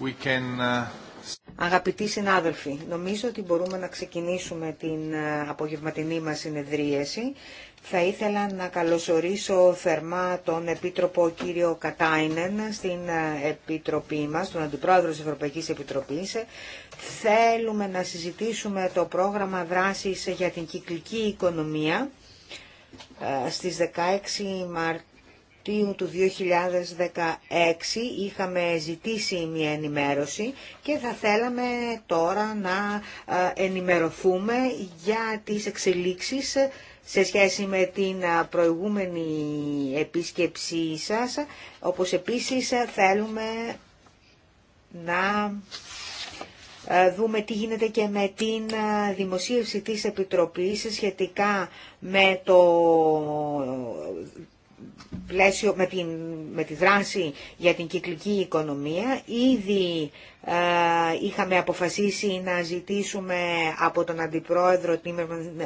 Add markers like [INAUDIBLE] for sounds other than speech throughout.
Uh, Αγαπητοί συνάδελφοι, νομίζω ότι μπορούμε να ξεκινήσουμε την ε, απογευματινή μας συνεδρίαση. Θα ήθελα να καλωσορίσω θερμά τον Επίτροπο κύριο Κατάινεν στην ε, Επιτροπή μας, τον Αντιπρόεδρο της Ευρωπαϊκής Επιτροπής. Θέλουμε να συζητήσουμε το πρόγραμμα δράσης για την κυκλική οικονομία ε, στις 16 Μαρτίου Μαρτίου του 2016 είχαμε ζητήσει μια ενημέρωση και θα θέλαμε τώρα να ε, ενημερωθούμε για τις εξελίξεις σε σχέση με την ε, προηγούμενη επίσκεψή σας, όπως επίσης ε, θέλουμε να δούμε τι γίνεται και με την δημοσίευση της Επιτροπής σχετικά με το πλαίσιο, με, την, με τη δράση για την κυκλική οικονομία. Ήδη ε, είχαμε αποφασίσει να ζητήσουμε από τον Αντιπρόεδρο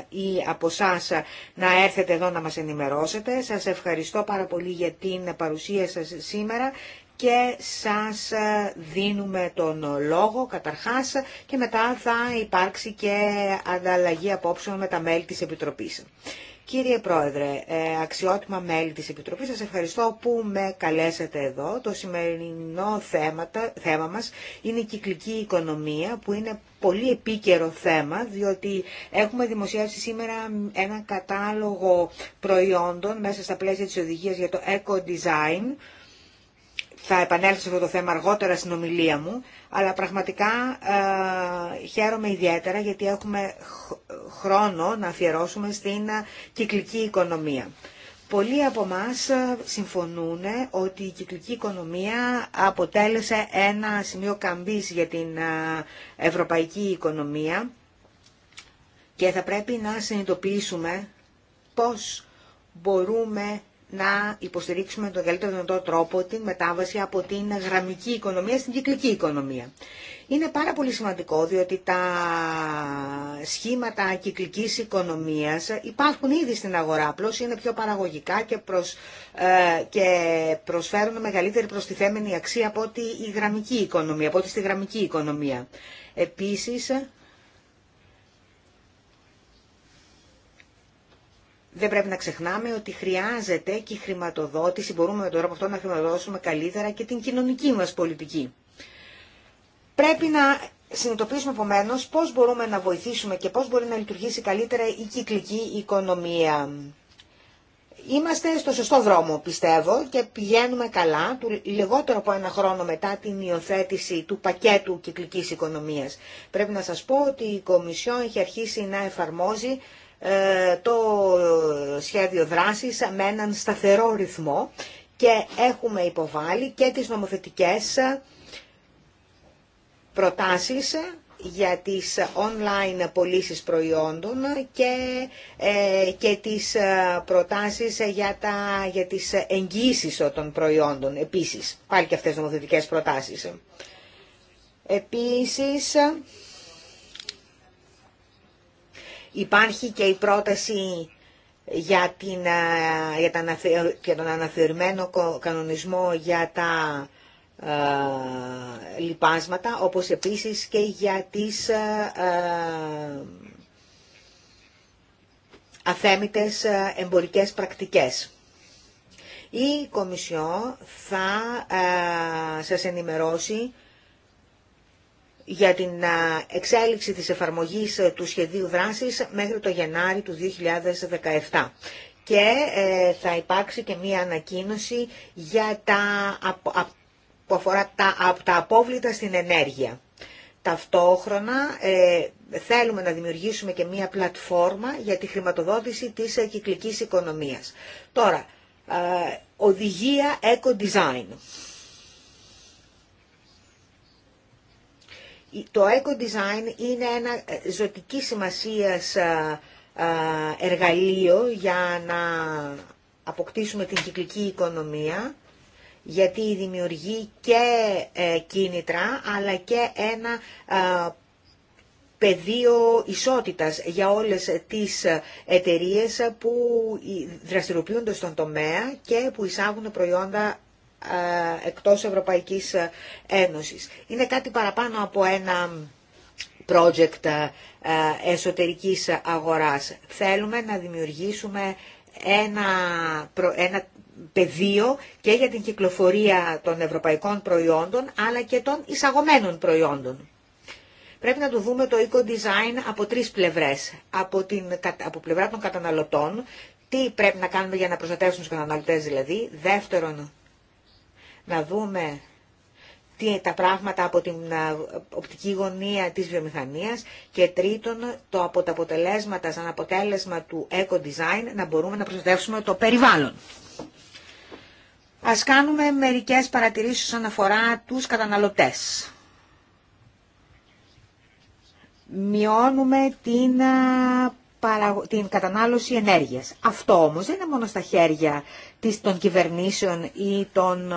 ή από εσά να έρθετε εδώ να μας ενημερώσετε. Σας ευχαριστώ πάρα πολύ για την παρουσία σας σήμερα και σας ε, δίνουμε τον λόγο καταρχάς και μετά θα υπάρξει και ανταλλαγή απόψεων με τα μέλη της Επιτροπής. Κύριε Πρόεδρε, ε, αξιότιμα μέλη της Επιτροπής, σας ευχαριστώ που με καλέσατε εδώ. Το σημερινό θέματα, θέμα μας είναι η κυκλική οικονομία που είναι πολύ επίκαιρο θέμα διότι έχουμε δημοσιεύσει σήμερα ένα κατάλογο προϊόντων μέσα στα πλαίσια της οδηγίας για το eco-design. Θα επανέλθω σε αυτό το θέμα αργότερα στην ομιλία μου. Αλλά πραγματικά ε, χαίρομαι ιδιαίτερα γιατί έχουμε χρόνο να αφιερώσουμε στην ε, κυκλική οικονομία. Πολλοί από εμά ε, συμφωνούν ότι η κυκλική οικονομία αποτέλεσε ένα σημείο καμπής για την ευρωπαϊκή οικονομία και θα πρέπει να συνειδητοποιήσουμε πώς μπορούμε να υποστηρίξουμε τον καλύτερο δυνατό τρόπο την μετάβαση από την γραμμική οικονομία στην κυκλική οικονομία. Είναι πάρα πολύ σημαντικό διότι τα σχήματα κυκλικής οικονομίας υπάρχουν ήδη στην αγορά, απλώς είναι πιο παραγωγικά και, προς, ε, και προσφέρουν μεγαλύτερη προστιθέμενη αξία από ότι η γραμμική οικονομία, από στη γραμμική οικονομία. Επίσης, δεν πρέπει να ξεχνάμε ότι χρειάζεται και η χρηματοδότηση, μπορούμε με τον τρόπο αυτό να χρηματοδοτήσουμε καλύτερα και την κοινωνική μας πολιτική. Πρέπει να συνειδητοποιήσουμε επομένω πώς μπορούμε να βοηθήσουμε και πώς μπορεί να λειτουργήσει καλύτερα η κυκλική οικονομία. Είμαστε στο σωστό δρόμο, πιστεύω, και πηγαίνουμε καλά, λιγότερο από ένα χρόνο μετά την υιοθέτηση του πακέτου κυκλικής οικονομίας. Πρέπει να σας πω ότι η Κομισιόν έχει αρχίσει να εφαρμόζει ε, το σχέδιο δράσης με έναν σταθερό ρυθμό και έχουμε υποβάλει και τις νομοθετικές προτάσεις για τις online πωλήσει προϊόντων και, ε, και τις ε, προτάσεις για, τα, για τις εγγύησεις των προϊόντων επίσης. Πάλι και αυτές οι νομοθετικές προτάσεις. Επίσης, Υπάρχει και η πρόταση για, την, ε, για, τον, αναθεωρημένο κανονισμό για τα ε, λιπάσματα, όπως επίσης και για τις ε, ε αθέμητες ε, εμπορικές πρακτικές. Η Κομισιό θα σας ενημερώσει για την εξέλιξη της εφαρμογής ε, του σχεδίου δράσης μέχρι το Γενάρη του 2017 και ε, θα υπάρξει και μία ανακοίνωση για τα, που αφορά τα, τα απόβλητα στην ενέργεια. Ταυτόχρονα ε, θέλουμε να δημιουργήσουμε και μία πλατφόρμα για τη χρηματοδότηση της κυκλικής οικονομίας. Τώρα, οδηγία eco-design. το eco-design είναι ένα ε, ζωτική σημασίας ε, ε, εργαλείο για να αποκτήσουμε την κυκλική οικονομία, γιατί δημιουργεί και κίνητρα, αλλά και ένα πεδίο ισότητας για όλες τις εταιρείες που δραστηριοποιούνται στον τομέα και που εισάγουν προϊόντα εκτός Ευρωπαϊκής Ένωσης. Είναι κάτι παραπάνω από ένα project εσωτερικής αγοράς. Θέλουμε να δημιουργήσουμε ένα, ένα πεδίο και για την κυκλοφορία των ευρωπαϊκών προϊόντων αλλά και των εισαγωμένων προϊόντων. Πρέπει να το δούμε το eco-design από τρεις πλευρές. Από, την, από πλευρά των καταναλωτών, τι πρέπει να κάνουμε για να προστατεύσουμε τους καταναλωτές δηλαδή. Δεύτερον, να δούμε τι, τα πράγματα από την οπτική γωνία της βιομηχανίας και τρίτον το από τα αποτελέσματα σαν αποτέλεσμα του eco-design να μπορούμε να προστατεύσουμε το περιβάλλον. Ας κάνουμε μερικές παρατηρήσεις όσον αφορά τους καταναλωτές. Μειώνουμε την την κατανάλωση ενέργειας. Αυτό όμως δεν είναι μόνο στα χέρια των κυβερνήσεων ή των ε,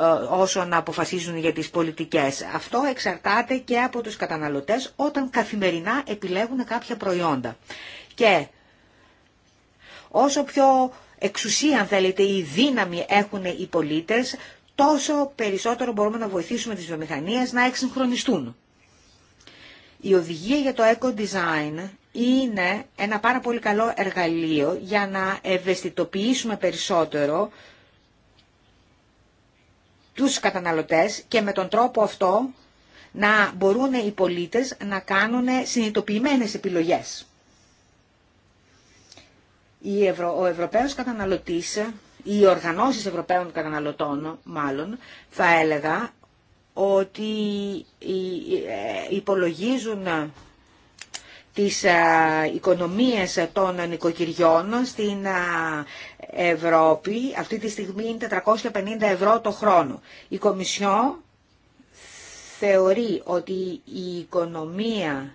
ε, όσων αποφασίζουν για τις πολιτικές. Αυτό εξαρτάται και από τους καταναλωτές όταν καθημερινά επιλέγουν κάποια προϊόντα. Και όσο πιο εξουσία, αν θέλετε, ή δύναμη έχουν οι πολίτες, τόσο περισσότερο μπορούμε να βοηθήσουμε τις βιομηχανίες να εξυγχρονιστούν. Η οδηγία για το eco design είναι ένα πάρα πολύ καλό εργαλείο για να ευαισθητοποιήσουμε περισσότερο τους καταναλωτές και με τον τρόπο αυτό να μπορούν οι πολίτες να κάνουν συνειδητοποιημένες επιλογές. Ο Ευρωπαίος καταναλωτής, οι οργανώσεις Ευρωπαίων καταναλωτών μάλλον, θα έλεγα, ότι ε, υπολογίζουν ε, τις ε, οικονομίες των νοικοκυριών στην Ευρώπη. Αυτή τη στιγμή είναι 450 ευρώ το χρόνο. Η Κομισιό θεωρεί ότι η οικονομία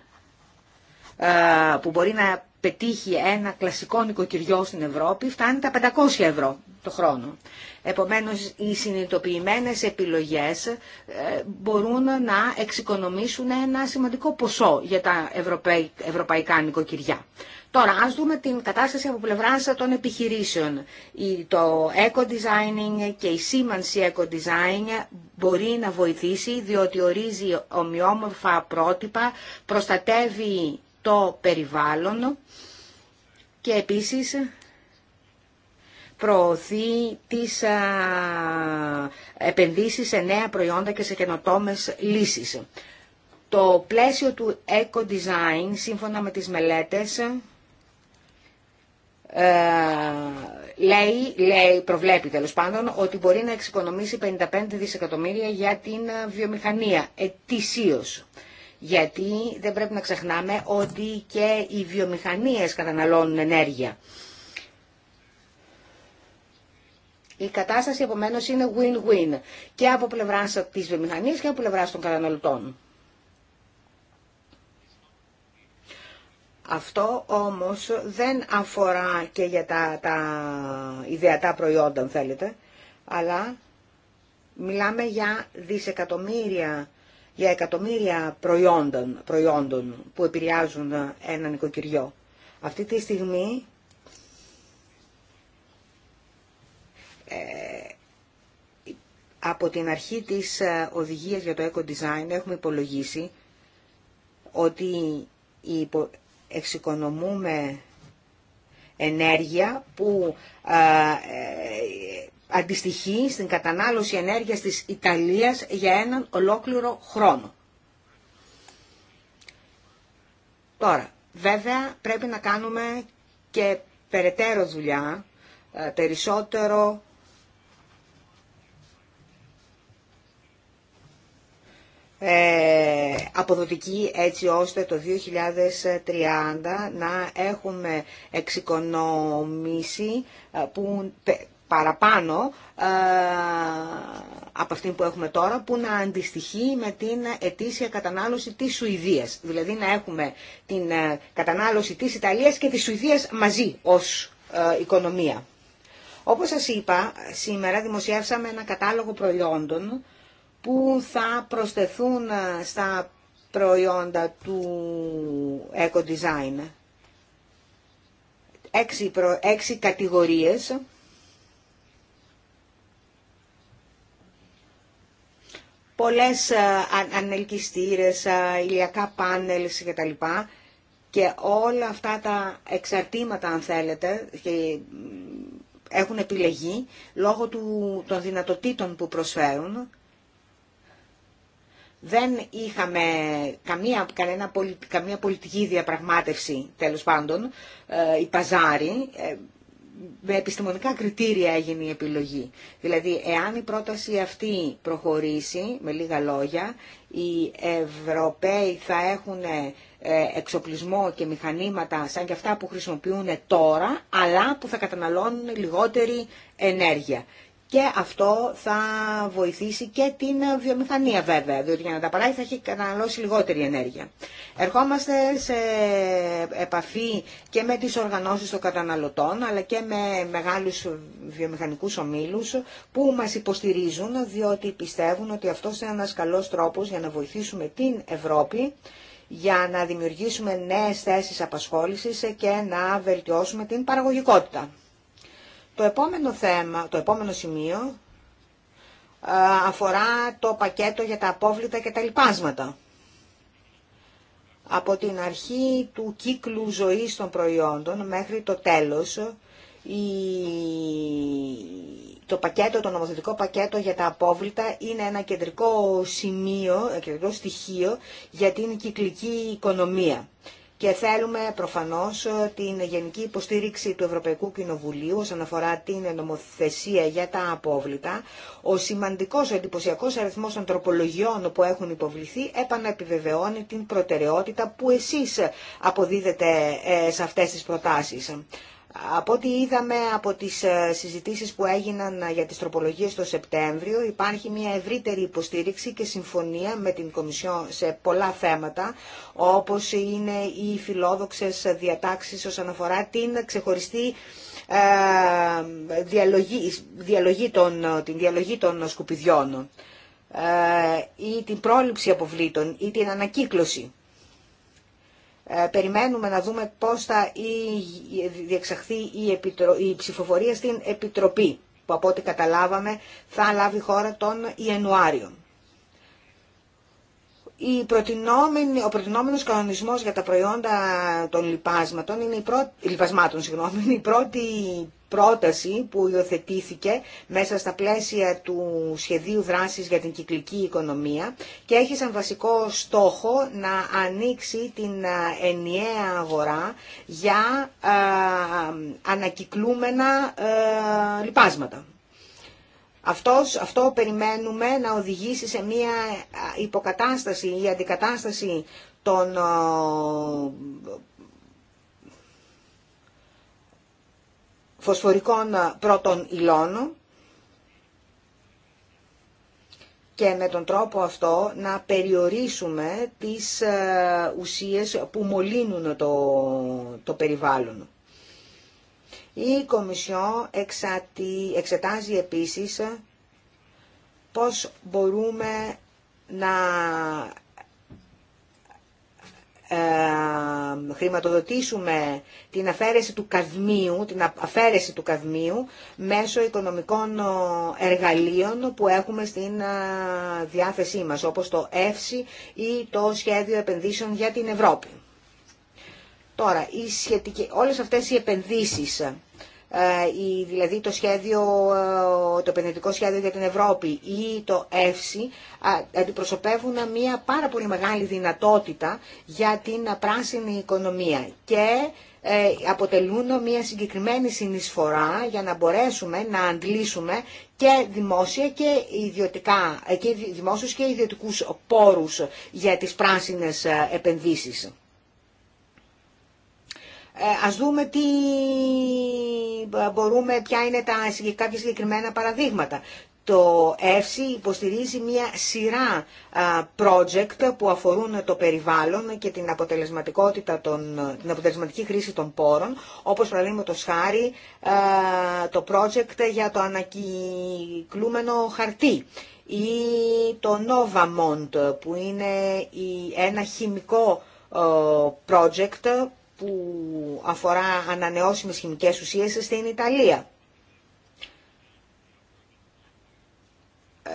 που μπορεί να πετύχει ένα κλασικό νοικοκυριό στην Ευρώπη φτάνει τα 500 ευρώ το χρόνο. Επομένως, οι συνειδητοποιημένες επιλογές ε, μπορούν να εξοικονομήσουν ένα σημαντικό ποσό για τα ευρωπαϊκά νοικοκυριά. Τώρα, ας δούμε την κατάσταση από πλευρά των επιχειρήσεων. Το eco-designing και η σήμανση eco-design μπορεί να βοηθήσει, διότι ορίζει ομοιόμορφα πρότυπα, προστατεύει το περιβάλλον και επίσης προωθεί τις α, επενδύσεις σε νέα προϊόντα και σε καινοτόμες λύσεις. Το πλαίσιο του eco-design, σύμφωνα με τις μελέτες, ε, λέει, λέει, προβλέπει τέλος πάντων ότι μπορεί να εξοικονομήσει 55 δισεκατομμύρια για την ε, βιομηχανία ετησίως. Γιατί δεν πρέπει να ξεχνάμε ότι και οι βιομηχανίες καταναλώνουν ενέργεια. Η κατάσταση επομένω είναι win-win και από πλευρά τη βιομηχανία και από πλευρά των καταναλωτών. Αυτό όμως δεν αφορά και για τα, τα ιδεατά προϊόντα, αν θέλετε, αλλά μιλάμε για δισεκατομμύρια, για εκατομμύρια προϊόντων, προϊόντων που επηρεάζουν ένα νοικοκυριό. Αυτή τη στιγμή Ε, από την αρχή της ε, οδηγίας για το eco-design έχουμε υπολογίσει ότι εξοικονομούμε ενέργεια που ε, αντιστοιχεί στην κατανάλωση ενέργειας της Ιταλίας για έναν ολόκληρο χρόνο. Τώρα, βέβαια πρέπει να κάνουμε και περαιτέρω δουλειά, περισσότερο Ε, αποδοτική έτσι ώστε το 2030 να έχουμε εξοικονομήσει που παραπάνω ε, από αυτή που έχουμε τώρα που να αντιστοιχεί με την ετήσια κατανάλωση της Σουηδίας. Δηλαδή να έχουμε την ε, κατανάλωση της Ιταλίας και της Σουηδίας μαζί ως οικονομία. Όπως σας είπα, σήμερα δημοσιεύσαμε ένα κατάλογο προϊόντων που θα προσθεθούν ε, στα προϊόντα του Eco Design. Έξι, προ, έξι κατηγορίες πολλές ε, ανελκυστήρες, ε, ηλιακά πάνελ και τα και όλα αυτά τα εξαρτήματα αν θέλετε και έχουν επιλεγεί λόγω του, των δυνατοτήτων που προσφέρουν δεν είχαμε καμία, κανένα, καμία πολιτική διαπραγμάτευση, τέλος πάντων, ε, η παζάρι, ε, με επιστημονικά κριτήρια έγινε η επιλογή. Δηλαδή, εάν η πρόταση αυτή προχωρήσει, με λίγα λόγια, οι Ευρωπαίοι θα έχουν ε, εξοπλισμό και μηχανήματα σαν και αυτά που χρησιμοποιούν τώρα, αλλά που θα καταναλώνουν λιγότερη ενέργεια. Και αυτό θα βοηθήσει και την βιομηχανία βέβαια, διότι για να τα παράγει θα έχει καταναλώσει λιγότερη ενέργεια. Ερχόμαστε σε επαφή και με τις οργανώσεις των καταναλωτών, αλλά και με μεγάλους βιομηχανικούς ομίλους που μας υποστηρίζουν, διότι πιστεύουν ότι αυτό είναι ένας καλός τρόπος για να βοηθήσουμε την Ευρώπη για να δημιουργήσουμε νέες θέσεις απασχόλησης και να βελτιώσουμε την παραγωγικότητα. Το επόμενο θέμα, το επόμενο σημείο αφορά το πακέτο για τα απόβλητα και τα λοιπάσματα. Από την αρχή του κύκλου ζωής των προϊόντων μέχρι το τέλος, η... το πακέτο, το νομοθετικό πακέτο για τα απόβλητα είναι ένα κεντρικό σημείο, ένα κεντρικό στοιχείο για την κυκλική οικονομία και θέλουμε προφανώς ε, την γενική υποστήριξη του Ευρωπαϊκού Κοινοβουλίου όσον αφορά την νομοθεσία για τα απόβλητα. Ο σημαντικός, ο εντυπωσιακός αριθμός των τροπολογιών που έχουν υποβληθεί επαναεπιβεβαιώνει την προτεραιότητα που εσείς αποδίδετε ε, σε αυτές τις προτάσεις. Από ό,τι είδαμε από τις ε, συζητήσεις που έγιναν ε, για τις τροπολογίες το Σεπτέμβριο, υπάρχει μια ευρύτερη υποστήριξη και συμφωνία με την Κομισιόν σε πολλά θέματα, όπως είναι οι φιλόδοξες διατάξεις όσον αφορά την ξεχωριστή ε, διαλογή, των, την διαλογή των σκουπιδιών ή την πρόληψη αποβλήτων ή την ανακύκλωση. Ε, περιμένουμε να δούμε πώς θα διεξαχθεί η ψηφοφορία στην Επιτροπή που από ό,τι καταλάβαμε θα λάβει χώρα τον Ιανουάριο η προτινόμενη, ο προτινόμενος κανονισμός για τα προϊόντα των λιπάσματων είναι η πρώτη, λιπασμάτων, συγγνώμη, η πρώτη πρόταση που υιοθετήθηκε μέσα στα πλαίσια του σχεδίου δράσης για την κυκλική οικονομία και έχει σαν βασικό στόχο να ανοίξει την ε, ενιαία αγορά για ε, ανακυκλούμενα ε, λιπάσματα. Αυτός, αυτό περιμένουμε να οδηγήσει σε μια υποκατάσταση ή αντικατάσταση των ε, φωσφορικών ε, πρώτων υλών και με τον τρόπο αυτό να περιορίσουμε τις ε, ουσίες που μολύνουν το, το περιβάλλον. Η Κομισιό εξετάζει επίσης πώς μπορούμε να ε, χρηματοδοτήσουμε την αφαίρεση του καδμίου, την αφαίρεση του καδμίου μέσω οικονομικών ε, εργαλείων που έχουμε στην ε, διάθεσή μας, όπως το ΕΦΣΙ ή το Σχέδιο Επενδύσεων για την Ευρώπη. Τώρα, οι σχετικές, όλες αυτές οι επενδύσεις, ε, δηλαδή το, σχέδιο, ε, το επενδυτικό σχέδιο για την Ευρώπη ή το ΕΦΣΙ αντιπροσωπεύουν μια πάρα πολύ μεγάλη δυνατότητα για την πράσινη οικονομία και ε, αποτελούν μια συγκεκριμένη συνεισφορά για να μπορέσουμε να αντλήσουμε και δημόσια και ιδιωτικά, και δημόσιους και ιδιωτικούς πόρους για τις πράσινες επενδύσεις. Ε, ας δούμε τι μπορούμε, ποια είναι τα κάποια συγκεκριμένα παραδείγματα. Το ΕΦΣΙ υποστηρίζει μια σειρά project που αφορούν το περιβάλλον και την, αποτελεσματικότητα των, την αποτελεσματική χρήση των πόρων, όπως το χάρη το project για το ανακυκλούμενο χαρτί ή το Novamont που είναι ένα χημικό project που αφορά ανανεώσιμες χημικές ουσίες στην Ιταλία. Ε,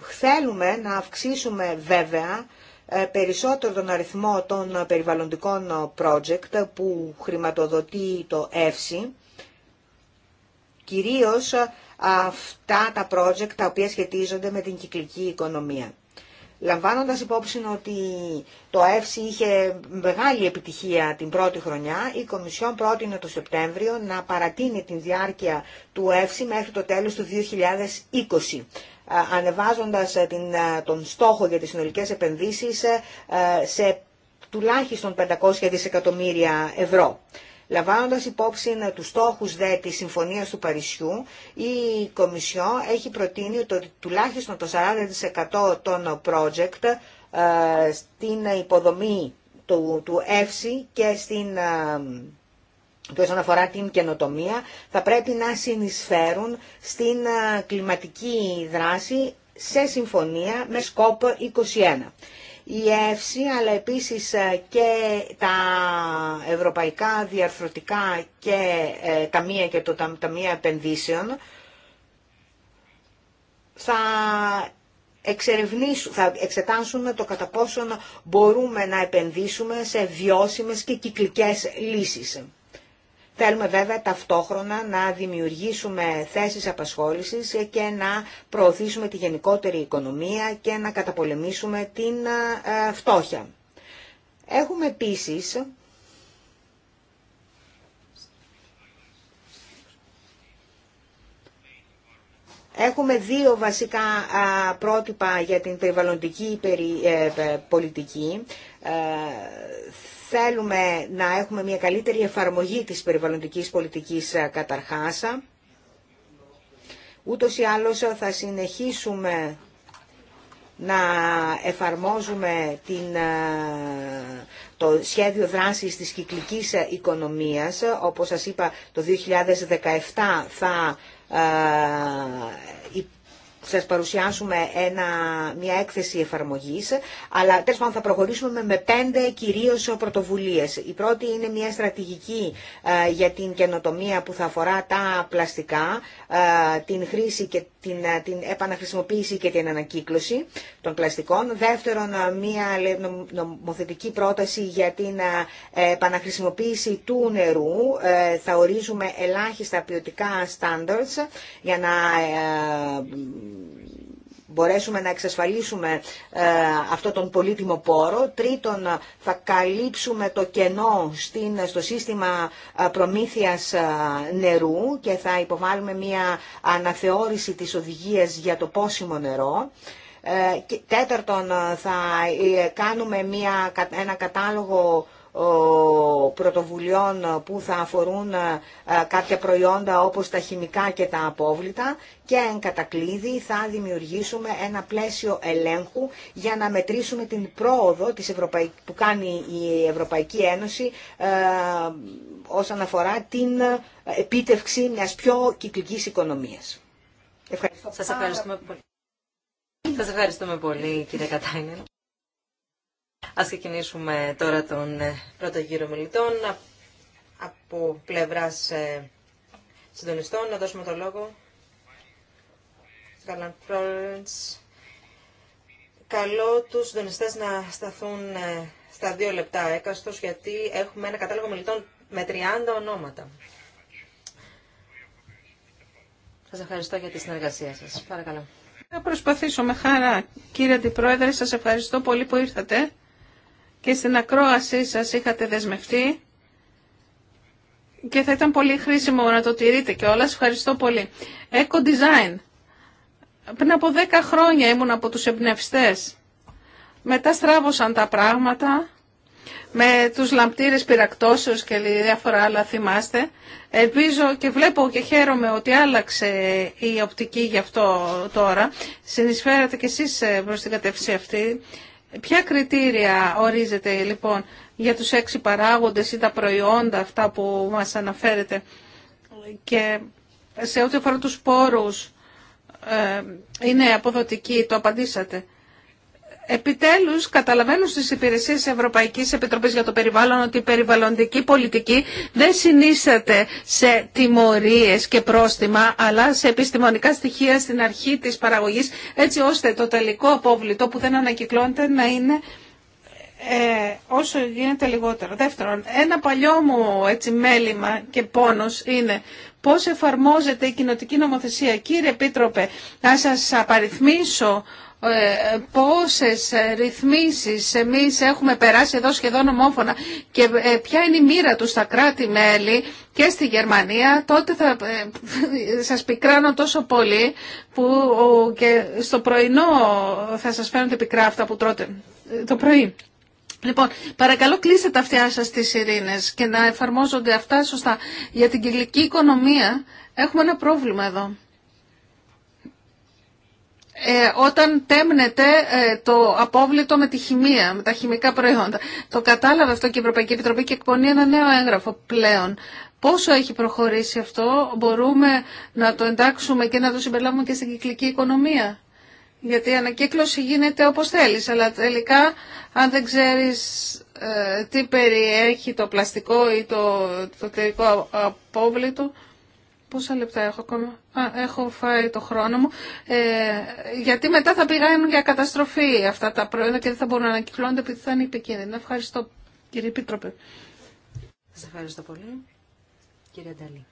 θέλουμε να αυξήσουμε βέβαια ε, περισσότερο τον αριθμό των περιβαλλοντικών project που χρηματοδοτεί το ΕΦΣΙ, κυρίως ε, αυτά τα project τα οποία σχετίζονται με την κυκλική οικονομία. Λαμβάνοντας υπόψη ότι το ΕΦΣΙ είχε μεγάλη επιτυχία την πρώτη χρονιά, η Κομισιόν πρότεινε το Σεπτέμβριο να παρατείνει την διάρκεια του ΕΦΣΙ μέχρι το τέλος του 2020 ανεβάζοντας ε, την, ε, τον στόχο για τις συνολικές επενδύσεις ε, σε τουλάχιστον 500 δισεκατομμύρια ευρώ. Λαμβάνοντας υπόψη ε, τους στόχους δε της Συμφωνίας του Παρισιού, η Κομισιό έχει προτείνει ότι τουλάχιστον το 40% των project ε, στην υποδομή του, του και στην, ε, και όσον αφορά την καινοτομία, θα πρέπει να συνεισφέρουν στην κλιματική δράση σε συμφωνία με σκόπο 21 η ΕΕΦΣΗ αλλά επίσης ε, και τα ευρωπαϊκά διαρθρωτικά και ε, ταμεία και το τα, ταμεία επενδύσεων θα εξετάσουν θα εξετάσουμε το κατά πόσον μπορούμε να επενδύσουμε σε βιώσιμες και κυκλικές λύσεις. Θέλουμε βέβαια ταυτόχρονα να δημιουργήσουμε θέσεις απασχόλησης και να προωθήσουμε τη γενικότερη οικονομία και να καταπολεμήσουμε την ε, φτώχεια. Έχουμε επίσης Έχουμε δύο βασικά πρότυπα για την περιβαλλοντική ε, πολιτική. Ε, Θέλουμε να έχουμε μια καλύτερη εφαρμογή της περιβαλλοντικής πολιτικής ε, καταρχάς. Ούτως ή άλλως ε, θα συνεχίσουμε να εφαρμόζουμε την, ε, το σχέδιο δράσης της κυκλικής οικονομίας. Όπως σας είπα, το 2017 θα σας παρουσιάσουμε ένα, μια έκθεση εφαρμογής, αλλά τέλος πάντων θα προχωρήσουμε με πέντε κυρίως πρωτοβουλίες. Η πρώτη είναι μια στρατηγική ε, για την καινοτομία που θα αφορά τα πλαστικά, ε, την χρήση και ε, την, επαναχρησιμοποίηση και την ανακύκλωση των πλαστικών. Δεύτερον, ε, μια νομοθετική πρόταση για την ε, επαναχρησιμοποίηση του νερού. Θα ορίζουμε ελάχιστα ποιοτικά standards για να μπορέσουμε να εξασφαλίσουμε ε, αυτό τον πολύτιμο πόρο. Τρίτον, θα καλύψουμε το κενό στην, στο σύστημα ε, προμήθειας ε, νερού και θα υποβάλουμε μια αναθεώρηση της οδηγίας για το πόσιμο νερό. Τέταρτον, θα κάνουμε μια, ένα κατάλογο πρωτοβουλειών που θα αφορούν ε, κάποια προϊόντα όπως τα χημικά και τα απόβλητα και εν κατακλείδη θα δημιουργήσουμε ένα πλαίσιο ελέγχου για να μετρήσουμε την πρόοδο της Ευρωπαϊ... που κάνει η Ευρωπαϊκή Ένωση ε, όσον αφορά την επίτευξη μιας πιο κυκλικής οικονομίας. Ευχαριστώ. Σας ευχαριστούμε πολύ. Σας ευχαριστούμε πολύ κύριε Ας ξεκινήσουμε τώρα τον ε, πρώτο γύρο μιλητών. Από πλευράς ε, συντονιστών να δώσουμε το λόγο. Καλώ Καλό τους συντονιστές να σταθούν ε, στα δύο λεπτά έκαστος, γιατί έχουμε ένα κατάλογο μιλητών με 30 ονόματα. Σας ευχαριστώ για τη συνεργασία σας. Παρακαλώ. Θα προσπαθήσω με χαρά. Κύριε Αντιπρόεδρε, σα ευχαριστώ πολύ που ήρθατε και στην ακρόασή σας είχατε δεσμευτεί και θα ήταν πολύ χρήσιμο να το τηρείτε και όλα. Ευχαριστώ πολύ. Eco Design. Πριν από 10 χρόνια ήμουν από τους εμπνευστέ. Μετά στράβωσαν τα πράγματα με τους λαμπτήρες πυρακτώσεως και διάφορα άλλα θυμάστε. Ελπίζω και βλέπω και χαίρομαι ότι άλλαξε η οπτική γι' αυτό τώρα. Συνεισφέρατε κι εσείς ε, προς την κατεύθυνση αυτή. Ποια κριτήρια ορίζεται λοιπόν για τους έξι παράγοντες ή τα προϊόντα αυτά που μας αναφέρετε και σε ό,τι αφορά τους πόρους ε, είναι αποδοτική, το απαντήσατε. Επιτέλους καταλαβαίνουν στις υπηρεσίες της Ευρωπαϊκής Επιτροπής για το Περιβάλλον ότι η περιβαλλοντική πολιτική δεν συνίσταται σε τιμωρίες και πρόστιμα αλλά σε επιστημονικά στοιχεία στην αρχή της παραγωγής έτσι ώστε το τελικό απόβλητο που δεν ανακυκλώνεται να είναι ε, όσο γίνεται λιγότερο. Δεύτερον, ένα παλιό μου έτσι, μέλημα και πόνος είναι πώς εφαρμόζεται η κοινοτική νομοθεσία. Κύριε Επίτροπε, να σας απαριθμίσω ε, πόσες ε, ρυθμίσεις εμείς έχουμε περάσει εδώ σχεδόν ομόφωνα και ε, ποια είναι η μοίρα του στα κράτη-μέλη και στη Γερμανία, τότε θα [LAUGHS] σας πικράνω τόσο πολύ που και στο πρωινό θα σας φαίνονται πικρά αυτά που τρώτε το πρωί. Λοιπόν, παρακαλώ κλείστε τα αυτιά σας τις ειρήνες και να εφαρμόζονται αυτά σωστά. Για την κυκλική οικονομία έχουμε ένα πρόβλημα εδώ. Ε, όταν τέμνεται ε, το απόβλητο με τη χημεία, με τα χημικά προϊόντα. Το κατάλαβε αυτό και η Ευρωπαϊκή Επιτροπή και εκπονεί ένα νέο έγγραφο πλέον. Πόσο έχει προχωρήσει αυτό, μπορούμε να το εντάξουμε και να το συμπεριλάβουμε και στην κυκλική οικονομία. Γιατί η ανακύκλωση γίνεται όπως θέλεις, αλλά τελικά αν δεν ξέρεις ε, τι περιέχει το πλαστικό ή το, το τελικό απόβλητο, Πόσα λεπτά έχω ακόμα. έχω φάει το χρόνο μου. Ε, γιατί μετά θα πηγαίνουν για καταστροφή αυτά τα προϊόντα και δεν θα μπορούν να ανακυκλώνονται επειδή θα είναι επικίνδυνα. Ευχαριστώ κύριε Επίτροπε. Σας ευχαριστώ πολύ. Κύριε Νταλή.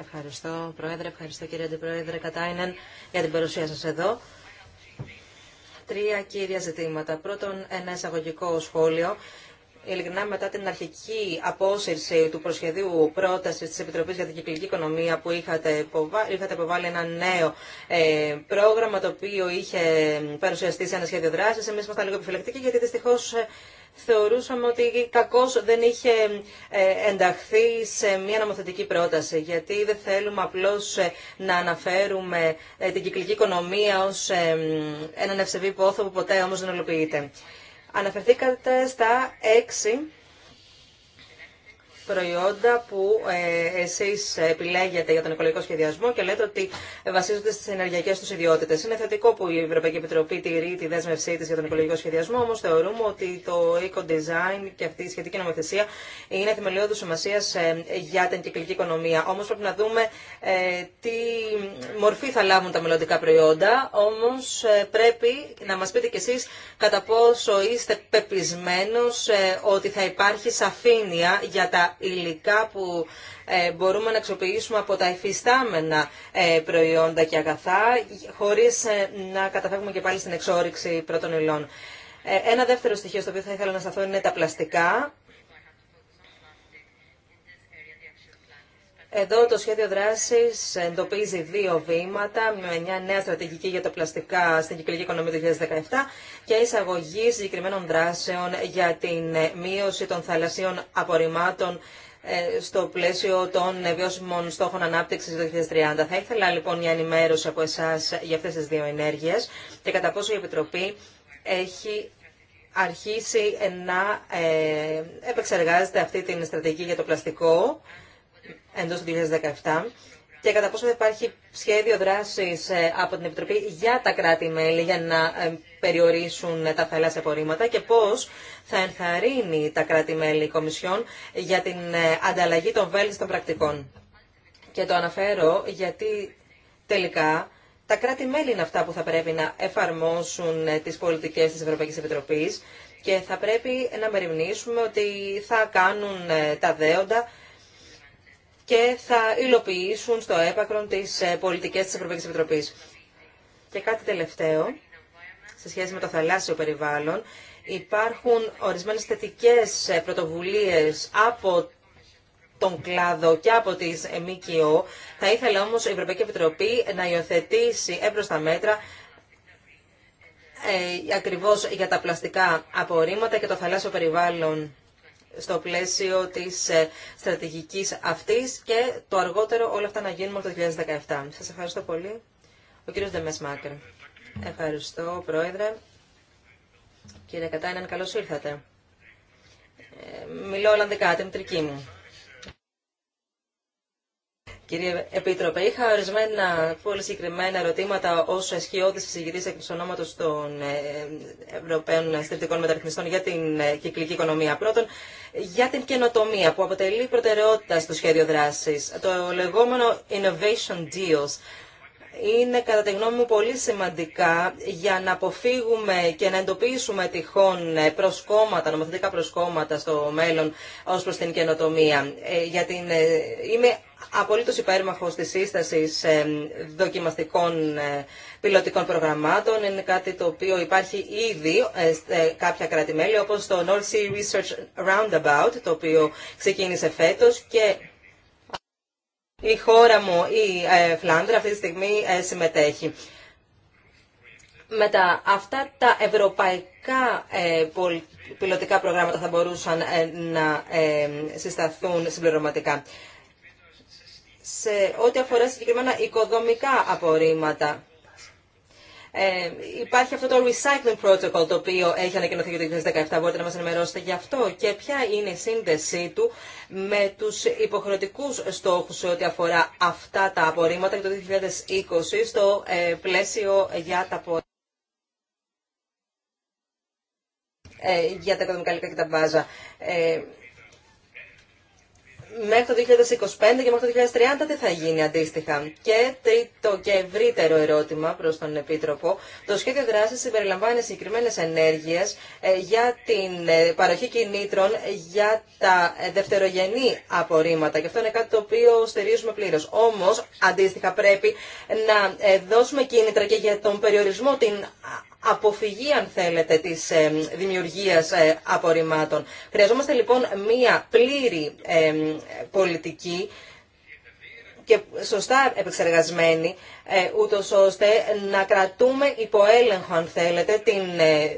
Ευχαριστώ Πρόεδρε, ευχαριστώ κύριε Αντιπρόεδρε Κατάινεν για την παρουσία σας εδώ. Τρία κύρια ζητήματα. Πρώτον, ένα εισαγωγικό σχόλιο ειλικρινά μετά την αρχική απόσυρση του προσχεδίου πρόταση τη Επιτροπή για την Κυκλική Οικονομία που είχατε, είχατε υποβάλει ένα νέο ε, πρόγραμμα το οποίο είχε παρουσιαστεί σε ένα σχέδιο δράση. Εμεί ήμασταν λίγο επιφυλακτικοί γιατί δυστυχώ ε, θεωρούσαμε ότι κακώ δεν είχε ε, ενταχθεί σε μια νομοθετική πρόταση, γιατί δεν θέλουμε απλώ να αναφέρουμε την κυκλική οικονομία ως έναν ευσεβή πόθο που ποτέ όμω δεν ολοποιείται. Αναφερθήκατε στα έξι προϊόντα που ε, εσείς επιλέγετε για τον οικολογικό σχεδιασμό και λέτε ότι βασίζονται στις ενεργειακές τους ιδιότητες. Είναι θετικό που η Ευρωπαϊκή Επιτροπή τηρεί τη δέσμευσή της για τον οικολογικό σχεδιασμό, όμως θεωρούμε ότι το eco-design και αυτή η σχετική νομοθεσία είναι θεμελιώδης σημασία ε, για την κυκλική οικονομία. Όμως πρέπει να δούμε ε, τι μορφή θα λάβουν τα μελλοντικά προϊόντα, όμως πρέπει να μας πείτε κι εσείς κατά πόσο είστε πεπισμένος ότι θα υπάρχει σαφήνεια για τα υλικά που ε, μπορούμε να αξιοποιήσουμε από τα εφιστάμενα ε, προϊόντα και αγαθά, χωρίς ε, να καταφεύγουμε και πάλι στην εξόριξη πρώτων υλών. Ένα δεύτερο στοιχείο στο οποίο θα ήθελα να σταθώ είναι τα πλαστικά. Εδώ το σχέδιο δράση εντοπίζει δύο βήματα, με μια νέα στρατηγική για τα πλαστικά στην κυκλική οικονομία 2017 και εισαγωγή συγκεκριμένων δράσεων για την ε, μείωση των θαλασσίων απορριμμάτων ε, στο πλαίσιο των ε, βιώσιμων στόχων ανάπτυξη του 2030. Θα ήθελα λοιπόν μια ενημέρωση από εσά για αυτέ τι δύο ενέργειε και κατά πόσο η Επιτροπή έχει αρχίσει να επεξεργάζεται αυτή την στρατηγική για το πλαστικό εντός του 2017 και κατά πόσο υπάρχει σχέδιο δράσης ε, από την Επιτροπή για τα κράτη-μέλη για να ε, περιορίσουν τα θαλάσσια απορρίμματα και πώς θα ενθαρρύνει τα κράτη-μέλη Κομισιόν για την ε, ανταλλαγή των βέλτιστων πρακτικών. Και το αναφέρω γιατί τελικά τα κράτη-μέλη είναι αυτά που θα πρέπει να εφαρμόσουν τις πολιτικές της Ευρωπαϊκής Επιτροπής και θα πρέπει να μεριμνήσουμε ότι θα κάνουν τα δέοντα και θα υλοποιήσουν στο έπακρον τις ε, πολιτικές της Ευρωπαϊκής Επιτροπής. Και κάτι τελευταίο, σε σχέση με το θαλάσσιο περιβάλλον, υπάρχουν ορισμένες θετικές ε, πρωτοβουλίες από τον κλάδο και από τις ε, ΜΚΟ. Θα ήθελα όμως η Ευρωπαϊκή Επιτροπή να υιοθετήσει τα μέτρα ε, ακριβώς για τα πλαστικά απορρίμματα και το θαλάσσιο περιβάλλον στο πλαίσιο της ε, στρατηγικής αυτής και το αργότερο όλα αυτά να γίνουν από το 2017. Σας ευχαριστώ πολύ. Ο κύριος Μάκρ. Ευχαριστώ, Πρόεδρε. Κύριε Κατάιναν, καλώς ήρθατε. Ε, μιλώ Ολλανδικά, την τρική μου. Κύριε Επίτροπε, είχα ορισμένα πολύ συγκεκριμένα ερωτήματα ω ασχιώδη συζητητή εκ ονόματο των ε, Ευρωπαίων Στριπτικών Μεταρρυθμιστών για την ε, κυκλική οικονομία. Πρώτον, για την καινοτομία που αποτελεί προτεραιότητα στο σχέδιο δράση. Το λεγόμενο Innovation Deals είναι κατά τη γνώμη μου πολύ σημαντικά για να αποφύγουμε και να εντοπίσουμε τυχόν προσκόμματα, νομοθετικά προσκόμματα στο μέλλον ως προς την καινοτομία. Ε, Γιατί είναι είμαι απολύτως υπέρμαχος της σύστασης ε, δοκιμαστικών ε, πιλωτικών προγραμμάτων. Είναι κάτι το οποίο υπάρχει ήδη κάποια κράτη-μέλη, όπως το North Sea Research Roundabout, το οποίο ξεκίνησε φέτος και η χώρα μου, η ε, Φλάνδρα, αυτή τη στιγμή ε, συμμετέχει. Μετά, αυτά τα ευρωπαϊκά ε, πιλωτικά προγράμματα θα μπορούσαν να συσταθούν συμπληρωματικά. Σε ό,τι αφορά συγκεκριμένα οικοδομικά απορρίμματα, ε, υπάρχει αυτό το recycling protocol το οποίο έχει ανακοινωθεί για το 2017. Μπορείτε να μας ενημερώσετε γι' αυτό και ποια είναι η σύνδεσή του με τους υποχρεωτικούς στόχους σε ό,τι αφορά αυτά τα απορρίμματα για το 2020 στο ε, πλαίσιο για τα πόδια. Ε, για τα και τα βάζα. Ε, μέχρι το 2025 και μέχρι το 2030 τι θα γίνει αντίστοιχα. Και το και ευρύτερο ερώτημα προς τον Επίτροπο, το σχέδιο δράση συμπεριλαμβάνει συγκεκριμένες ενέργειες ε, για την ε, παροχή κινήτρων για τα δευτερογενή απορρίμματα. Και αυτό είναι κάτι το οποίο στηρίζουμε πλήρως. Όμω, αντίστοιχα πρέπει να ε, δώσουμε κίνητρα και για τον περιορισμό, την αποφυγή, αν θέλετε, της ε, δημιουργίας ε, απορριμμάτων. Χρειαζόμαστε λοιπόν μία πλήρη ε, πολιτική και σωστά επεξεργασμένη, ούτω ώστε να κρατούμε υπό έλεγχο αν θέλετε, την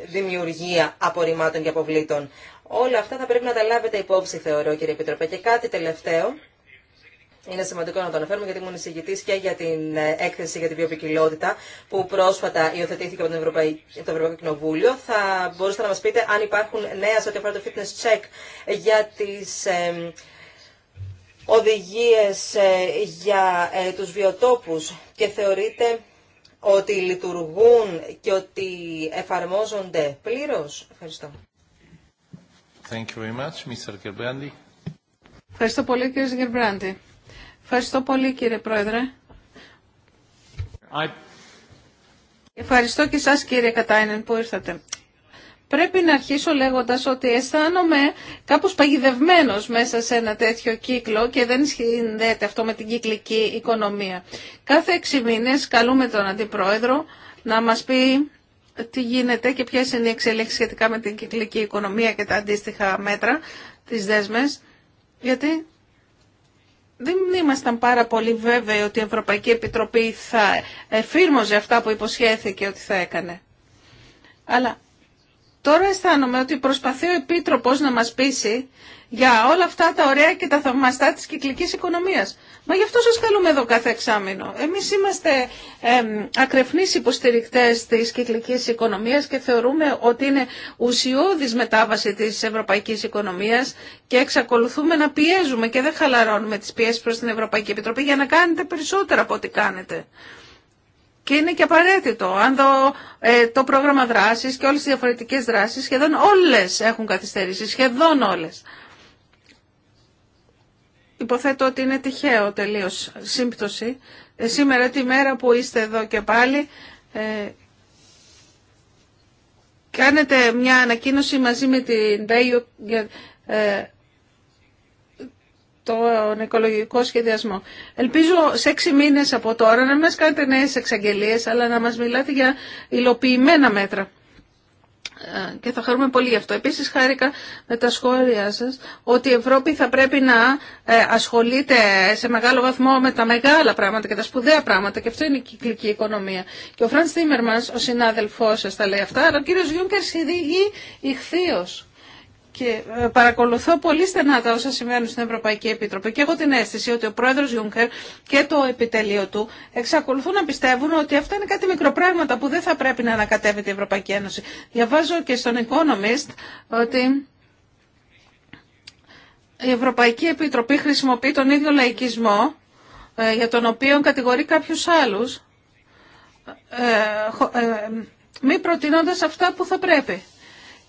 δημιουργία απορριμμάτων και αποβλήτων. Όλα αυτά θα πρέπει να τα λάβετε υπόψη, θεωρώ, κύριε Επιτροπέ. Και κάτι τελευταίο είναι σημαντικό να το αναφέρουμε γιατί ήμουν εισηγητή και για την ε, έκθεση για την βιοπικιλότητα που πρόσφατα υιοθετήθηκε από το Ευρωπαϊκό Κοινοβούλιο. Θα μπορούσατε να μα πείτε αν υπάρχουν νέα σε ό,τι αφορά το fitness check για τι οδηγίε ε, για ε, του βιοτόπου και θεωρείτε ότι λειτουργούν και ότι εφαρμόζονται πλήρω. Ευχαριστώ. Thank you very much, Mr. Ευχαριστώ πολύ κύριε Γερμπράντη. Ευχαριστώ πολύ κύριε Πρόεδρε. Ευχαριστώ και σας κύριε Κατάινεν που ήρθατε. Πρέπει να αρχίσω λέγοντας ότι αισθάνομαι κάπως παγιδευμένος μέσα σε ένα τέτοιο κύκλο και δεν συνδέεται αυτό με την κυκλική οικονομία. Κάθε έξι μήνες καλούμε τον Αντιπρόεδρο να μας πει τι γίνεται και ποιες είναι οι εξελίξεις σχετικά με την κυκλική οικονομία και τα αντίστοιχα μέτρα της δέσμες, γιατί δεν ήμασταν πάρα πολύ βέβαιοι ότι η Ευρωπαϊκή Επιτροπή θα εφήρμοζε αυτά που υποσχέθηκε ότι θα έκανε. Αλλά τώρα αισθάνομαι ότι προσπαθεί ο Επίτροπος να μας πείσει για όλα αυτά τα ωραία και τα θαυμαστά της κυκλικής οικονομίας. Μα γι' αυτό σας καλούμε εδώ κάθε εξάμεινο. Εμείς είμαστε ε, ακρεφνείς υποστηρικτές της κυκλικής οικονομίας και θεωρούμε ότι είναι ουσιώδης μετάβαση της ευρωπαϊκής οικονομίας και εξακολουθούμε να πιέζουμε και δεν χαλαρώνουμε τις πιέσεις προς την Ευρωπαϊκή Επιτροπή για να κάνετε περισσότερα από ό,τι κάνετε. Και είναι και απαραίτητο. Αν δω ε, το πρόγραμμα δράσης και όλες τις διαφορετικές δράσεις, σχεδόν όλες έχουν καθυστερήσει, σχεδόν όλες υποθέτω ότι είναι τυχαίο τελείως σύμπτωση. Ε, σήμερα τη μέρα που είστε εδώ και πάλι ε, κάνετε μια ανακοίνωση μαζί με την ΔΕΙΟ για ε, τον οικολογικό σχεδιασμό. Ελπίζω σε έξι μήνες από τώρα να μας κάνετε νέες εξαγγελίες αλλά να μας μιλάτε για υλοποιημένα μέτρα και θα χαρούμε πολύ γι' αυτό. Επίσης χάρηκα με τα σχόλια σας ότι η Ευρώπη θα πρέπει να ε, ασχολείται σε μεγάλο βαθμό με τα μεγάλα πράγματα και τα σπουδαία πράγματα και αυτό είναι η κυκλική οικονομία. Και ο Φραντ Τίμερμανς, ο συνάδελφός σας, τα λέει αυτά, αλλά ο κύριος Γιούγκερ συνδηγεί ηχθείως και ε, παρακολουθώ πολύ στενά τα όσα συμβαίνουν στην Ευρωπαϊκή Επίτροπη και έχω την αίσθηση ότι ο πρόεδρος Ιούνκερ και το επιτελείο του εξακολουθούν να πιστεύουν ότι αυτά είναι κάτι μικροπράγματα που δεν θα πρέπει να ανακατεύεται η Ευρωπαϊκή Ένωση. Διαβάζω και στον Economist ότι η Ευρωπαϊκή Επιτροπή χρησιμοποιεί τον ίδιο λαϊκισμό ε, για τον οποίο κατηγορεί κάποιου άλλους ε, μη προτείνοντας αυτά που θα πρέπει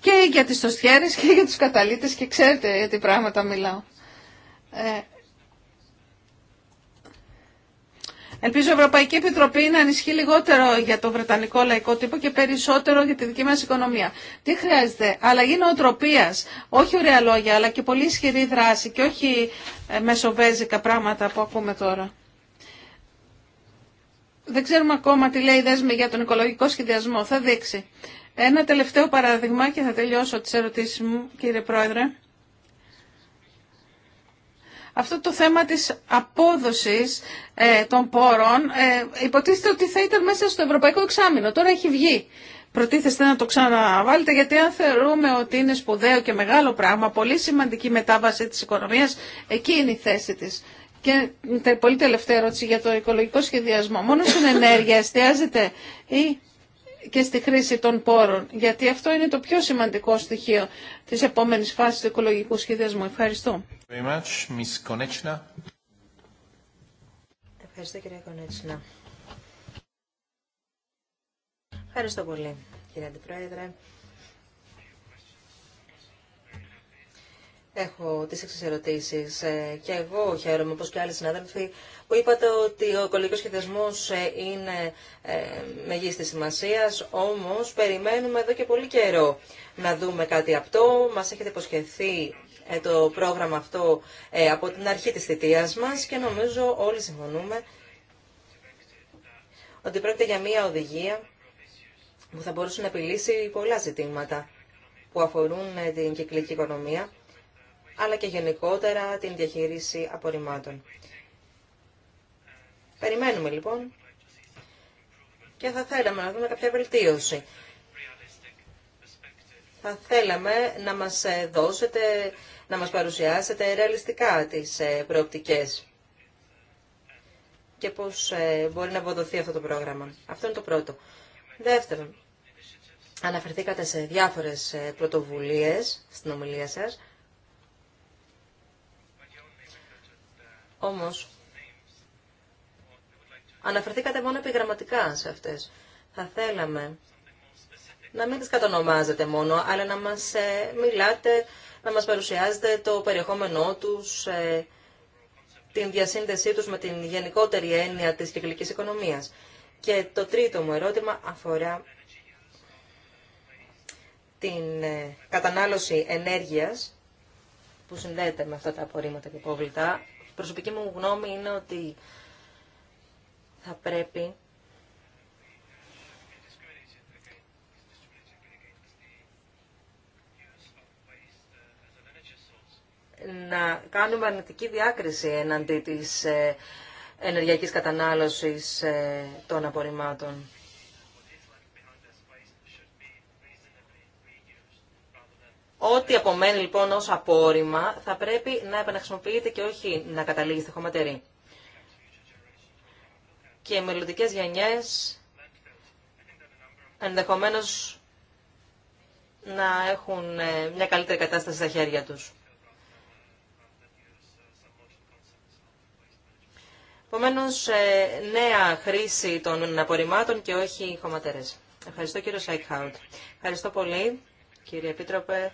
και για τις τοστιέρες και για τους καταλήτες και ξέρετε για τι πράγματα μιλάω. Ε, ελπίζω η Ευρωπαϊκή Επιτροπή να ανισχύει λιγότερο για το βρετανικό λαϊκό τύπο και περισσότερο για τη δική μας οικονομία. Τι χρειάζεται, αλλαγή νοοτροπίας, όχι ωραία λόγια, αλλά και πολύ ισχυρή δράση και όχι ε, μεσοβέζικα πράγματα που ακούμε τώρα. Δεν ξέρουμε ακόμα τι λέει η δέσμη για τον οικολογικό σχεδιασμό. Θα δείξει. Ένα τελευταίο παράδειγμα και θα τελειώσω τις ερωτήσεις μου, κύριε Πρόεδρε. Αυτό το θέμα της απόδοσης ε, των πόρων ε, υποτίθεται ότι θα ήταν μέσα στο ευρωπαϊκό εξάμεινο. Τώρα έχει βγει. Προτίθεστε να το ξαναβάλετε γιατί αν θεωρούμε ότι είναι σπουδαίο και μεγάλο πράγμα, πολύ σημαντική μετάβαση της οικονομίας, εκεί είναι η θέση της. Και πολύ τελευταία ερώτηση για το οικολογικό σχεδιασμό. Μόνο στην ενέργεια εστιάζεται ή και στη χρήση των πόρων, γιατί αυτό είναι το πιο σημαντικό στοιχείο της επόμενης φάσης του οικολογικού σχεδιασμού. Ευχαριστώ. Very much, Miss Ευχαριστώ κυρία Κονέτσινα. Ευχαριστώ πολύ κύριε Αντιπρόεδρε. Έχω τις ερωτήσει. ερωτήσεις. Ε, και εγώ χαίρομαι, όπω και άλλοι συνάδελφοι, που είπατε ότι ο οικολογικό σχεδιασμό ε, είναι ε, μεγίστη σημασίας, όμως περιμένουμε εδώ και πολύ καιρό να δούμε κάτι αυτό. Μας έχετε υποσχεθεί το πρόγραμμα αυτό από την αρχή τη θητεία μα και νομίζω όλοι συμφωνούμε ότι πρόκειται για μια οδηγία που θα μπορούσε να επιλύσει πολλά ζητήματα που αφορούν την κυκλική οικονομία αλλά και γενικότερα την διαχείριση απορριμμάτων. Περιμένουμε λοιπόν και θα θέλαμε να δούμε κάποια βελτίωση. Θα θέλαμε να μας ε, δώσετε, να μας παρουσιάσετε ρεαλιστικά τις ε, προοπτικές και πώς ε, μπορεί να αποδοθεί αυτό το πρόγραμμα. Αυτό είναι το πρώτο. Δεύτερον, αναφερθήκατε σε διάφορες πρωτοβουλίες στην ομιλία σας. Όμω, αναφερθήκατε μόνο επιγραμματικά σε αυτές. Θα θέλαμε να μην τι κατονομάζετε μόνο, αλλά να μας ε, μιλάτε, να μας παρουσιάζετε το περιεχόμενό τους, ε, την διασύνδεσή του, με την γενικότερη έννοια της κυκλικής οικονομίας. Και το τρίτο μου ερώτημα αφορά την ε, κατανάλωση ενέργειας που συνδέεται με αυτά τα απορρίμματα και υποβλητά προσωπική μου γνώμη είναι ότι θα πρέπει να κάνουμε αρνητική διάκριση εναντί της ε, ενεργειακής κατανάλωσης ε, των απορριμμάτων. Ό,τι απομένει λοιπόν ως απόρριμα θα πρέπει να επαναχρησιμοποιείται και όχι να καταλήγει στη χωματερή. Και οι μελλοντικές γενιές ενδεχομένως να έχουν ε, μια καλύτερη κατάσταση στα χέρια τους. Επομένω, ε, νέα χρήση των απορριμμάτων και όχι χωματερές. Ευχαριστώ κύριο Σάικχαουτ. Ευχαριστώ πολύ κύριε Επίτροπε.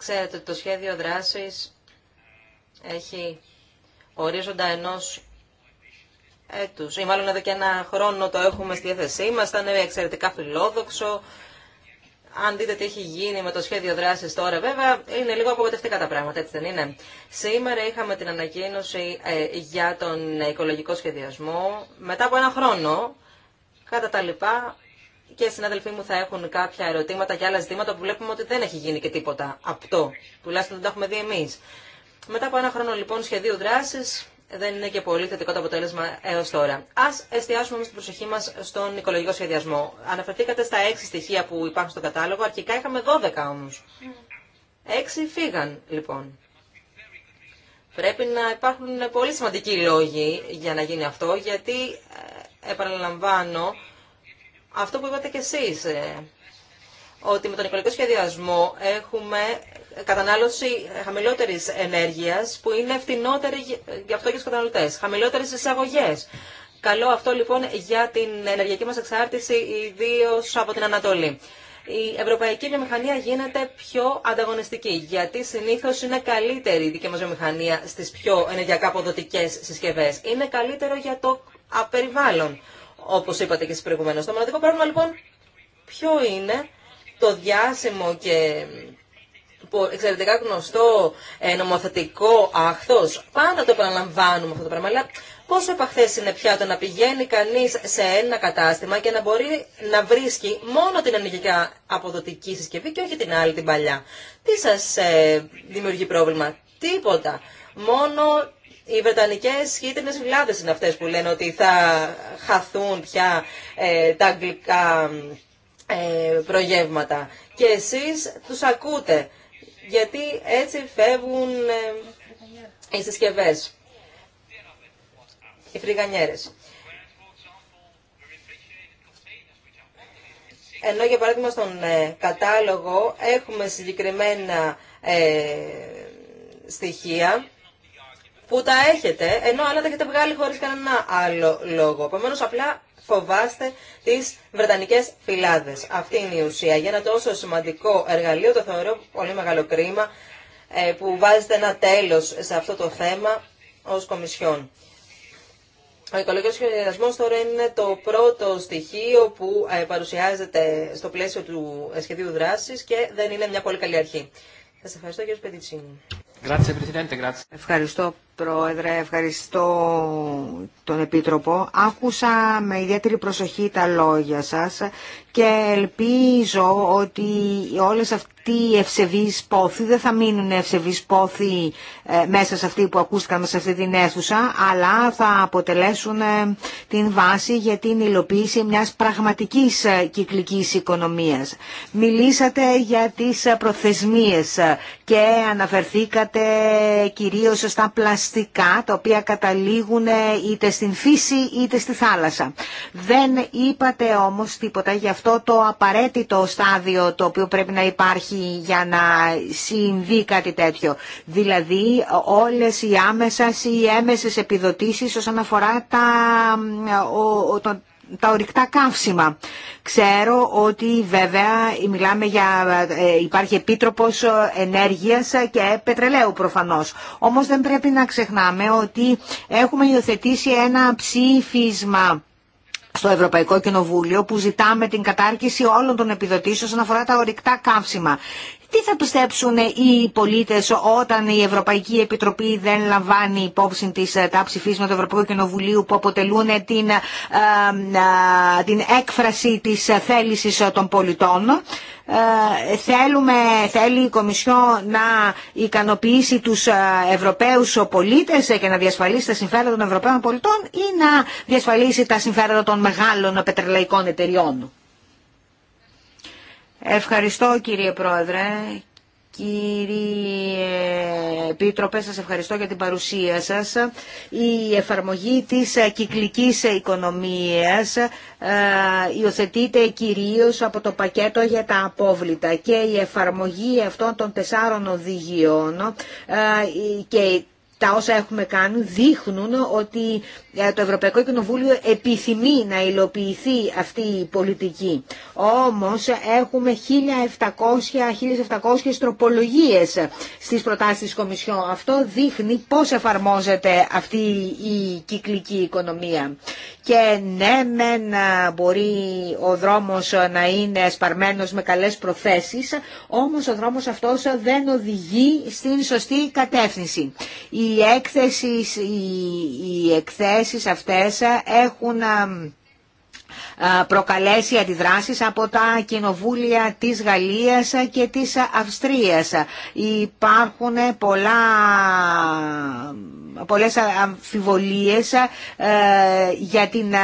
Ξέρετε ότι το σχέδιο δράσης έχει ορίζοντα ενός έτους ή μάλλον εδώ και ένα χρόνο το έχουμε στη θέση μας, ήταν εξαιρετικά φιλόδοξο. Αν δείτε τι έχει γίνει με το σχέδιο δράση τώρα, βέβαια, είναι λίγο απογοητευτικά τα πράγματα, έτσι δεν είναι. Σήμερα είχαμε την ανακοίνωση ε, για τον οικολογικό σχεδιασμό. Μετά από ένα χρόνο, κατά τα λοιπά, και συναδελφοί μου θα έχουν κάποια ερωτήματα και άλλα ζητήματα που βλέπουμε ότι δεν έχει γίνει και τίποτα αυτό. Τουλάχιστον δεν το έχουμε δει εμεί. Μετά από ένα χρόνο λοιπόν σχεδίου δράση, δεν είναι και πολύ θετικό το αποτέλεσμα έω τώρα. Α εστιάσουμε όμω την προσοχή μα στον οικολογικό σχεδιασμό. Αναφερθήκατε στα 6 στοιχεία που υπάρχουν στον κατάλογο. Αρχικά είχαμε 12 όμω. Έξι φύγαν λοιπόν. Πρέπει να υπάρχουν πολύ σημαντικοί λόγοι για να γίνει αυτό, γιατί ε, επαναλαμβάνω αυτό που είπατε κι εσείς, ε, ότι με τον οικολογικό σχεδιασμό έχουμε κατανάλωση χαμηλότερης ενέργειας που είναι φτηνότερη για αυτό και στους καταναλωτές, χαμηλότερες εισαγωγές. Καλό αυτό λοιπόν για την ενεργειακή μας εξάρτηση ιδίω από την Ανατολή. Η ευρωπαϊκή βιομηχανία γίνεται πιο ανταγωνιστική, γιατί συνήθως είναι καλύτερη η δική μας βιομηχανία στις πιο ενεργειακά αποδοτικές συσκευές. Είναι καλύτερο για το περιβάλλον όπως είπατε και εσείς προηγουμένως. Το μοναδικό πρόβλημα λοιπόν ποιο είναι το διάσημο και εξαιρετικά γνωστό ε, νομοθετικό άχθος. Πάντα το επαναλαμβάνουμε αυτό το πράγμα. Αλλά πόσο επαχθές είναι πια το να πηγαίνει κανείς σε ένα κατάστημα και να μπορεί να βρίσκει μόνο την ενεργειακά αποδοτική συσκευή και όχι την άλλη την παλιά. Τι σας ε, δημιουργεί πρόβλημα. Τίποτα. Μόνο οι βρετανικέ κίτρινες βλάδες είναι αυτέ που λένε ότι θα χαθούν πια ε, τα αγγλικά ε, προγεύματα. Και εσεί του ακούτε, γιατί έτσι φεύγουν ε, οι συσκευέ. οι φρυγανιέρε. Ενώ για παράδειγμα στον κατάλογο έχουμε συγκεκριμένα στοιχεία που τα έχετε, ενώ άλλα τα έχετε βγάλει χωρίς κανένα άλλο λόγο. Επομένω, απλά φοβάστε τις Βρετανικές φυλάδες. Αυτή είναι η ουσία. Για ένα τόσο σημαντικό εργαλείο, το θεωρώ πολύ μεγάλο κρίμα, ε, που βάζετε ένα τέλος σε αυτό το θέμα ως Κομισιόν. Ο οικολογικός σχεδιασμός τώρα είναι το πρώτο στοιχείο που ε, παρουσιάζεται στο πλαίσιο του ε, σχεδίου δράσης και δεν είναι μια πολύ καλή αρχή. Σας ευχαριστώ κύριε Σπεντιτσίνη. Ευχαριστώ Πρόεδρε, ευχαριστώ τον Επίτροπο. Άκουσα με ιδιαίτερη προσοχή τα λόγια σας και ελπίζω ότι όλες αυτοί οι ευσεβείς πόθοι δεν θα μείνουν ευσεβείς πόθοι ε, μέσα σε αυτή που ακούστηκαν σε αυτή την αίθουσα, αλλά θα αποτελέσουν ε, την βάση για την υλοποίηση μιας πραγματικής ε, κυκλικής οικονομίας. Μιλήσατε για τις προθεσμίες και αναφερθήκατε κυρίως στα πλαστικά τα οποία καταλήγουν είτε στην φύση είτε στη θάλασσα. Δεν είπατε όμως τίποτα για αυτό το απαραίτητο στάδιο το οποίο πρέπει να υπάρχει για να συμβεί κάτι τέτοιο. Δηλαδή όλες οι άμεσες ή έμεσες επιδοτήσεις όσον αφορά τα, ο, τα ορυκτά καύσιμα. Ξέρω ότι βέβαια μιλάμε για, ε, υπάρχει επίτροπος ενέργειας και πετρελαίου προφανώς. Όμως δεν πρέπει να ξεχνάμε ότι έχουμε υιοθετήσει ένα ψήφισμα στο Ευρωπαϊκό Κοινοβούλιο που ζητάμε την κατάρκηση όλων των επιδοτήσεων όσον αφορά τα ορυκτά καύσιμα τι θα πιστέψουν οι πολίτες όταν η Ευρωπαϊκή Επιτροπή δεν λαμβάνει υπόψη της ε, τα ψηφίσματα του Ευρωπαϊκού Κοινοβουλίου που αποτελούν την, ε, ε, την έκφραση της θέλησης των πολιτών. Θέλουμε, θέλει η Κομισιό να ικανοποιήσει τους Ευρωπαίους πολίτες και να διασφαλίσει τα συμφέροντα των Ευρωπαίων πολιτών ή να διασφαλίσει τα συμφέροντα των μεγάλων πετρελαϊκών εταιριών. Ευχαριστώ κύριε Πρόεδρε. Κύριε Επίτροπε, σας ευχαριστώ για την παρουσία σας. Η εφαρμογή της κυκλικής οικονομίας ε, υιοθετείται κυρίως από το πακέτο για τα απόβλητα και η εφαρμογή αυτών των τεσσάρων οδηγιών ε, και τα όσα έχουμε κάνει δείχνουν ότι το Ευρωπαϊκό Κοινοβούλιο επιθυμεί να υλοποιηθεί αυτή η πολιτική. Όμως έχουμε 1.700-1.700 τροπολογίες στις προτάσεις της Κομισιόν. Αυτό δείχνει πώς εφαρμόζεται αυτή η κυκλική οικονομία. Και ναι, μεν μπορεί ο δρόμος να είναι σπαρμένος με καλές προθέσεις, όμως ο δρόμος αυτός δεν οδηγεί στην σωστή κατεύθυνση. Η έκθεση, η, η εκθέσεις αυτές ε, έχουν ε, ε, προκαλέσει αντιδράσεις από τα κοινοβούλια της Γαλλίας και της Αυστρίας. Υπάρχουν πολλά, πολλές αμφιβολίες για την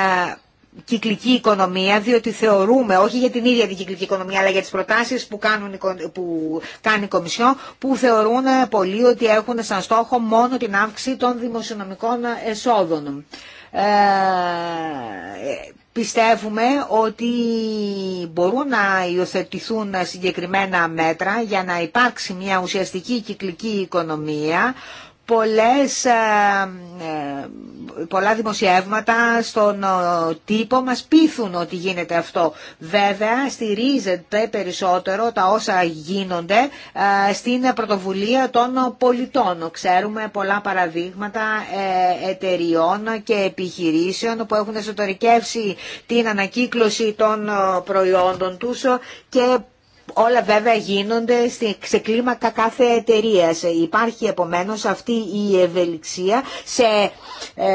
κυκλική οικονομία, διότι θεωρούμε, όχι για την ίδια την κυκλική οικονομία, αλλά για τις προτάσεις που, κάνουν, που κάνει η Κομισιόν, που θεωρούν ε, πολλοί ότι έχουν σαν στόχο μόνο την αύξηση των δημοσιονομικών εσόδων. Ε, πιστεύουμε ότι μπορούν να υιοθετηθούν συγκεκριμένα μέτρα για να υπάρξει μια ουσιαστική κυκλική οικονομία, πολλές ε, ε, πολλά δημοσιεύματα στον τύπο μας πείθουν ότι γίνεται αυτό. Βέβαια στηρίζεται περισσότερο τα όσα γίνονται ε, στην πρωτοβουλία των πολιτών. Ξέρουμε πολλά παραδείγματα ε, εταιριών και επιχειρήσεων που έχουν εσωτερικεύσει την ανακύκλωση των ε, προϊόντων τους και όλα βέβαια γίνονται σε κλίμακα κάθε εταιρεία. Υπάρχει επομένως αυτή η ευελιξία σε ε,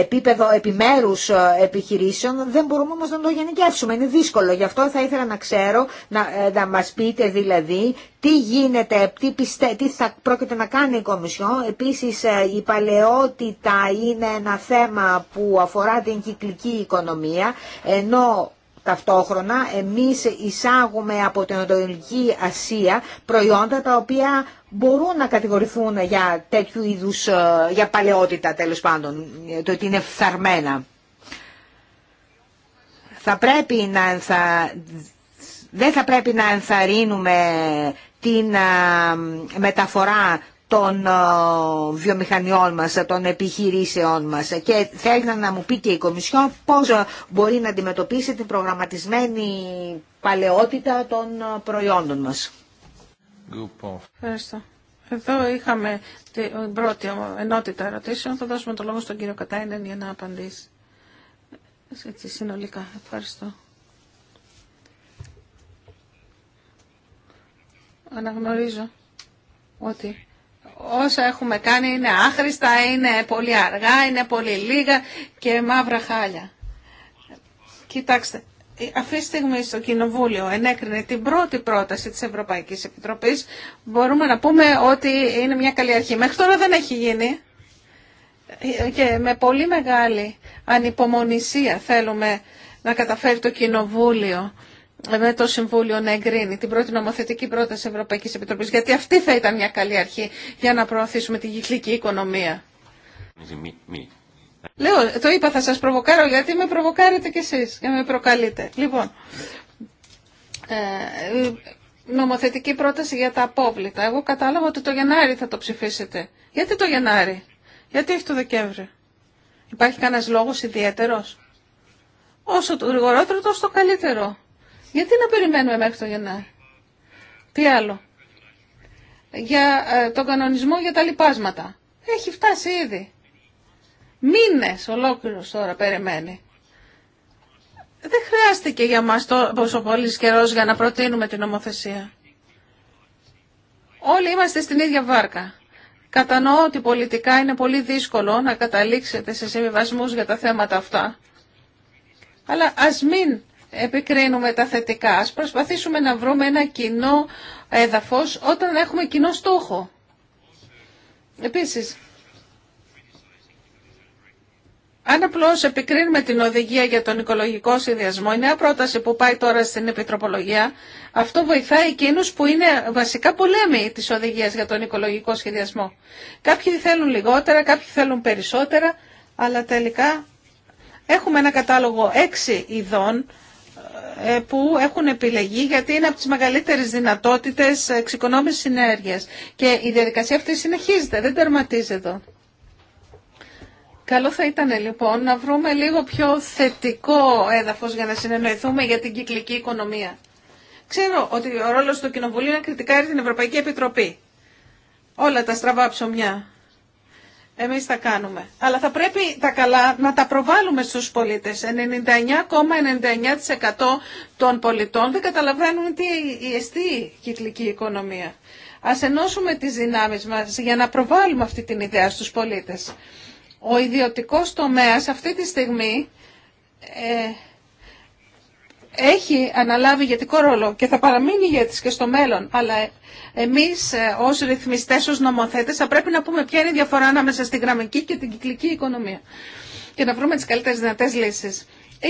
επίπεδο επιμέρους ε, επιχειρήσεων. Δεν μπορούμε όμως να το γενικεύσουμε. Είναι δύσκολο. Γι' αυτό θα ήθελα να ξέρω, να, ε, να μας πείτε δηλαδή τι γίνεται, τι, πιστε, τι θα πρόκειται να κάνει η Κομισιό. Επίσης η παλαιότητα είναι ένα θέμα που αφορά την κυκλική οικονομία, ενώ Ταυτόχρονα εμείς εισάγουμε από την Ανατολική Ασία προϊόντα τα οποία μπορούν να κατηγορηθούν για τέτοιου είδους, ε, για παλαιότητα τέλος πάντων, ε, το ότι είναι φθαρμένα. Θα πρέπει να, θα, δεν θα πρέπει να ενθαρρύνουμε την ε, μεταφορά των ε, βιομηχανιών μας, ε, των επιχειρήσεών μας και θέλει να μου πει και η Κομισιόν πώς ε, μπορεί να αντιμετωπίσει την προγραμματισμένη παλαιότητα των προϊόντων μας. Ευχαριστώ. Εδώ είχαμε την πρώτη ενότητα ερωτήσεων. Θα δώσουμε το λόγο στον κύριο Κατάινεν για να απαντήσει. Έτσι συνολικά. Ευχαριστώ. Αναγνωρίζω ότι όσα έχουμε κάνει είναι άχρηστα, είναι πολύ αργά, είναι πολύ λίγα και μαύρα χάλια. Κοιτάξτε, αυτή τη στιγμή στο Κοινοβούλιο ενέκρινε την πρώτη πρόταση της Ευρωπαϊκής Επιτροπής. Μπορούμε να πούμε ότι είναι μια καλή αρχή. Μέχρι τώρα δεν έχει γίνει και με πολύ μεγάλη ανυπομονησία θέλουμε να καταφέρει το Κοινοβούλιο με το Συμβούλιο να εγκρίνει την πρώτη νομοθετική πρόταση Ευρωπαϊκής Επιτροπής, γιατί αυτή θα ήταν μια καλή αρχή για να προωθήσουμε την κυκλική οικονομία. Μη, μη. Λέω, το είπα, θα σας προβοκάρω, γιατί με προβοκάρετε κι εσείς και με προκαλείτε. Λοιπόν, ε, νομοθετική πρόταση για τα απόβλητα. Εγώ κατάλαβα ότι το Γενάρη θα το ψηφίσετε. Γιατί το Γενάρη, γιατί έχει το Δεκέμβρη Υπάρχει κανένας λόγος ιδιαίτερος. Όσο το γρηγορότερο, τόσο το καλύτερο. Γιατί να περιμένουμε μέχρι τον Γενάρη. Τι άλλο. Για ε, τον κανονισμό για τα λοιπάσματα. Έχει φτάσει ήδη. Μήνες ολόκληρος τώρα περιμένει. Δεν χρειάστηκε για μας τόσο πολύ καιρό για να προτείνουμε την νομοθεσία. Όλοι είμαστε στην ίδια βάρκα. Κατανοώ ότι πολιτικά είναι πολύ δύσκολο να καταλήξετε σε συμβιβασμούς για τα θέματα αυτά. Αλλά ας μην επικρίνουμε τα θετικά. Ας προσπαθήσουμε να βρούμε ένα κοινό έδαφος όταν έχουμε κοινό στόχο. Επίσης, αν απλώ επικρίνουμε την οδηγία για τον οικολογικό συνδυασμό, η νέα πρόταση που πάει τώρα στην Επιτροπολογία, αυτό βοηθάει εκείνου που είναι βασικά πολέμοι τη οδηγία για τον οικολογικό σχεδιασμό. Κάποιοι θέλουν λιγότερα, κάποιοι θέλουν περισσότερα, αλλά τελικά έχουμε ένα κατάλογο έξι ειδών ε, που έχουν επιλεγεί γιατί είναι από τις μεγαλύτερες δυνατότητες εξοικονόμησης συνέργειας. Και η διαδικασία αυτή συνεχίζεται, δεν τερματίζει εδώ. Καλό θα ήταν λοιπόν να βρούμε λίγο πιο θετικό έδαφος για να συνεννοηθούμε για την κυκλική οικονομία. Ξέρω ότι ο ρόλος του Κοινοβουλίου είναι να κριτικάρει την Ευρωπαϊκή Επιτροπή. Όλα τα στραβά ψωμιά εμείς τα κάνουμε. Αλλά θα πρέπει τα καλά να τα προβάλλουμε στους πολίτες. 99,99% των πολιτών δεν καταλαβαίνουν τι εστί κυκλική οικονομία. Ας ενώσουμε τις δυνάμεις μας για να προβάλλουμε αυτή την ιδέα στους πολίτες. Ο ιδιωτικός τομέας αυτή τη στιγμή... Ε, έχει αναλάβει ηγετικό ρόλο και θα παραμείνει ηγέτη και στο μέλλον, αλλά εμεί ε, ω ρυθμιστέ, ω νομοθέτες θα πρέπει να πούμε ποια είναι η διαφορά ανάμεσα στην γραμμική και την κυκλική οικονομία και να βρούμε τι καλύτερε δυνατέ λύσει.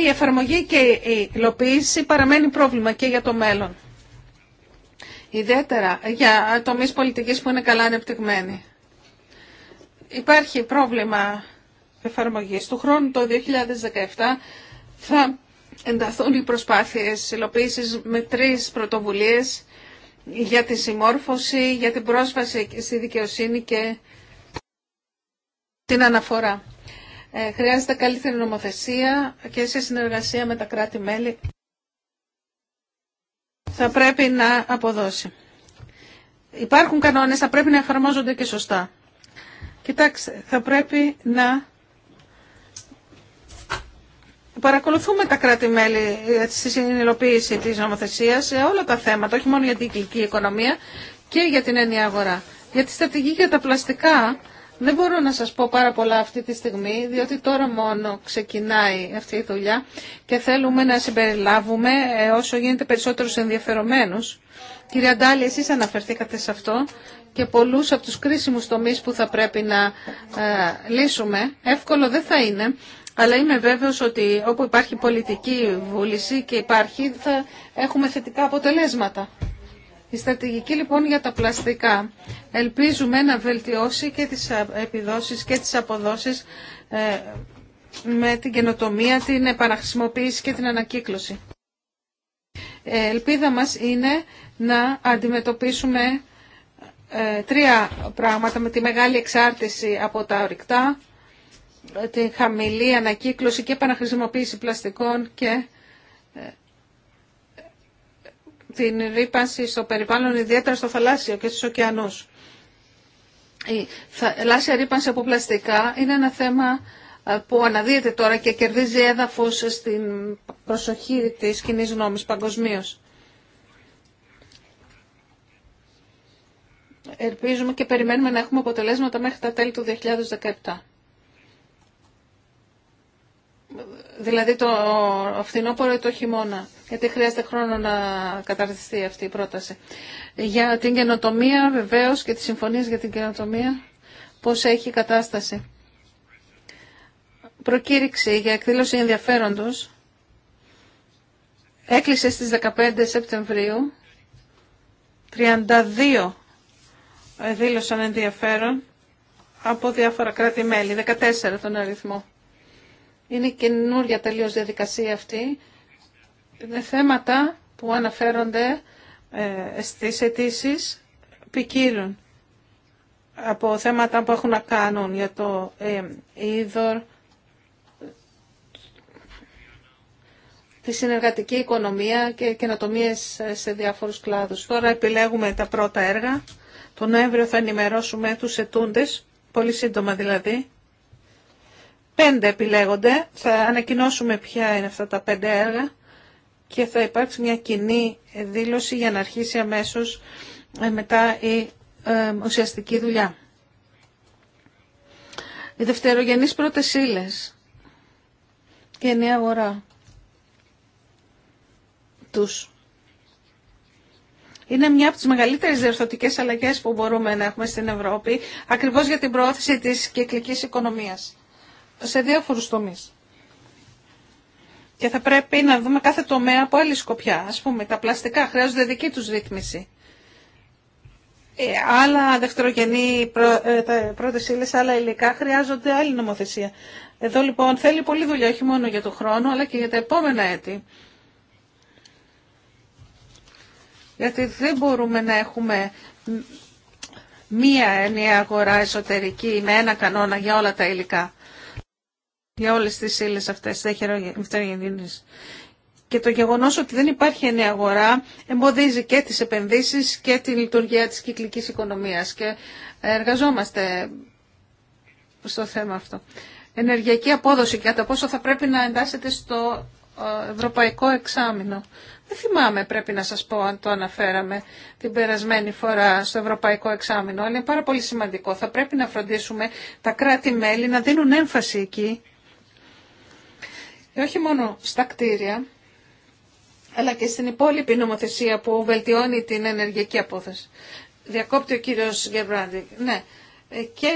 Η εφαρμογή και η υλοποίηση παραμένει πρόβλημα και για το μέλλον. Ιδιαίτερα για τομεί πολιτική που είναι καλά ανεπτυγμένοι. Υπάρχει πρόβλημα εφαρμογής. Του χρόνου το 2017 θα ενταθούν οι προσπάθειες υλοποίησης με τρεις πρωτοβουλίες για τη συμμόρφωση, για την πρόσβαση στη δικαιοσύνη και την αναφορά. Ε, χρειάζεται καλύτερη νομοθεσία και σε συνεργασία με τα κράτη-μέλη θα πρέπει να αποδώσει. Υπάρχουν κανόνες, θα πρέπει να εφαρμόζονται και σωστά. Κοιτάξτε, θα πρέπει να παρακολουθούμε τα κράτη-μέλη ε, στη συνειδητοποίηση της νομοθεσίας σε όλα τα θέματα, όχι μόνο για την κυκλική οικονομία και για την έννοια αγορά. Για τη στρατηγική για τα πλαστικά δεν μπορώ να σας πω πάρα πολλά αυτή τη στιγμή, διότι τώρα μόνο ξεκινάει αυτή η δουλειά και θέλουμε να συμπεριλάβουμε ε, όσο γίνεται περισσότερους ενδιαφερομένους. Κυρία Ντάλη, εσείς αναφερθήκατε σε αυτό και πολλούς από τους κρίσιμους τομείς που θα πρέπει να ε, λύσουμε. Εύκολο δεν θα είναι, αλλά είμαι βέβαιος ότι όπου υπάρχει πολιτική βούληση και υπάρχει θα έχουμε θετικά αποτελέσματα. Η στρατηγική λοιπόν για τα πλαστικά ελπίζουμε να βελτιώσει και τις επιδόσεις και τις αποδόσεις ε, με την καινοτομία, την επαναχρησιμοποίηση και την ανακύκλωση. Ε, ελπίδα μας είναι να αντιμετωπίσουμε ε, τρία πράγματα με τη μεγάλη εξάρτηση από τα ορυκτά, την χαμηλή ανακύκλωση και επαναχρησιμοποίηση πλαστικών και ε, την ρήπανση στο περιβάλλον, ιδιαίτερα στο θαλάσσιο και στους ωκεανούς. Η θαλάσσια ρήπανση από πλαστικά είναι ένα θέμα ε, που αναδύεται τώρα και κερδίζει έδαφος στην προσοχή της κοινή γνώμης παγκοσμίω. Ελπίζουμε και περιμένουμε να έχουμε αποτελέσματα μέχρι τα τέλη του 2017. δηλαδή το φθινόπωρο ή το χειμώνα, γιατί χρειάζεται χρόνο να καταρτιστεί αυτή η πρόταση. Για την καινοτομία βεβαίως και τις συμφωνίες για την καινοτομία, πώς έχει η κατάσταση. Προκήρυξη για εκδήλωση ενδιαφέροντος έκλεισε στις 15 Σεπτεμβρίου, 32 δήλωσαν ενδιαφέρον από διάφορα κράτη-μέλη, 14 τον αριθμό. Είναι καινούργια τελείω διαδικασία αυτή. Είναι θέματα που αναφέρονται ε, στις αιτήσει ποικίλουν από θέματα που έχουν να κάνουν για το ε, είδωρ, τη συνεργατική οικονομία και καινοτομίε σε διάφορους κλάδους. Τώρα επιλέγουμε τα πρώτα έργα. Τον Νοέμβριο θα ενημερώσουμε τους ετούντες, πολύ σύντομα δηλαδή, Πέντε επιλέγονται. Θα ανακοινώσουμε ποια είναι αυτά τα πέντε έργα και θα υπάρξει μια κοινή δήλωση για να αρχίσει αμέσως ε, μετά η ε, ουσιαστική δουλειά. Οι δευτερογενείς πρώτες ύλες και η νέα αγορά τους. Είναι μια από τις μεγαλύτερες διορθωτικές αλλαγές που μπορούμε να έχουμε στην Ευρώπη, ακριβώς για την προώθηση της κυκλικής οικονομίας σε διάφορους τομείς. Και θα πρέπει να δούμε κάθε τομέα από άλλη σκοπιά. Ας πούμε, τα πλαστικά χρειάζονται δική τους ρύθμιση. Ε, άλλα δευτερογενή προ, ε, πρώτες ύλες, άλλα υλικά χρειάζονται άλλη νομοθεσία. Εδώ λοιπόν θέλει πολύ δουλειά, όχι μόνο για τον χρόνο, αλλά και για τα επόμενα έτη. Γιατί δεν μπορούμε να έχουμε μία ενιαία αγορά εσωτερική με ένα κανόνα για όλα τα υλικά για όλες τις ύλες αυτές, Και το γεγονός ότι δεν υπάρχει ενιαία αγορά εμποδίζει και τις επενδύσεις και τη λειτουργία της κυκλικής οικονομίας και εργαζόμαστε στο θέμα αυτό. Ενεργειακή απόδοση κατά πόσο θα πρέπει να εντάσσεται στο ε, ευρωπαϊκό εξάμεινο. Δεν θυμάμαι πρέπει να σας πω αν το αναφέραμε την περασμένη φορά στο Ευρωπαϊκό Εξάμεινο, αλλά είναι πάρα πολύ σημαντικό. Θα πρέπει να φροντίσουμε τα κράτη-μέλη να δίνουν έμφαση εκεί όχι μόνο στα κτίρια, αλλά και στην υπόλοιπη νομοθεσία που βελτιώνει την ενεργειακή απόδοση. Διακόπτει ο κύριος Γερμπράντη. Ναι. Ε, και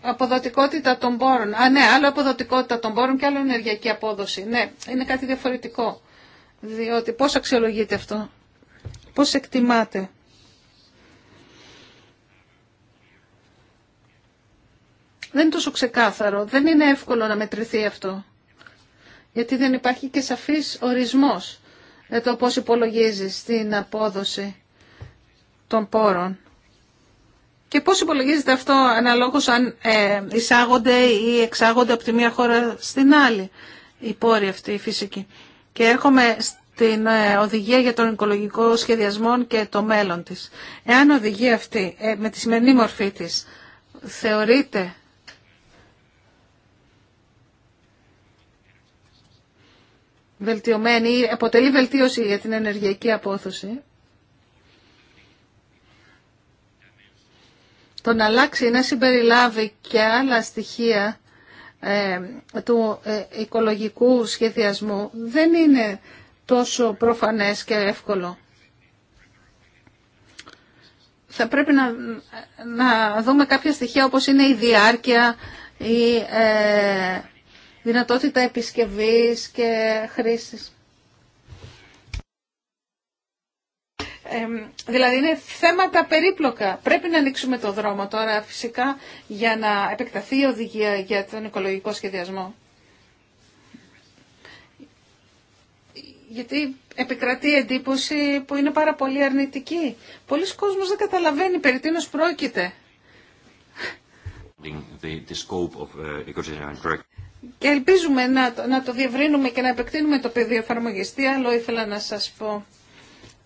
αποδοτικότητα των πόρων. Α, ναι, άλλο αποδοτικότητα των πόρων και άλλο ενεργειακή απόδοση. Ναι, είναι κάτι διαφορετικό. Διότι πώς αξιολογείται αυτό, πώς εκτιμάται. δεν είναι τόσο ξεκάθαρο. Δεν είναι εύκολο να μετρηθεί αυτό. Γιατί δεν υπάρχει και σαφής ορισμός για το πώς υπολογίζεις την απόδοση των πόρων. Και πώς υπολογίζεται αυτό αναλόγως αν ε, εισάγονται ή εξάγονται από τη μία χώρα στην άλλη η πόροι αυτοί η φυσικη Και έρχομαι στην ε, οδηγία για τον οικολογικό σχεδιασμό και το μέλλον της. Εάν οδηγία αυτή ε, με τη σημερινή μορφή της θεωρείται βελτιωμένη, αποτελεί βελτίωση για την ενεργειακή απόθεση. Το να αλλάξει, να συμπεριλάβει και άλλα στοιχεία ε, του ε, οικολογικού σχεδιασμού δεν είναι τόσο προφανές και εύκολο. Θα πρέπει να, να δούμε κάποια στοιχεία όπως είναι η διάρκεια, η ε, δυνατότητα επισκευής και χρήσης. δηλαδή είναι θέματα περίπλοκα. Πρέπει να ανοίξουμε το δρόμο τώρα φυσικά για να επεκταθεί η οδηγία για τον οικολογικό σχεδιασμό. Γιατί επικρατεί εντύπωση που είναι πάρα πολύ αρνητική. Πολλοί κόσμος δεν καταλαβαίνει περί τίνος πρόκειται. The, uh, και ελπίζουμε να το, να το διευρύνουμε και να επεκτείνουμε το πεδίο εφαρμογή. Τι άλλο ήθελα να σας πω.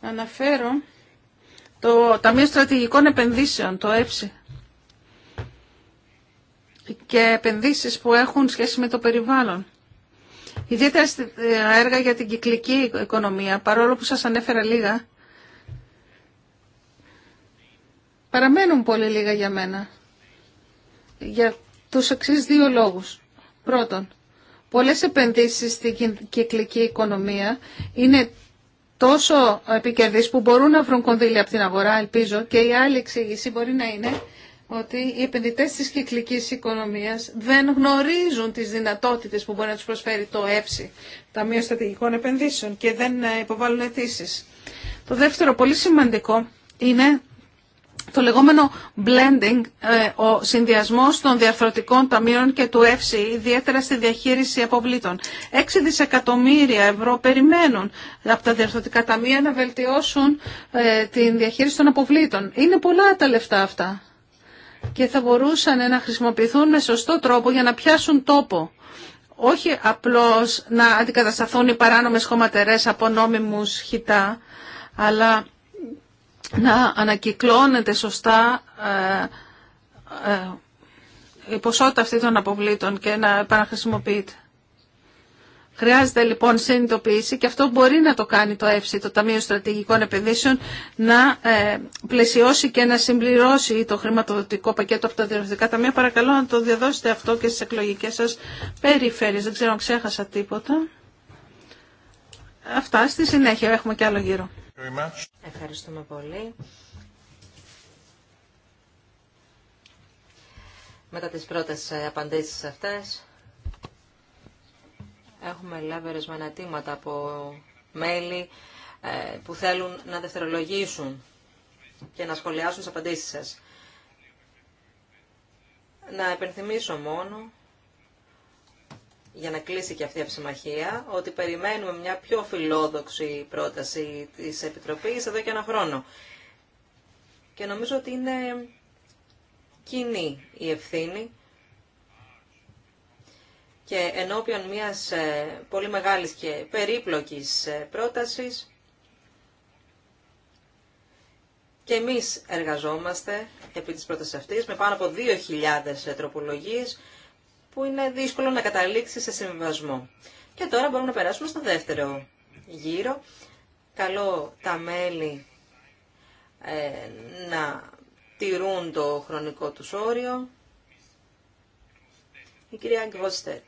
Αναφέρω το Ταμείο Στρατηγικών Επενδύσεων, το ΕΨΙ. Και επενδύσεις που έχουν σχέση με το περιβάλλον. Ιδιαίτερα ε, έργα για την κυκλική οικονομία, παρόλο που σας ανέφερα λίγα, παραμένουν πολύ λίγα για μένα. Για τους εξής δύο λόγους. Πρώτον, πολλές επενδύσεις στην κυκλική οικονομία είναι τόσο επικερδείς που μπορούν να βρουν κονδύλια από την αγορά, ελπίζω, και η άλλη εξήγηση μπορεί να είναι ότι οι επενδυτές της κυκλικής οικονομίας δεν γνωρίζουν τις δυνατότητες που μπορεί να τους προσφέρει το ΕΨΙ, Ταμείο Στατηγικών Επενδύσεων, και δεν ε, υποβάλλουν αιτήσει. Το δεύτερο πολύ σημαντικό είναι το λεγόμενο blending, ε, ο συνδυασμός των διαρθρωτικών ταμείων και του ΕΦΣΥ, ιδιαίτερα στη διαχείριση αποβλήτων. 6 δισεκατομμύρια ευρώ περιμένουν από τα διαρθρωτικά ταμεία να βελτιώσουν ε, τη διαχείριση των αποβλήτων. Είναι πολλά τα λεφτά αυτά και θα μπορούσαν να χρησιμοποιηθούν με σωστό τρόπο για να πιάσουν τόπο. Όχι απλώς να αντικατασταθούν οι παράνομες χωματερές από νόμιμους χιτά, αλλά να ανακυκλώνεται σωστά ε, ε, η ποσότητα αυτή των αποβλήτων και να επαναχρησιμοποιείται. Χρειάζεται λοιπόν συνειδητοποίηση και αυτό μπορεί να το κάνει το ΕΦΣΙ, το Ταμείο Στρατηγικών Επενδύσεων, να ε, πλαισιώσει και να συμπληρώσει το χρηματοδοτικό πακέτο από τα διευθυντικά ταμεία. Παρακαλώ να το διαδώσετε αυτό και στις εκλογικές σας περιφέρειες. Δεν ξέρω αν ξέχασα τίποτα. Αυτά στη συνέχεια. Έχουμε και άλλο γύρο. Ευχαριστούμε πολύ. Μετά τις πρώτες ε, απαντήσεις αυτές, έχουμε λάβει ορισμένα από μέλη ε, που θέλουν να δευτερολογήσουν και να σχολιάσουν τις απαντήσεις σας. Να επενθυμίσω μόνο για να κλείσει και αυτή η αψημαχία, ότι περιμένουμε μια πιο φιλόδοξη πρόταση της Επιτροπής εδώ και ένα χρόνο. Και νομίζω ότι είναι κοινή η ευθύνη και ενώπιον μιας ε, πολύ μεγάλης και περίπλοκης ε, πρότασης και εμείς εργαζόμαστε επί της πρότασης αυτής με πάνω από 2.000 ε, τροπολογίες που είναι δύσκολο να καταλήξει σε συμβιβασμό. Και τώρα μπορούμε να περάσουμε στο δεύτερο γύρο. Καλό τα μέλη ε, να τηρούν το χρονικό του όριο. Η κυρία Γκβοστέτ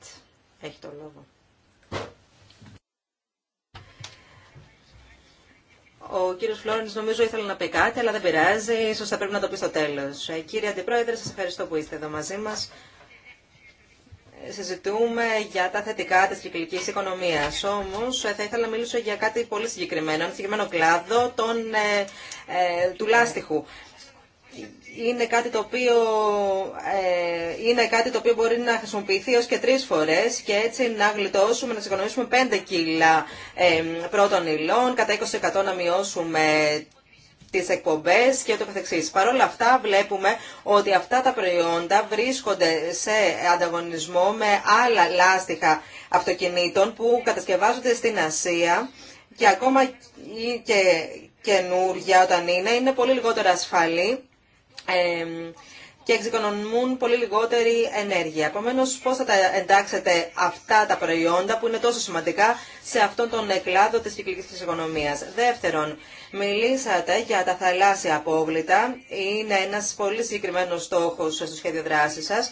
έχει το λόγο. Ο κύριο Φλόρεν νομίζω ήθελε να πει κάτι, αλλά δεν πειράζει. σω θα πρέπει να το πει στο τέλο. Ε, κύριε Αντιπρόεδρε, σα ευχαριστώ που είστε εδώ μαζί μα συζητούμε για τα θετικά της κυκλικής οικονομία. Όμω, ε, θα ήθελα να μιλήσω για κάτι πολύ συγκεκριμένο, ένα συγκεκριμένο κλάδο τον, ε, ε, του λάστιχου. Είναι κάτι, το οποίο, είναι κάτι το οποίο μπορεί να χρησιμοποιηθεί ως και τρεις φορές και έτσι να γλιτώσουμε, να συγκονομήσουμε 5 κιλά ε, πρώτων υλών, κατά 20% να μειώσουμε τις εκπομπές και το καθεξής. Παρ' όλα αυτά βλέπουμε ότι αυτά τα προϊόντα βρίσκονται σε ανταγωνισμό με άλλα λάστιχα αυτοκινήτων που κατασκευάζονται στην Ασία και ακόμα και καινούργια όταν είναι, είναι πολύ λιγότερο ασφαλή και εξοικονομούν πολύ λιγότερη ενέργεια. Επομένω, πώ θα τα εντάξετε αυτά τα προϊόντα που είναι τόσο σημαντικά σε αυτόν τον κλάδο τη κυκλική οικονομία. Δεύτερον, μιλήσατε για τα θαλάσσια απόβλητα. Είναι ένα πολύ συγκεκριμένο στόχο στο σχέδιο δράση σα.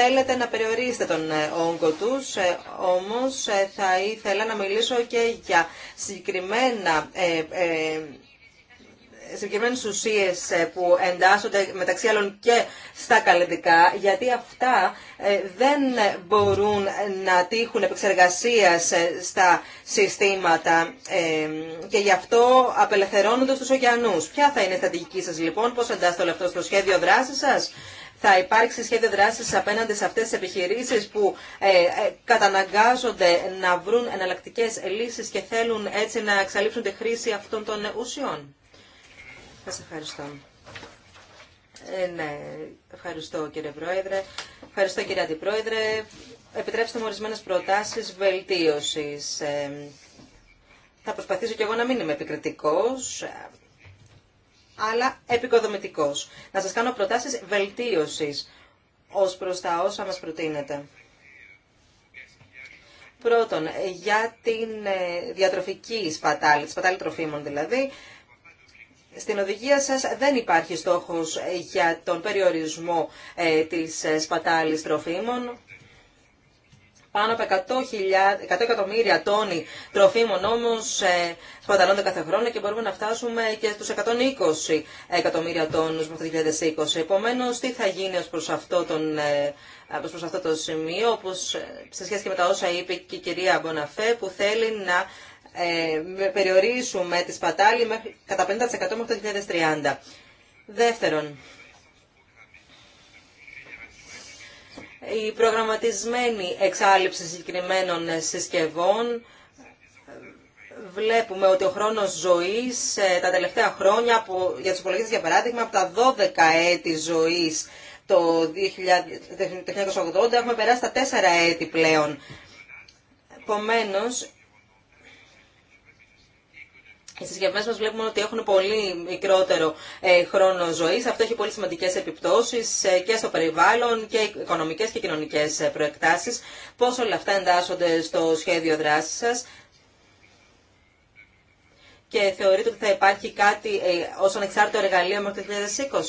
Θέλετε να περιορίσετε τον ε, όγκο του, ε, όμω ε, θα ήθελα να μιλήσω και για συγκεκριμένα Συγκεκριμένε ουσίε ε, που εντάσσονται μεταξύ άλλων και στα καλλιτικά, γιατί αυτά ε, δεν μπορούν να τύχουν επεξεργασία ε, στα συστήματα και γι' αυτό απελευθερώνονται στου ωκεανού. Ποια θα είναι η στρατηγική σα, λοιπόν, πώ εντάσσεται όλο αυτό στο σχέδιο δράση σα, θα υπάρξει σχέδιο δράση απέναντι σε αυτέ τι επιχειρήσει που ε, καταναγκάζονται να βρουν εναλλακτικέ λύσει και θέλουν έτσι να εξαλείψουν τη χρήση αυτών των ουσιών. Σας ευχαριστώ. Ε, ναι, ευχαριστώ κύριε Πρόεδρε. Ευχαριστώ κύριε Αντιπρόεδρε. Επιτρέψτε μου ορισμένε προτάσεις βελτίωσης. Ε, θα προσπαθήσω κι εγώ να μην είμαι επικριτικός, αλλά επικοδομητικός. Να σας κάνω προτάσεις βελτίωσης ω προ τα όσα μας προτείνετε. Πρώτον, για την ε, διατροφική σπατάλη, τη σπατάλη τροφίμων δηλαδή, στην οδηγία σας δεν υπάρχει στόχος για τον περιορισμό ε, της ε, σπατάλης τροφίμων. Πάνω από 100, εκατομμύρια τόνοι τροφίμων όμως ε, σπαταλώνται κάθε χρόνο και μπορούμε να φτάσουμε και στους 120 εκατομμύρια τόνους μέχρι το 2020. Επομένως, τι θα γίνει ως προς αυτό, τον, ως προς αυτό το σημείο, όπως σε σχέση και με τα όσα είπε και η κυρία Μποναφέ, που θέλει να ε, περιορίσουμε τη σπατάλη μέχρι, κατά 50% μέχρι το 2030. Δεύτερον, η προγραμματισμένη εξάλληψη συγκεκριμένων συσκευών βλέπουμε ότι ο χρόνος ζωής ε, τα τελευταία χρόνια για τους υπολογιστές για παράδειγμα από τα 12 έτη ζωής το 1980 έχουμε περάσει τα 4 έτη πλέον. Επομένως, οι συσκευέ μα βλέπουμε ότι έχουν πολύ μικρότερο ε, χρόνο ζωή. Αυτό έχει πολύ σημαντικέ επιπτώσει ε, και στο περιβάλλον και οικονομικέ και κοινωνικέ ε, προεκτάσει. Πώ όλα αυτά εντάσσονται στο σχέδιο δράση σα και θεωρείτε ότι θα υπάρχει κάτι ε, ως ανεξάρτητο εργαλείο μέχρι το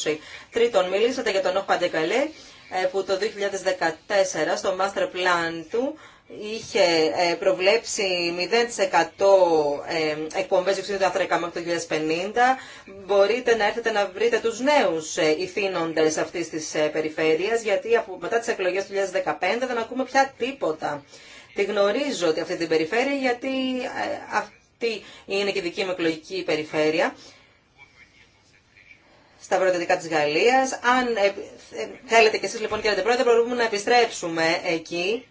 2020. Τρίτον, μιλήσατε για τον Όχ Παντεκαλέ που το 2014 στο master plan του είχε ε, προβλέψει 0% ε, εκπομπές διευθυντήτων του ανθρακά μέχρι το 2050. Μπορείτε να έρθετε να βρείτε τους νέους ε, ηθήνοντες αυτής της περιφέρειας, γιατί από μετά τις εκλογές του 2015 δεν ακούμε πια τίποτα. Τη γνωρίζω αυτή την περιφέρεια, γιατί αυτή είναι και η δική μου εκλογική περιφέρεια στα προεδρικά της Γαλλίας. Αν θέλετε κι εσείς λοιπόν κύριε Πρόεδρε, μπορούμε να επιστρέψουμε εκεί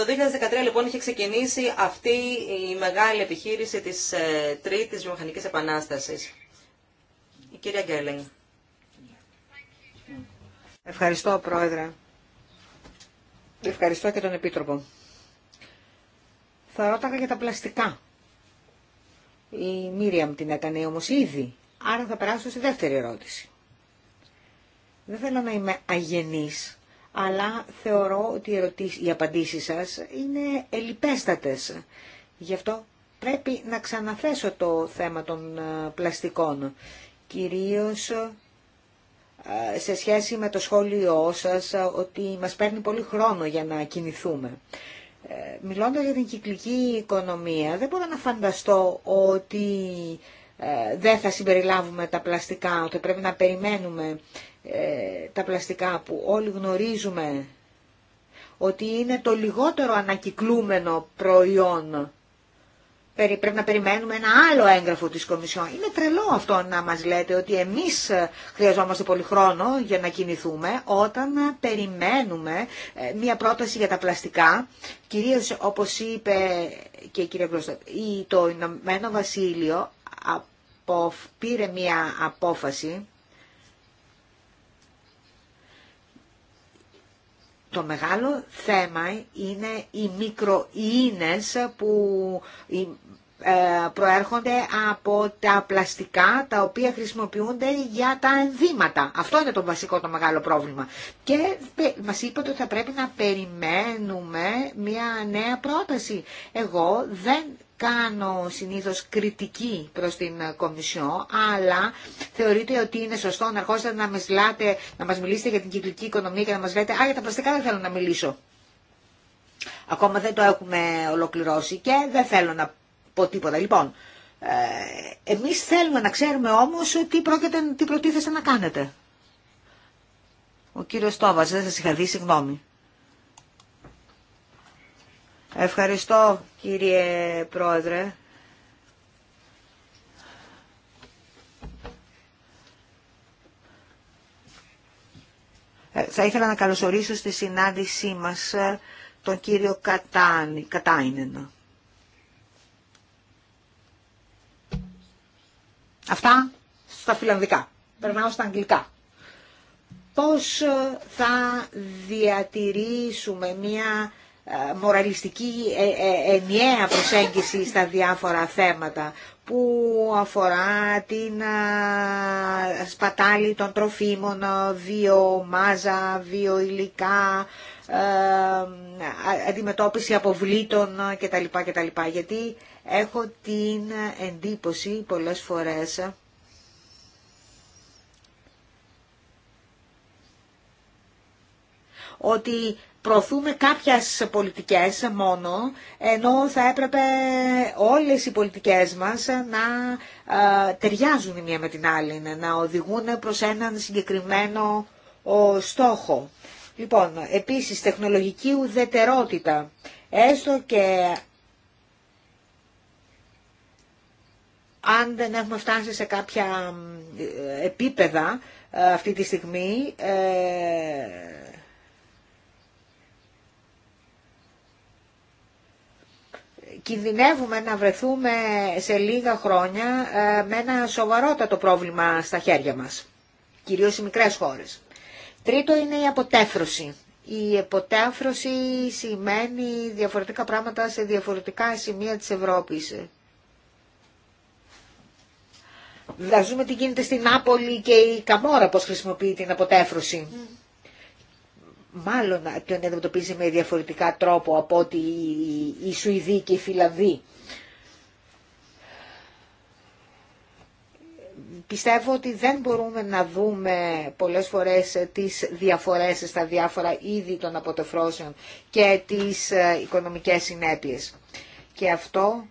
το 2013 λοιπόν είχε ξεκινήσει αυτή η μεγάλη επιχείρηση της ε, τρίτης βιομηχανικής επανάστασης. Η κυρία Γκέλεγγ. Ευχαριστώ Πρόεδρε. Ευχαριστώ και τον Επίτροπο. Θα ρώταγα για τα πλαστικά. Η Μίριαμ την έκανε όμως ήδη, άρα θα περάσω στη δεύτερη ερώτηση. Δεν θέλω να είμαι αγενής, αλλά θεωρώ ότι οι, απαντήσεις σας είναι ελιπέστατες. Γι' αυτό πρέπει να ξαναθέσω το θέμα των ε, πλαστικών, κυρίως ε, σε σχέση με το σχόλιο σας ε, ότι μας παίρνει πολύ χρόνο για να κινηθούμε. Μιλώντας για την κυκλική οικονομία, δεν μπορώ να φανταστώ ότι δεν θα συμπεριλάβουμε τα πλαστικά, ότι πρέπει να περιμένουμε ε, τα πλαστικά που όλοι γνωρίζουμε ότι είναι το λιγότερο ανακυκλούμενο προϊόν. Πρέπει να περιμένουμε ένα άλλο έγγραφο της Κομισιόν. Είναι τρελό αυτό να μας λέτε ότι εμείς χρειαζόμαστε πολύ χρόνο για να κινηθούμε όταν περιμένουμε ε, μια πρόταση για τα πλαστικά. Κυρίως όπως είπε και η κυρία Γλώστα, το Ηνωμένο Βασίλειο πήρε μια απόφαση Το μεγάλο θέμα είναι οι μικροϊνες που ε, προέρχονται από τα πλαστικά τα οποία χρησιμοποιούνται για τα ενδύματα. Αυτό είναι το βασικό το μεγάλο πρόβλημα. Και μας είπατε ότι θα πρέπει να περιμένουμε μια νέα πρόταση. Εγώ δεν κάνω συνήθως κριτική προς την Κομισιό, αλλά θεωρείτε ότι είναι σωστό να αρχίσετε να, λάτε, να μας μιλήσετε για την κυκλική οικονομία και να μας λέτε «Α, για τα πλαστικά δεν θέλω να μιλήσω». Ακόμα δεν το έχουμε ολοκληρώσει και δεν θέλω να πω τίποτα. Λοιπόν, ε, εμείς θέλουμε να ξέρουμε όμως τι, τι προτίθεστε να κάνετε. Ο κύριος Τόβας, δεν σας είχα δει, συγγνώμη. Ευχαριστώ κύριε Πρόεδρε. Ε, θα ήθελα να καλωσορίσω στη συνάντησή μας ε, τον κύριο κατάνι Κατάινεν. Αυτά στα φιλανδικά. Περνάω στα αγγλικά. Πώς ε, θα διατηρήσουμε μια ε, μοραλιστική ε, ε, ενιαία προσέγγιση στα διάφορα θέματα που αφορά την σπατάλη των τροφίμων, βιομάζα, υλικά, αντιμετώπιση αποβλήτων κτλ. κτλ. Γιατί έχω την εντύπωση πολλές φορές ότι προωθούμε κάποιες πολιτικές μόνο, ενώ θα έπρεπε όλες οι πολιτικές μας να ε, ταιριάζουν η μία με την άλλη, να οδηγούν προς έναν συγκεκριμένο στόχο. Λοιπόν, επίσης τεχνολογική ουδετερότητα, έστω και αν δεν έχουμε φτάσει σε κάποια ε, επίπεδα ε, αυτή τη στιγμή, κινδυνεύουμε να βρεθούμε σε λίγα χρόνια ε, με ένα σοβαρότατο πρόβλημα στα χέρια μας, κυρίως οι μικρές χώρες. Τρίτο είναι η αποτέφρωση. Η αποτέφρωση σημαίνει διαφορετικά πράγματα σε διαφορετικά σημεία της Ευρώπης. Να τι γίνεται στην Νάπολη και η Καμόρα πώς χρησιμοποιεί την αποτέφρωση μάλλον το αντιμετωπίζει με διαφορετικά τρόπο από ότι οι Σουηδοί και οι Φιλανδοί. Πιστεύω ότι δεν μπορούμε να δούμε πολλές φορές τις διαφορές στα διάφορα είδη των αποτεφρώσεων και τις ε, οικονομικές συνέπειες. Και αυτό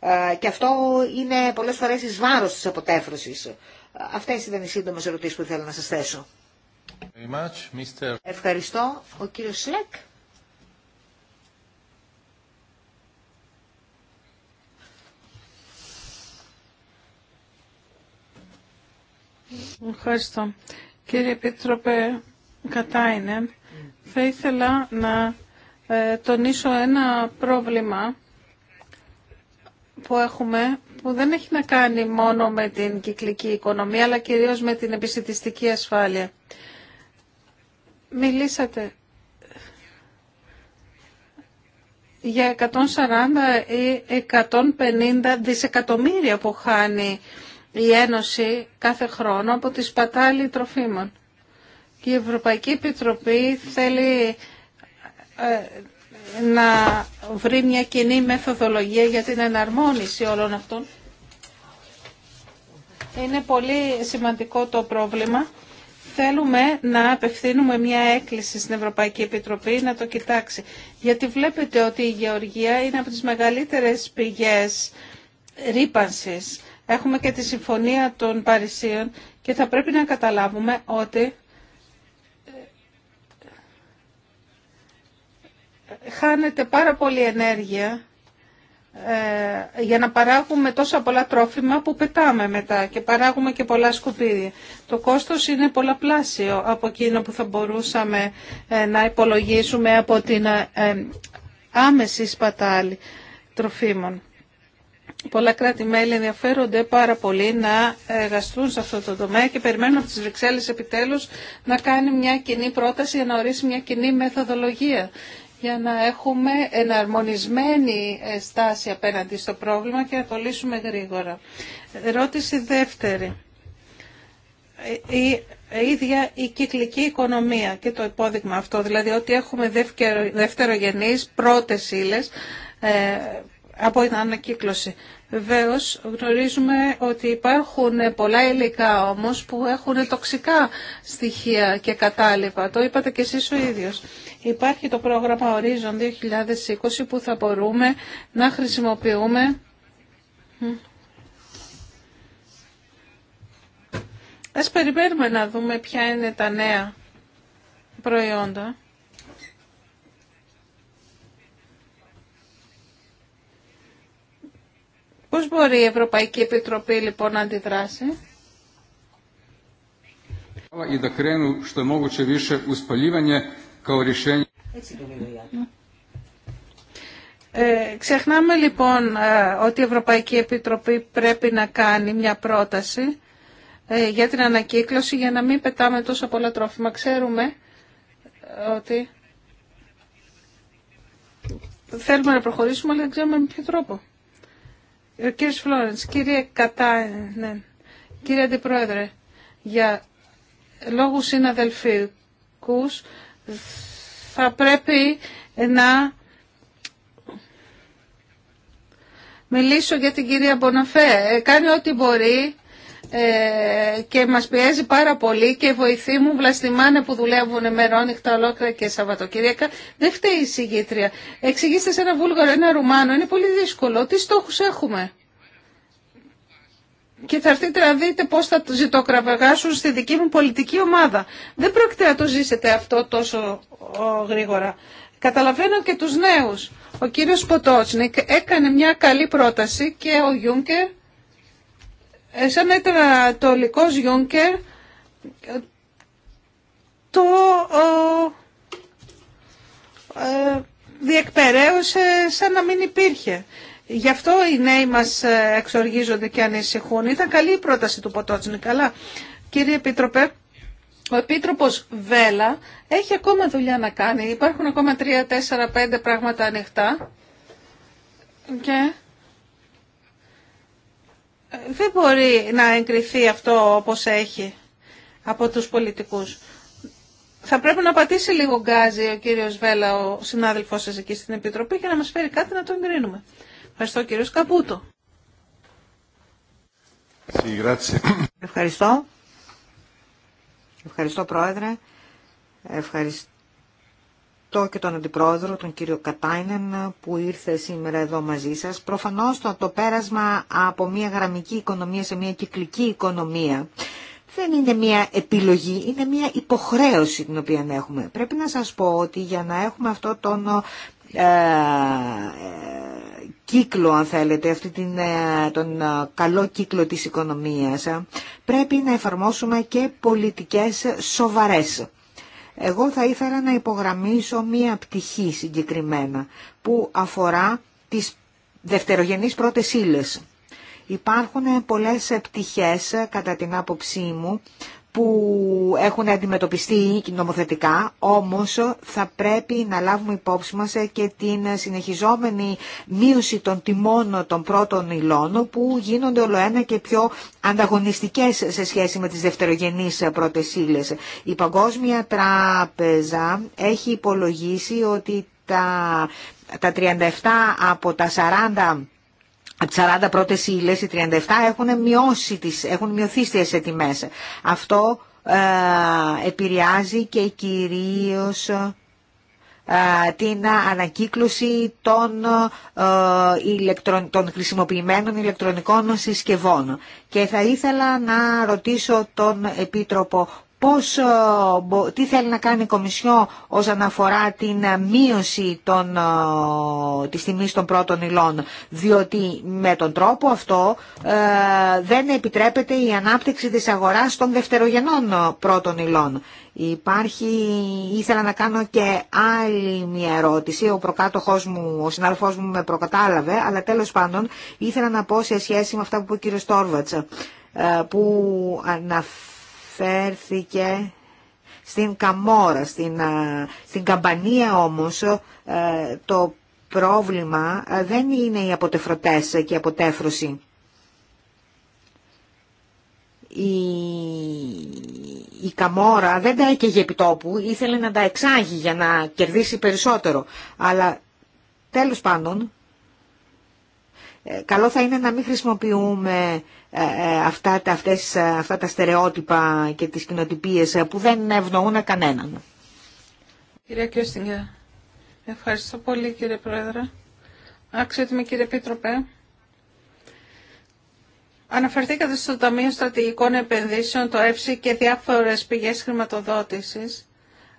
Ε, και αυτό είναι πολλές φορές εις βάρος της αποτέφρωσης. Αυτές ήταν οι σύντομες ερωτήσεις που ήθελα να σας θέσω. Mr. Ευχαριστώ. Ο κύριος Σλεκ. Ευχαριστώ. Κύριε Επίτροπε Κατάινεν, θα ήθελα να ε, τονίσω ένα πρόβλημα που έχουμε που δεν έχει να κάνει μόνο με την κυκλική οικονομία αλλά κυρίως με την επισητιστική ασφάλεια. Μιλήσατε για 140 ή 150 δισεκατομμύρια που χάνει η Ένωση κάθε χρόνο από τη σπατάλη τροφίμων. Και η Ευρωπαϊκή Επιτροπή θέλει ε, να βρει μια κοινή μεθοδολογία για την εναρμόνιση όλων αυτών. Είναι πολύ σημαντικό το πρόβλημα. Θέλουμε να απευθύνουμε μια έκκληση στην Ευρωπαϊκή Επιτροπή να το κοιτάξει. Γιατί βλέπετε ότι η γεωργία είναι από τις μεγαλύτερες πηγές ρήπανσης. Έχουμε και τη Συμφωνία των Παρισίων και θα πρέπει να καταλάβουμε ότι χάνεται πάρα πολύ ενέργεια ε, για να παράγουμε τόσα πολλά τρόφιμα που πετάμε μετά και παράγουμε και πολλά σκουπίδια. Το κόστος είναι πολλαπλάσιο από εκείνο που θα μπορούσαμε ε, να υπολογίσουμε από την ε, άμεση σπατάλη τροφίμων. Πολλά κράτη-μέλη ενδιαφέρονται πάρα πολύ να εργαστούν σε αυτό το τομέα και περιμένουν από τις Βρυξέλλες επιτέλους να κάνει μια κοινή πρόταση για να ορίσει μια κοινή μεθοδολογία για να έχουμε εναρμονισμένη ε, στάση απέναντι στο πρόβλημα και να το λύσουμε γρήγορα. Ερώτηση δεύτερη. Η ίδια η κυκλική οικονομία και το υπόδειγμα αυτό, δηλαδή ότι έχουμε δευτερογενείς πρώτες ύλες ε, από την ανακύκλωση. Βεβαίω γνωρίζουμε ότι υπάρχουν πολλά υλικά όμως που έχουν τοξικά στοιχεία και κατάλοιπα. Το είπατε και εσείς ο ίδιος. Υπάρχει το πρόγραμμα Horizon 2020 που θα μπορούμε να χρησιμοποιούμε Ας περιμένουμε να δούμε ποια είναι τα νέα προϊόντα. Πώς μπορεί η Ευρωπαϊκή Επιτροπή λοιπόν να αντιδράσει. Ε, ξεχνάμε λοιπόν ε, ότι η Ευρωπαϊκή Επιτροπή πρέπει να κάνει μια πρόταση ε, για την ανακύκλωση για να μην πετάμε τόσο πολλά τρόφιμα. Ξέρουμε ε, ότι θέλουμε να προχωρήσουμε αλλά δεν ξέρουμε με ποιο τρόπο. Ο ε, κύριο Φλόρενς, κύριε Κατά, κύριε Αντιπρόεδρε, για λόγου συναδελφικού θα πρέπει να μιλήσω για την κυρία Μποναφέ. Ε, κάνει ό,τι μπορεί ε, και μας πιέζει πάρα πολύ και βοηθή μου βλαστημάνε που δουλεύουν μερόνυχτα ολόκληρα και Σαββατοκύριακα. Δεν φταίει η συγγήτρια. Εξηγήστε σε ένα Βούλγαρο, ένα Ρουμάνο, είναι πολύ δύσκολο. Τι στόχους έχουμε. Και θα έρθετε να δείτε πώς θα ζητοκραβεγάσουν στη δική μου πολιτική ομάδα. Δεν πρόκειται να το ζήσετε αυτό τόσο γρήγορα. Καταλαβαίνω και τους νέους. Ο κύριος Ποτότσνικ έκανε μια καλή πρόταση και ο Γιούγκερ ε, σαν ήταν το λικός Γιούνκερ το ε, διεκπαιρέωσε σαν να μην υπήρχε. Γι' αυτό οι νέοι μας ε, εξοργίζονται και ανησυχούν. Ήταν καλή η πρόταση του Ποτότσνη, καλά. κύριε Επίτροπε, ο Επίτροπος Βέλα έχει ακόμα δουλειά να κάνει. Υπάρχουν ακόμα τρία, τέσσερα, πέντε πράγματα ανοιχτά. Και δεν μπορεί να εγκριθεί αυτό όπως έχει από τους πολιτικούς. Θα πρέπει να πατήσει λίγο γκάζι ο κύριος Βέλα, ο συνάδελφός σας εκεί στην Επιτροπή, για να μας φέρει κάτι να το εγκρίνουμε. Ευχαριστώ κύριο Καπούτο. Ευχαριστώ. Ευχαριστώ Πρόεδρε. Ευχαριστώ το και τον Αντιπρόεδρο, τον κύριο Κατάινεν, που ήρθε σήμερα εδώ μαζί σας. Προφανώς το, το πέρασμα από μια γραμμική οικονομία σε μια κυκλική οικονομία δεν είναι μια επιλογή, είναι μια υποχρέωση την οποία έχουμε. Πρέπει να σας πω ότι για να έχουμε αυτό τον ε, κύκλο, αν θέλετε, αυτή την, ε, τον ε, καλό κύκλο της οικονομίας, πρέπει να εφαρμόσουμε και πολιτικές σοβαρές εγώ θα ήθελα να υπογραμμίσω μία πτυχή συγκεκριμένα που αφορά τις δευτερογενείς πρώτες ύλες. Υπάρχουν πολλές πτυχές, κατά την άποψή μου, που έχουν αντιμετωπιστεί νομοθετικά, όμως θα πρέπει να λάβουμε υπόψη μας ε, και την συνεχιζόμενη μείωση των τιμών των πρώτων υλών που γίνονται όλο ένα και πιο ανταγωνιστικές σε σχέση με τις δευτερογενείς πρώτες Η Παγκόσμια Τράπεζα έχει υπολογίσει ότι τα, τα 37 από τα 40 από 40 πρώτε ύλε, οι 37 έχουν, μειώσει τις, έχουν μειωθεί στι τιμέ. Αυτό ε, επηρεάζει και κυρίως ε, την ανακύκλωση των, ε, ηλεκτρον, των χρησιμοποιημένων ηλεκτρονικών συσκευών. Και θα ήθελα να ρωτήσω τον Επίτροπο πώς, τι θέλει να κάνει η Κομισιό όσον αφορά την ε, μείωση των, ε, της τιμής των πρώτων υλών, διότι με τον τρόπο αυτό ε, δεν επιτρέπεται η ανάπτυξη της αγοράς των δευτερογενών πρώτων υλών. Υπάρχει, ήθελα να κάνω και άλλη μια ερώτηση, ο προκάτοχός μου, ο συνάδελφός μου με προκατάλαβε, αλλά τέλος πάντων ήθελα να πω σε σχέση με αυτά που είπε ο κ. που αναφέρει Φέρθηκε στην Καμόρα, στην, στην Καμπανία όμως ε, το πρόβλημα ε, δεν είναι οι αποτεφρωτές και η αποτέφρωση. Η, η Καμόρα δεν τα έκαιγε τόπου, ήθελε να τα εξάγει για να κερδίσει περισσότερο. Αλλά τέλος πάντων, ε, καλό θα είναι να μην χρησιμοποιούμε ε, ε, αυτά, τα, αυτές, ε, αυτά τα στερεότυπα και τις κοινοτυπίες που δεν ευνοούν κανέναν. Κυρία Κιώστιγκε, ευχαριστώ πολύ κύριε Πρόεδρε. με κύριε Επίτροπε. Αναφερθήκατε στο Ταμείο Στρατηγικών Επενδύσεων, το ΕΦΣΙ και διάφορες πηγές χρηματοδότησης.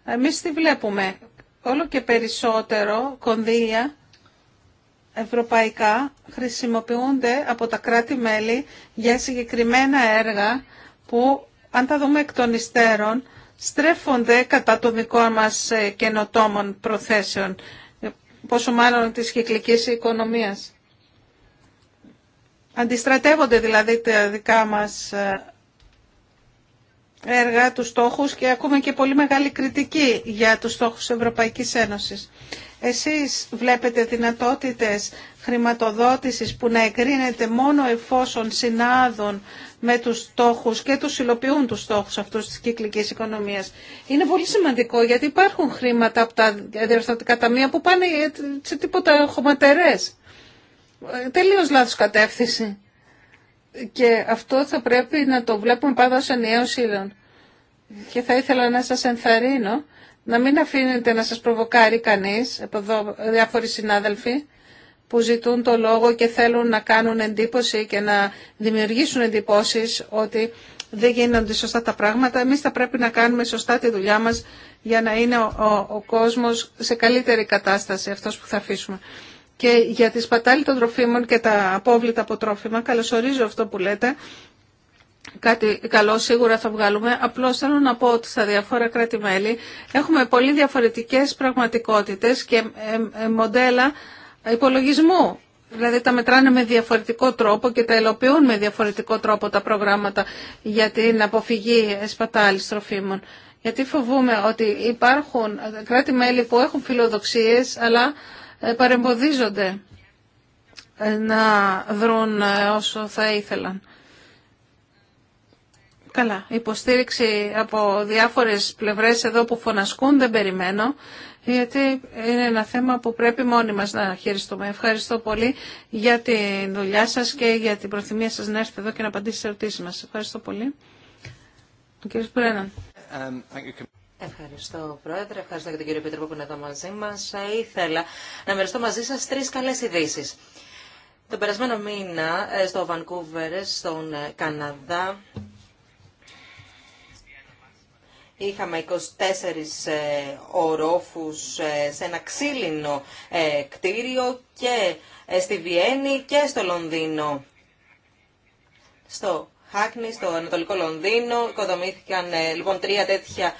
Εμείς τι βλέπουμε. Όλο και περισσότερο κονδύλια ευρωπαϊκά χρησιμοποιούνται από τα κράτη-μέλη για συγκεκριμένα έργα που, αν τα δούμε εκ των υστέρων, στρέφονται κατά το δικό μας ε, καινοτόμων προθέσεων, πόσο μάλλον της κυκλικής οικονομίας. Αντιστρατεύονται δηλαδή τα δικά μας ε, έργα, τους στόχους και ακούμε και πολύ μεγάλη κριτική για τους στόχους Ευρωπαϊκής Ένωσης. Εσείς βλέπετε δυνατότητες χρηματοδότησης που να εγκρίνεται μόνο εφόσον συνάδων με τους στόχους και τους υλοποιούν τους στόχους αυτούς της κυκλικής οικονομίας. Είναι πολύ σημαντικό γιατί υπάρχουν χρήματα από τα διευθυντικά ταμεία που πάνε σε τίποτα χωματερές. Τελείως λάθος κατεύθυνση. Και αυτό θα πρέπει να το βλέπουμε πάντα ως ενιαίο σύλλον. Και θα ήθελα να σας ενθαρρύνω να μην αφήνετε να σας προβοκάρει κανείς, από εδώ διάφοροι συνάδελφοι, που ζητούν το λόγο και θέλουν να κάνουν εντύπωση και να δημιουργήσουν εντυπώσεις ότι δεν γίνονται σωστά τα πράγματα. Εμείς θα πρέπει να κάνουμε σωστά τη δουλειά μας για να είναι ο, ο, κόσμος σε καλύτερη κατάσταση αυτός που θα αφήσουμε. Και για τη σπατάλη των τροφίμων και τα απόβλητα από τρόφιμα, καλωσορίζω αυτό που λέτε, κάτι καλό σίγουρα θα βγάλουμε. Απλώς θέλω να πω ότι στα διαφορά κράτη-μέλη έχουμε πολύ διαφορετικές πραγματικότητες και ε, ε, μοντέλα υπολογισμού. Δηλαδή τα μετράνε με διαφορετικό τρόπο και τα ελοποιούν με διαφορετικό τρόπο τα προγράμματα για την αποφυγη αποφυγή σπατάλης τροφίμων. Γιατί φοβούμε ότι υπάρχουν κράτη-μέλη που έχουν φιλοδοξίες αλλά ε, παρεμποδίζονται να δρουν όσο θα ήθελαν. Καλά, υποστήριξη από διάφορες πλευρές εδώ που φωνασκούν δεν περιμένω, γιατί είναι ένα θέμα που πρέπει μόνοι μας να χειριστούμε. Ευχαριστώ πολύ για τη δουλειά σας και για την προθυμία σας να έρθετε εδώ και να απαντήσετε σε ερωτήσεις μας. Ευχαριστώ πολύ. Ο κ. Ευχαριστώ, Πρόεδρε. Ευχαριστώ και τον κύριο Πίτρο που είναι εδώ μαζί μας. Ήθελα να μοιραστώ μαζί σας τρεις καλές ειδήσει. Τον περασμένο μήνα ε, στο Βανκούβερ, ε, στον Καναδά, Είχαμε 24 ε, ορόφους ε, σε ένα ξύλινο ε, κτίριο και στη Βιέννη και στο Λονδίνο. Στο Χάκνη, στο Ανατολικό Λονδίνο, οικοδομήθηκαν λοιπόν τρία τέτοια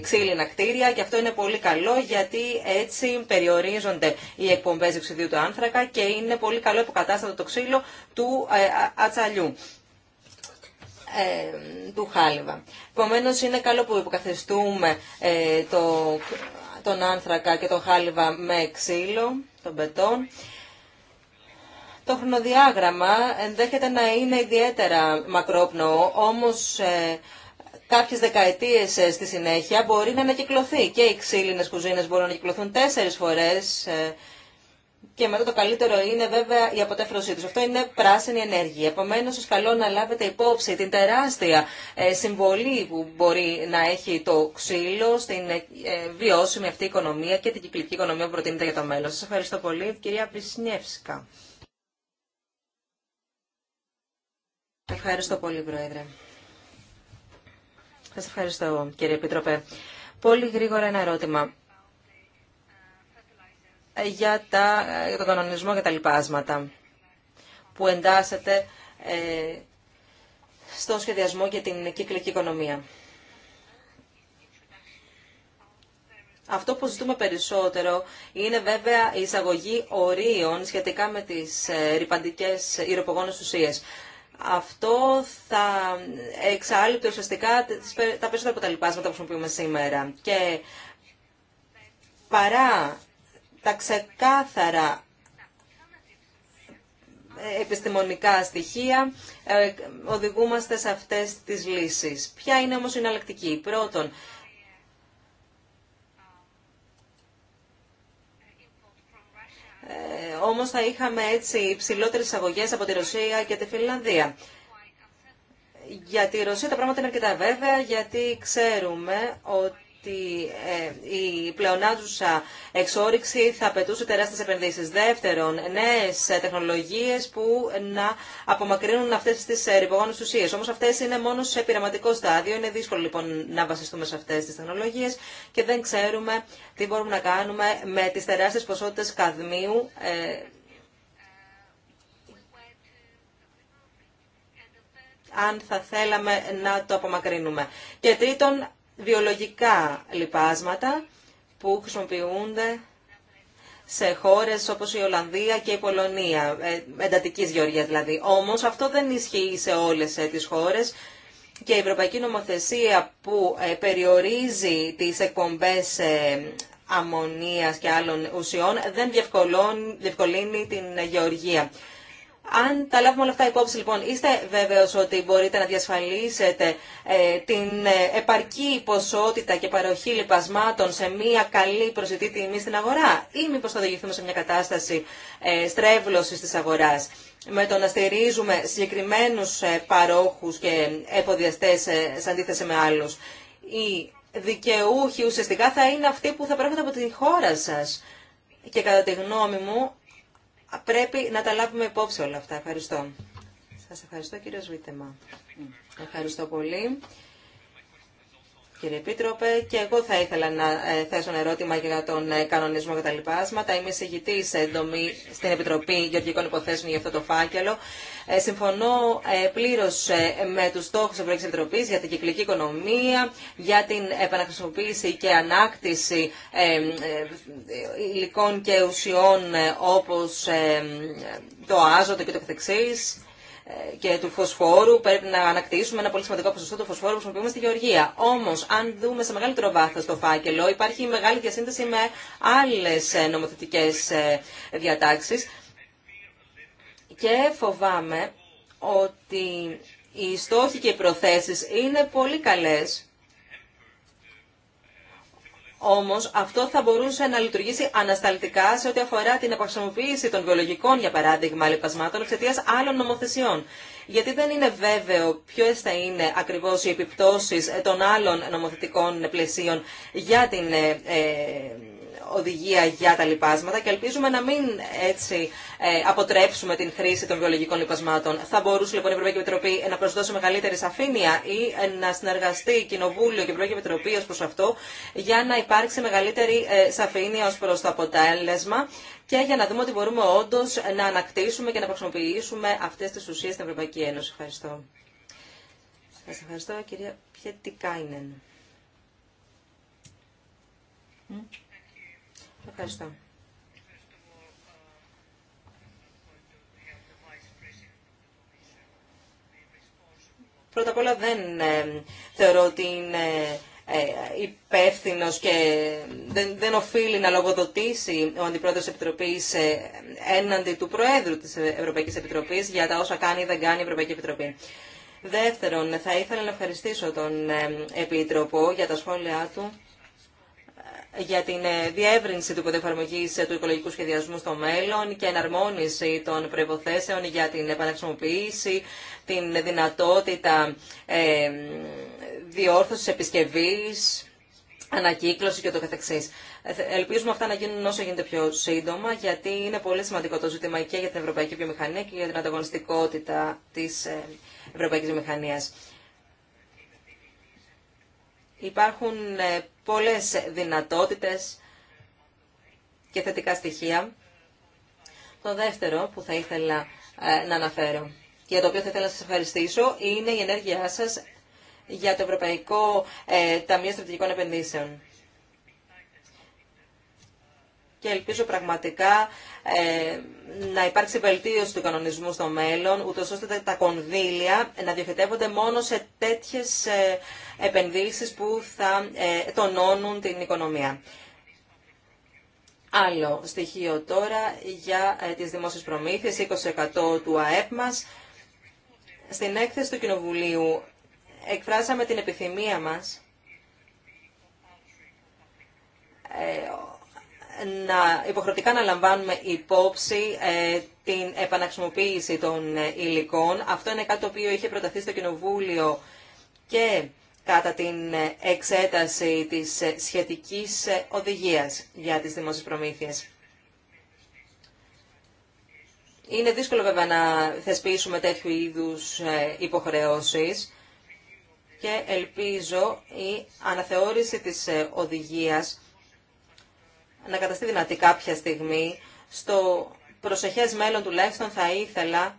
ξύλινα κτίρια και αυτό είναι πολύ καλό γιατί έτσι περιορίζονται οι εκπομπές εξιδίου του άνθρακα και είναι πολύ καλό υποκατάστατο το ξύλο του ατσαλιού. Ε, του Χάλιβα. Επομένω, είναι καλό που υποκαθιστούμε ε, το, τον άνθρακα και τον Χάλιβα με ξύλο, τον πετόν. Το χρονοδιάγραμμα ενδέχεται να είναι ιδιαίτερα μακρόπνοο, όμως ε, κάποιες δεκαετίες στη συνέχεια μπορεί να ανακυκλωθεί. Και οι ξύλινες κουζίνες μπορούν να ανακυκλωθούν τέσσερις φορές και μετά το καλύτερο είναι βέβαια η αποτέφρωσή τους. Αυτό είναι πράσινη ενέργεια. Επομένω σα καλώ να λάβετε υπόψη την τεράστια ε, συμβολή που μπορεί να έχει το ξύλο στην ε, ε, βιώσιμη αυτή οικονομία και την κυκλική οικονομία που προτείνεται για το μέλλον. Σας ευχαριστώ πολύ, κυρία Βυσνιεύσκα. Ευχαριστώ πολύ, Πρόεδρε. Σα ευχαριστώ, κύριε Επίτροπε. Πολύ γρήγορα ένα ερώτημα για, τα, για τον κανονισμό για τα λοιπάσματα που εντάσσεται ε, στον σχεδιασμό για την κύκλική οικονομία. Αυτό που ζητούμε περισσότερο είναι βέβαια η εισαγωγή ορίων σχετικά με τις ε, ρηπαντικές ηρωπογόνες ουσίες. Αυτό θα εξάλληπτε ουσιαστικά τα περισσότερα από τα λοιπάσματα που χρησιμοποιούμε σήμερα. Και παρά τα ξεκάθαρα ε, επιστημονικά στοιχεία ε, οδηγούμαστε σε αυτές τις λύσεις. Ποια είναι όμως η εναλλακτική. Πρώτον, ε, όμως θα είχαμε έτσι υψηλότερες εισαγωγέ από τη Ρωσία και τη Φιλανδία. Για τη Ρωσία τα πράγματα είναι αρκετά βέβαια γιατί ξέρουμε ότι ότι ε, η πλεονάζουσα εξόριξη θα απαιτούσε τεράστιες επενδύσεις. Δεύτερον, νέες τεχνολογίες που να απομακρύνουν αυτές τις ε, ρηπογόνες ουσίες. Όμως αυτές είναι μόνο σε πειραματικό στάδιο. Είναι δύσκολο λοιπόν να βασιστούμε σε αυτές τις τεχνολογίες και δεν ξέρουμε τι μπορούμε να κάνουμε με τις τεράστιες ποσότητες καδμίου ε, αν θα θέλαμε να το απομακρύνουμε. Και τρίτον, βιολογικά λιπάσματα που χρησιμοποιούνται σε χώρες όπως η Ολλανδία και η Πολωνία, ε, εντατικής γεωργίας δηλαδή. Όμως αυτό δεν ισχύει σε όλες ε, τις χώρες και η Ευρωπαϊκή Νομοθεσία που ε, περιορίζει τις εκπομπές αμμονίας και άλλων ουσιών δεν διευκολύνει την γεωργία. Αν τα λάβουμε όλα αυτά υπόψη, λοιπόν, είστε βέβαιος ότι μπορείτε να διασφαλίσετε ε, την ε, επαρκή ποσότητα και παροχή λιπασμάτων σε μια καλή προσιτή τιμή στην αγορά ή μήπως θα οδηγηθούμε σε μια κατάσταση ε, στρέβλωσης της αγοράς με το να στηρίζουμε συγκεκριμένους παρόχους και εποδιαστές σε αντίθεση με άλλους. Οι δικαιούχοι ουσιαστικά θα είναι αυτοί που θα προέρχονται από τη χώρα σας. Και κατά τη γνώμη μου, Πρέπει να τα λάβουμε υπόψη όλα αυτά. Ευχαριστώ. Σας ευχαριστώ κύριος Βίτεμα. Ευχαριστώ πολύ. Κύριε Επίτροπε, και εγώ θα ήθελα να ε, θέσω ένα ερώτημα για τον ε, κανονισμό και τα λοιπάσματα. Είμαι εισηγητή ε, στην Επιτροπή Γεωργικών Υποθέσεων για αυτό το φάκελο. Συμφωνώ πλήρω με του στόχου τη Ευρωπαϊκή Επιτροπή για την κυκλική οικονομία, για την επαναχρησιμοποίηση και ανάκτηση υλικών και ουσιών όπω το άζωτο και το καθεξής ε, και του φωσφόρου. Πρέπει να ανακτήσουμε ένα πολύ σημαντικό ποσοστό του φωσφόρου που χρησιμοποιούμε στη Γεωργία. Όμω, αν δούμε σε μεγαλύτερο βάθο το φάκελο, υπάρχει μεγάλη διασύνδεση με άλλε νομοθετικέ ε, διατάξει. Και φοβάμαι ότι οι στόχοι και οι προθέσεις είναι πολύ καλές όμως αυτό θα μπορούσε να λειτουργήσει ανασταλτικά σε ό,τι αφορά την επαξιοποίηση των βιολογικών, για παράδειγμα, λοιπασμάτων, εξαιτία άλλων νομοθεσιών. Γιατί δεν είναι βέβαιο ποιε θα είναι ακριβώς οι επιπτώσεις των άλλων νομοθετικών πλαισίων για την ε, ε, οδηγία για τα λοιπάσματα και ελπίζουμε να μην έτσι ε, αποτρέψουμε την χρήση των βιολογικών λοιπασμάτων. Θα μπορούσε λοιπόν η Ευρωπαϊκή Επιτροπή να προσδώσει μεγαλύτερη σαφήνεια ή ε, να συνεργαστεί Κοινοβούλιο και η Ευρωπαϊκή Επιτροπή ω προ αυτό για να υπάρξει μεγαλύτερη ε, σαφήνεια ω προ το αποτέλεσμα και για να δούμε ότι μπορούμε όντω να ανακτήσουμε και να χρησιμοποιήσουμε αυτέ τι ουσίε στην Ευρωπαϊκή Ένωση. Ευχαριστώ. Σα ευχαριστώ, κυρία Πιετικάινεν. Mm. Ευχαριστώ. Πρώτα απ' όλα δεν ε, θεωρώ ότι είναι ε, υπεύθυνο και δεν, δεν οφείλει να λογοδοτήσει ο Αντιπρόεδρος της Επιτροπής ε, έναντι του Προέδρου της Ευρωπαϊκής Επιτροπής για τα όσα κάνει ή δεν κάνει η Ευρωπαϊκή Επιτροπή. Δεύτερον, θα ήθελα να ευχαριστήσω τον ε, Επίτροπο για τα σχόλιά του για την ε, διεύρυνση του εφαρμογή ε, του οικολογικού σχεδιασμού στο μέλλον και εναρμόνιση των προποθέσεων για την επαναξιμοποίηση, την δυνατότητα ε, διόρθωσης επισκευής, ανακύκλωση και το καθεξής. Ε, ελπίζουμε αυτά να γίνουν όσο γίνεται πιο σύντομα, γιατί είναι πολύ σημαντικό το ζήτημα και για την ευρωπαϊκή βιομηχανία και για την ανταγωνιστικότητα τη Ευρωπαϊκή Βιομηχανία. Υπάρχουν πολλές δυνατότητες και θετικά στοιχεία. Το δεύτερο που θα ήθελα ε, να αναφέρω και για το οποίο θα ήθελα να σας ευχαριστήσω είναι η ενέργειά σας για το Ευρωπαϊκό ε, Ταμείο Στρατηγικών Επενδύσεων και ελπίζω πραγματικά ε, να υπάρξει βελτίωση του κανονισμού στο μέλλον, ούτω ώστε τα κονδύλια να διοχετεύονται μόνο σε τέτοιε επενδύσει που θα ε, τονώνουν την οικονομία. Άλλο στοιχείο τώρα για ε, τις δημόσιες προμήθειες, 20% του ΑΕΠ μας. Στην έκθεση του Κοινοβουλίου εκφράσαμε την επιθυμία μας να υποχρεωτικά να λαμβάνουμε υπόψη ε, την επαναξιμοποίηση των ε, υλικών. Αυτό είναι κάτι το οποίο είχε προταθεί στο Κοινοβούλιο και κατά την ε, εξέταση της σχετικής οδηγίας για τις δημόσιες προμήθειες. Είναι δύσκολο βέβαια να θεσπίσουμε τέτοιου είδους υποχρεώσεις και ελπίζω η αναθεώρηση της οδηγίας να καταστεί δυνατή κάποια στιγμή. Στο προσεχές μέλλον τουλάχιστον θα ήθελα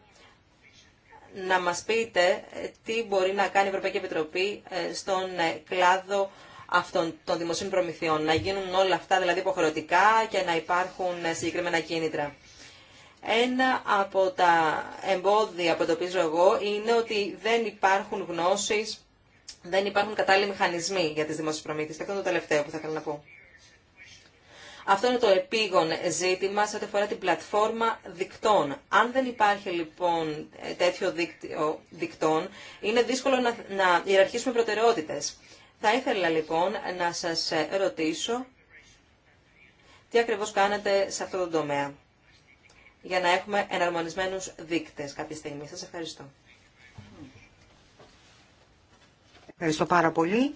να μας πείτε ε, τι μπορεί να κάνει η Ευρωπαϊκή Επιτροπή ε, στον ε, κλάδο αυτών των δημοσίων προμηθειών. Να γίνουν όλα αυτά δηλαδή υποχρεωτικά και να υπάρχουν συγκεκριμένα κίνητρα. Ένα από τα εμπόδια που εντοπίζω εγώ είναι ότι δεν υπάρχουν γνώσεις, δεν υπάρχουν κατάλληλοι μηχανισμοί για τις δημόσιες προμήθειες. Αυτό είναι το τελευταίο που θα ήθελα να πω. Αυτό είναι το επίγον ζήτημα σε ό,τι αφορά την πλατφόρμα δικτών. Αν δεν υπάρχει λοιπόν τέτοιο δίκτυο δικτών, είναι δύσκολο να, να ιεραρχήσουμε προτεραιότητες. Θα ήθελα λοιπόν να σας ρωτήσω τι ακριβώς κάνετε σε αυτό το τομέα για να έχουμε εναρμονισμένους δικτές κάποια στιγμή. Σας ευχαριστώ. Ευχαριστώ πάρα πολύ.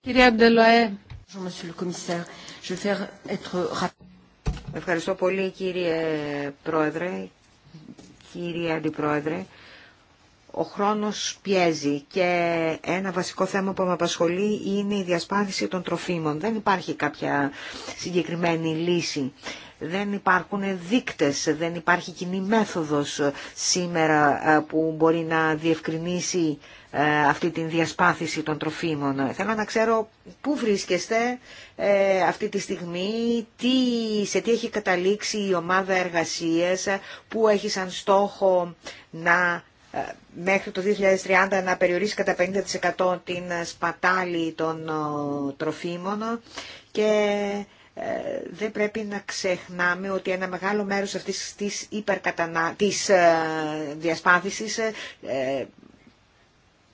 Κυρία Ευχαριστώ πολύ κύριε Πρόεδρε, κύριε Αντιπρόεδρε. Ο χρόνος πιέζει και ένα βασικό θέμα που με απασχολεί είναι η διασπάθηση των τροφίμων. Δεν υπάρχει κάποια συγκεκριμένη λύση δεν υπάρχουν δείκτες, δεν υπάρχει κοινή μέθοδος σήμερα ε, που μπορεί να διευκρινίσει ε, αυτή την διασπάθηση των τροφίμων. Θέλω να ξέρω πού βρίσκεστε ε, αυτή τη στιγμή, τι, σε τι έχει καταλήξει η ομάδα εργασίες, που έχει σαν στόχο να μέχρι το 2030 να περιορίσει κατά 50% την σπατάλη των τροφίμων και ε, δεν πρέπει να ξεχνάμε ότι ένα μεγάλο μέρος αυτής της, υπερκατανα... της ε, διασπάθησης ε,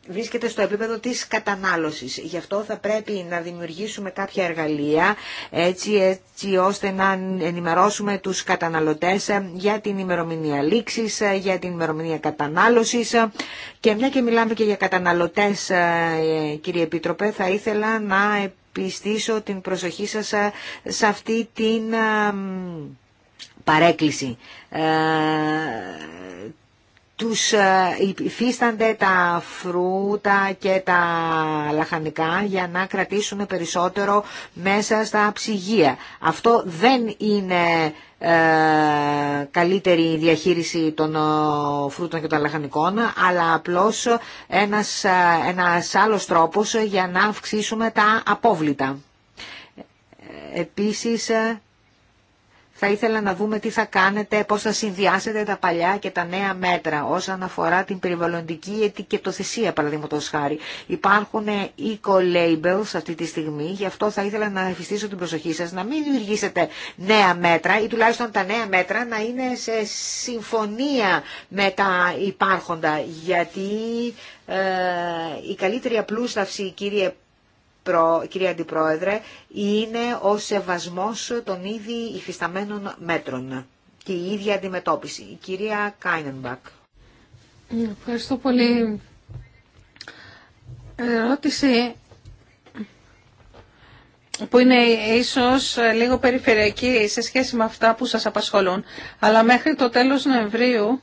βρίσκεται στο επίπεδο της κατανάλωσης. Γι' αυτό θα πρέπει να δημιουργήσουμε κάποια εργαλεία έτσι, έτσι ώστε να ενημερώσουμε τους καταναλωτές για την ημερομηνία λήξης, για την ημερομηνία κατανάλωσης και μια και μιλάμε και για καταναλωτές κύριε Επίτροπε θα ήθελα να πιστήσω την προσοχή σας σε αυτή την ε, παρέκκληση ε, τους ε, υφίστανται τα φρούτα και τα λαχανικά για να κρατήσουν περισσότερο μέσα στα ψυγεία. Αυτό δεν είναι ε, καλύτερη διαχείριση των ε, φρούτων και των λαχανικών, αλλά απλώς ένας, ένας άλλος τρόπος για να αυξήσουμε τα απόβλητα. Επίσης, θα ήθελα να δούμε τι θα κάνετε, πώς θα συνδυάσετε τα παλιά και τα νέα μέτρα όσον αφορά την περιβαλλοντική ετικετοθεσία, παραδείγματο χάρη. Υπάρχουν eco-labels αυτή τη στιγμή, γι' αυτό θα ήθελα να εφιστήσω την προσοχή σας, να μην δημιουργήσετε νέα μέτρα ή τουλάχιστον τα νέα μέτρα να είναι σε συμφωνία με τα υπάρχοντα, γιατί ε, η καλύτερη απλούσταυση, κύριε κυρία Αντιπρόεδρε, είναι ο σεβασμός των ήδη υφισταμένων μέτρων και η ίδια αντιμετώπιση. Η κυρία Κάινενμπακ. Ευχαριστώ πολύ. Ερώτηση που είναι ίσως λίγο περιφερειακή σε σχέση με αυτά που σας απασχολούν. Αλλά μέχρι το τέλος Νοεμβρίου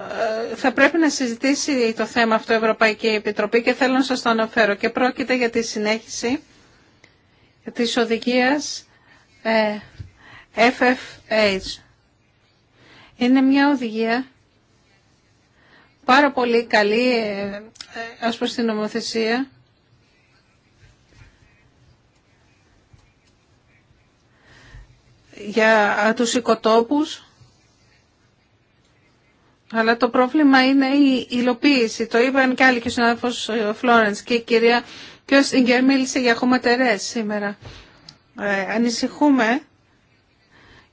ε, θα πρέπει να συζητήσει το θέμα αυτό η Ευρωπαϊκή Επιτροπή και θέλω να σας το αναφέρω. Και πρόκειται για τη συνέχιση της οδηγίας ε, FFH. Είναι μια οδηγία πάρα πολύ καλή ε, ως προς την νομοθεσία. για τους οικοτόπους αλλά το πρόβλημα είναι η υλοποίηση. Το είπαν και άλλοι και ο συνάδελφο ε, Φλόρενς και η κυρία Κιώστηγκερ μίλησε για χωματερές σήμερα. Ε, ανησυχούμε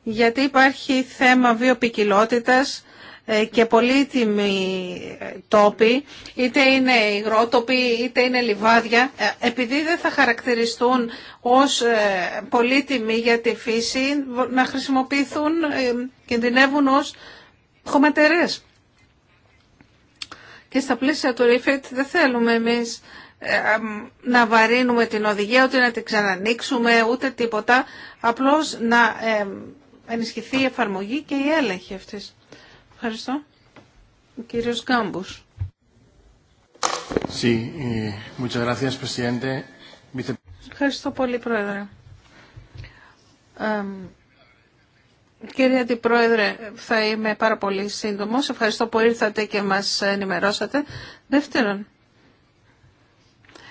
γιατί υπάρχει θέμα βιοπικιλότητας ε, και πολύτιμοι τόποι, είτε είναι υγρότοποι, είτε είναι λιβάδια, επειδή δεν θα χαρακτηριστούν ως πολύτιμοι για τη φύση, να χρησιμοποιηθούν, κινδυνεύουν ως χωματερές. Και στα πλαίσια του Refit δεν θέλουμε εμείς ε, να βαρύνουμε την οδηγία, ούτε να την ξανανοίξουμε, ούτε τίποτα. Απλώς να ενισχυθεί η εφαρμογή και η έλεγχη αυτής. Ευχαριστώ. Ο κύριος Γκάμπους. Eh, Ευχαριστώ πολύ, Πρόεδρε. Κύριε Αντιπρόεδρε, θα είμαι πάρα πολύ σύντομος. Ευχαριστώ που ήρθατε και μας ενημερώσατε. Δεύτερον,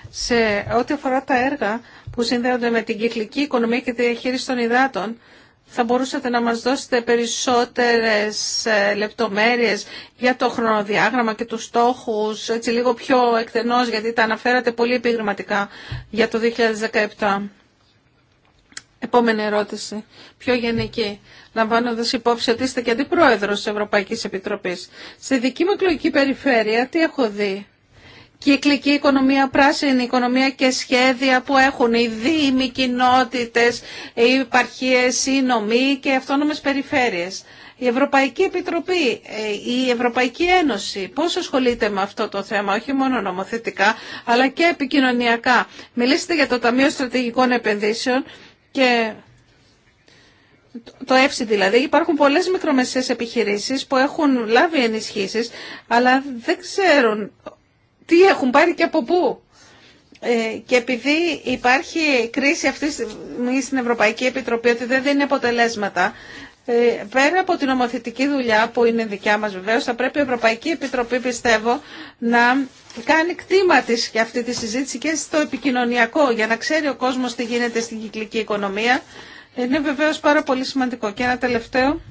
σε ό,τι αφορά τα έργα που συνδέονται με την κυκλική οικονομία και τη διαχείριση των υδάτων, θα μπορούσατε να μας δώσετε περισσότερες ε, λεπτομέρειες για το χρονοδιάγραμμα και τους στόχους, έτσι λίγο πιο εκτενώς, γιατί τα αναφέρατε πολύ επιγραμματικά για το 2017. Επόμενη ερώτηση, πιο γενική, λαμβάνοντα υπόψη ότι είστε και αντιπρόεδρο τη Ευρωπαϊκή Επιτροπή. Στη δική μου εκλογική περιφέρεια, τι έχω δει. Κυκλική οικονομία, πράσινη οικονομία και σχέδια που έχουν οι δήμοι, κοινότητε, οι υπαρχίε, οι νομοί και οι αυτόνομε περιφέρειε. Η Ευρωπαϊκή Επιτροπή, ε, η Ευρωπαϊκή Ένωση, πώς ασχολείται με αυτό το θέμα, όχι μόνο νομοθετικά, αλλά και επικοινωνιακά. Μιλήσετε για το Ταμείο Στρατηγικών Επενδύσεων και το έψι, δηλαδή, υπάρχουν πολλές μικρομεσαίες επιχειρήσεις που έχουν λάβει ενισχύσεις, αλλά δεν ξέρουν τι έχουν πάρει και από πού. Ε, και επειδή υπάρχει κρίση αυτή στην Ευρωπαϊκή Επιτροπή ότι δεν δίνει αποτελέσματα, ε, πέρα από την νομοθετική δουλειά που είναι δικιά μας βεβαίως, θα πρέπει η Ευρωπαϊκή Επιτροπή, πιστεύω, να κάνει κτήμα της και αυτή τη συζήτηση και στο επικοινωνιακό, για να ξέρει ο κόσμος τι γίνεται στην κυκλική οικονομία. Είναι βεβαίως πάρα πολύ σημαντικό. Και ένα τελευταίο.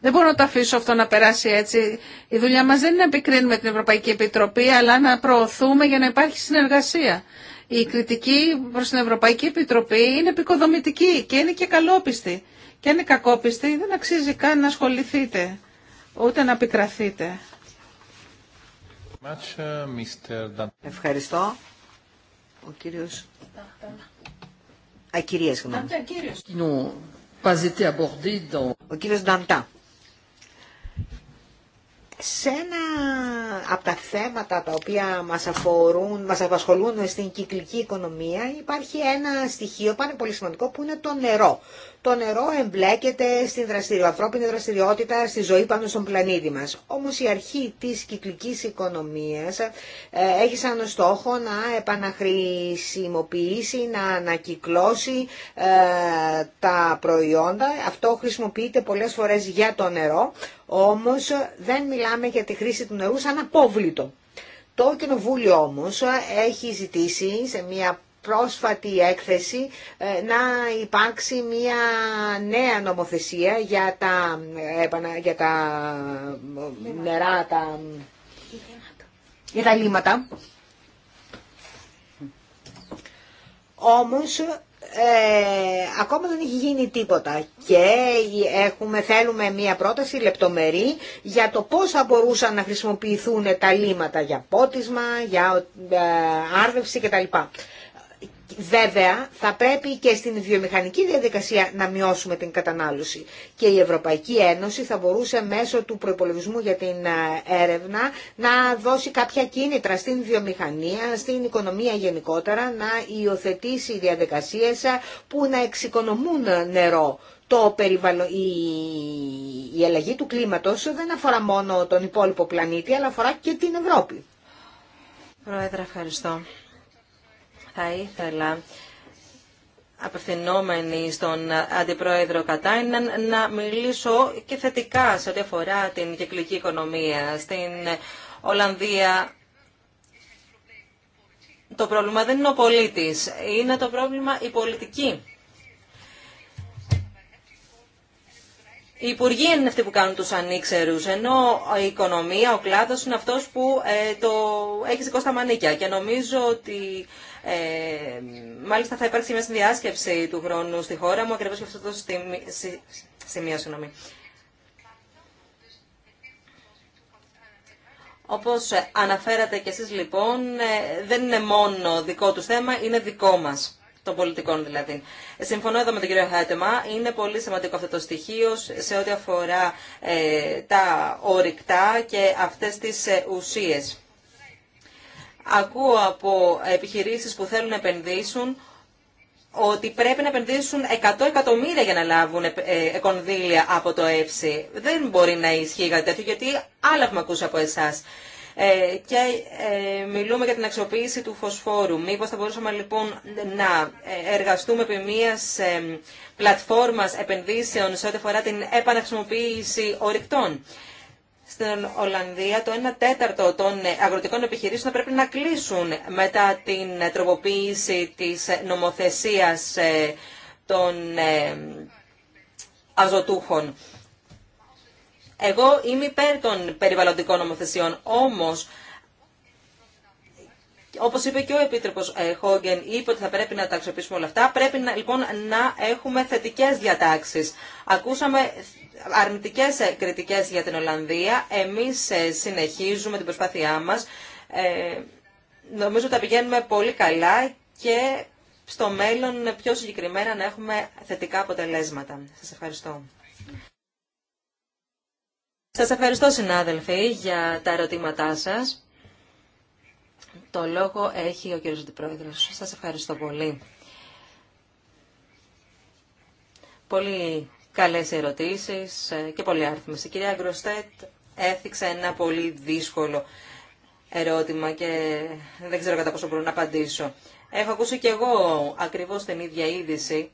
Δεν μπορώ να το αφήσω αυτό να περάσει έτσι. Η δουλειά μας δεν είναι να επικρίνουμε την Ευρωπαϊκή Επιτροπή, αλλά να προωθούμε για να υπάρχει συνεργασία η κριτική προς την Ευρωπαϊκή Επιτροπή είναι επικοδομητική και είναι και καλόπιστη. Και αν είναι κακόπιστη δεν αξίζει καν να ασχοληθείτε, ούτε να πικραθείτε. Ευχαριστώ. Ο κύριος... Ο κύριος Νταντά σε ένα από τα θέματα τα οποία μας αφορούν, μας απασχολούν στην κυκλική οικονομία υπάρχει ένα στοιχείο πάρα πολύ σημαντικό που είναι το νερό. Το νερό εμπλέκεται στην δραστηριο, ανθρώπινη δραστηριότητα, στη ζωή πάνω στον πλανήτη μας. Όμως η αρχή της κυκλικής οικονομίας ε, έχει σαν στόχο να επαναχρησιμοποιήσει, να ανακυκλώσει ε, τα προϊόντα. Αυτό χρησιμοποιείται πολλές φορές για το νερό, όμως δεν μιλάμε για τη χρήση του νερού σαν απόβλητο. Το Κοινοβούλιο όμως έχει ζητήσει σε μια πρόσφατη έκθεση ε, να υπάρξει μια νέα νομοθεσία για τα, για νερά, για τα λίματα. Όμως ε, ακόμα δεν έχει γίνει τίποτα και έχουμε, θέλουμε μία πρόταση λεπτομερή για το πώς θα μπορούσαν να χρησιμοποιηθούν τα λίματα για πότισμα, για ε, άρδευση κτλ. Βέβαια, θα πρέπει και στην βιομηχανική διαδικασία να μειώσουμε την κατανάλωση. Και η Ευρωπαϊκή Ένωση θα μπορούσε μέσω του προπολογισμού για την ε, έρευνα να δώσει κάποια κίνητρα στην βιομηχανία, στην οικονομία γενικότερα, να υιοθετήσει διαδικασίες ε, που να εξοικονομούν νερό. Το περιβαλλον... η... η αλλαγή του κλίματος δεν αφορά μόνο τον υπόλοιπο πλανήτη, αλλά αφορά και την Ευρώπη. Πρόεδρε, ευχαριστώ. Θα ήθελα απευθυνόμενη στον Αντιπρόεδρο Κατάιναν να μιλήσω και θετικά σε ό,τι αφορά την κυκλική οικονομία. Στην Ολλανδία το πρόβλημα δεν είναι ο πολίτης, είναι το πρόβλημα η πολιτική. Οι υπουργοί είναι αυτοί που κάνουν τους ανήξερους, ενώ η οικονομία, ο κλάδος είναι αυτός που ε, το έχει σηκώσει τα μανίκια. Και νομίζω ότι ε, μάλιστα θα υπάρξει μια συνδιάσκεψη του χρόνου στη χώρα μου, ακριβώς και αυτό το σημείο, συγγνώμη. Όπως αναφέρατε κι εσείς λοιπόν, ε, δεν είναι μόνο δικό του θέμα, είναι δικό μας των πολιτικών δηλαδή. Ε, συμφωνώ εδώ με τον κύριο Χάτεμα. Είναι πολύ σημαντικό αυτό το στοιχείο σε ό,τι αφορά ε, τα ορυκτά και αυτές τις ουσίες ακούω από επιχειρήσεις που θέλουν να επενδύσουν ότι πρέπει να επενδύσουν 100 εκατομμύρια για να λάβουν ε, ε, κονδύλια από το ΕΦΣΥ. Δεν μπορεί να ισχύει κάτι τέτοιο, γιατί άλλα έχουμε ακούσει από εσά. Ε, και μιλούμε για την αξιοποίηση του φωσφόρου. Μήπως θα μπορούσαμε λοιπόν να εργαστούμε επί μιας ε, πλατφόρμας επενδύσεων σε ό,τι αφορά την επαναχρησιμοποίηση ορυκτών. Στην Ολλανδία το 1 τέταρτο των αγροτικών επιχειρήσεων πρέπει να κλείσουν μετά την τροποποίηση της νομοθεσίας ε, των ε, αζωτούχων. Εγώ είμαι υπέρ των περιβαλλοντικών νομοθεσιών, όμως Όπω είπε και ο Επίτροπο ε, Χόγκεν, είπε ότι θα πρέπει να τα αξιοποιήσουμε όλα αυτά. Πρέπει λοιπόν να έχουμε θετικέ διατάξει. Ακούσαμε αρνητικέ ε, κριτικέ για την Ολλανδία. Εμεί ε, συνεχίζουμε την προσπάθειά μα. Ε, νομίζω ότι τα πηγαίνουμε πολύ καλά και στο μέλλον πιο συγκεκριμένα να έχουμε θετικά αποτελέσματα. Σας ευχαριστώ. Σας ευχαριστώ συνάδελφοι για τα ερωτήματά σας. Το λόγο έχει ο κύριος Αντιπρόεδρος. Σας ευχαριστώ πολύ. Πολύ καλές ερωτήσεις και πολύ άρθμες. Η κυρία Γκροστέτ έθιξε ένα πολύ δύσκολο ερώτημα και δεν ξέρω κατά πόσο μπορώ να απαντήσω. Έχω ακούσει και εγώ ακριβώς την ίδια είδηση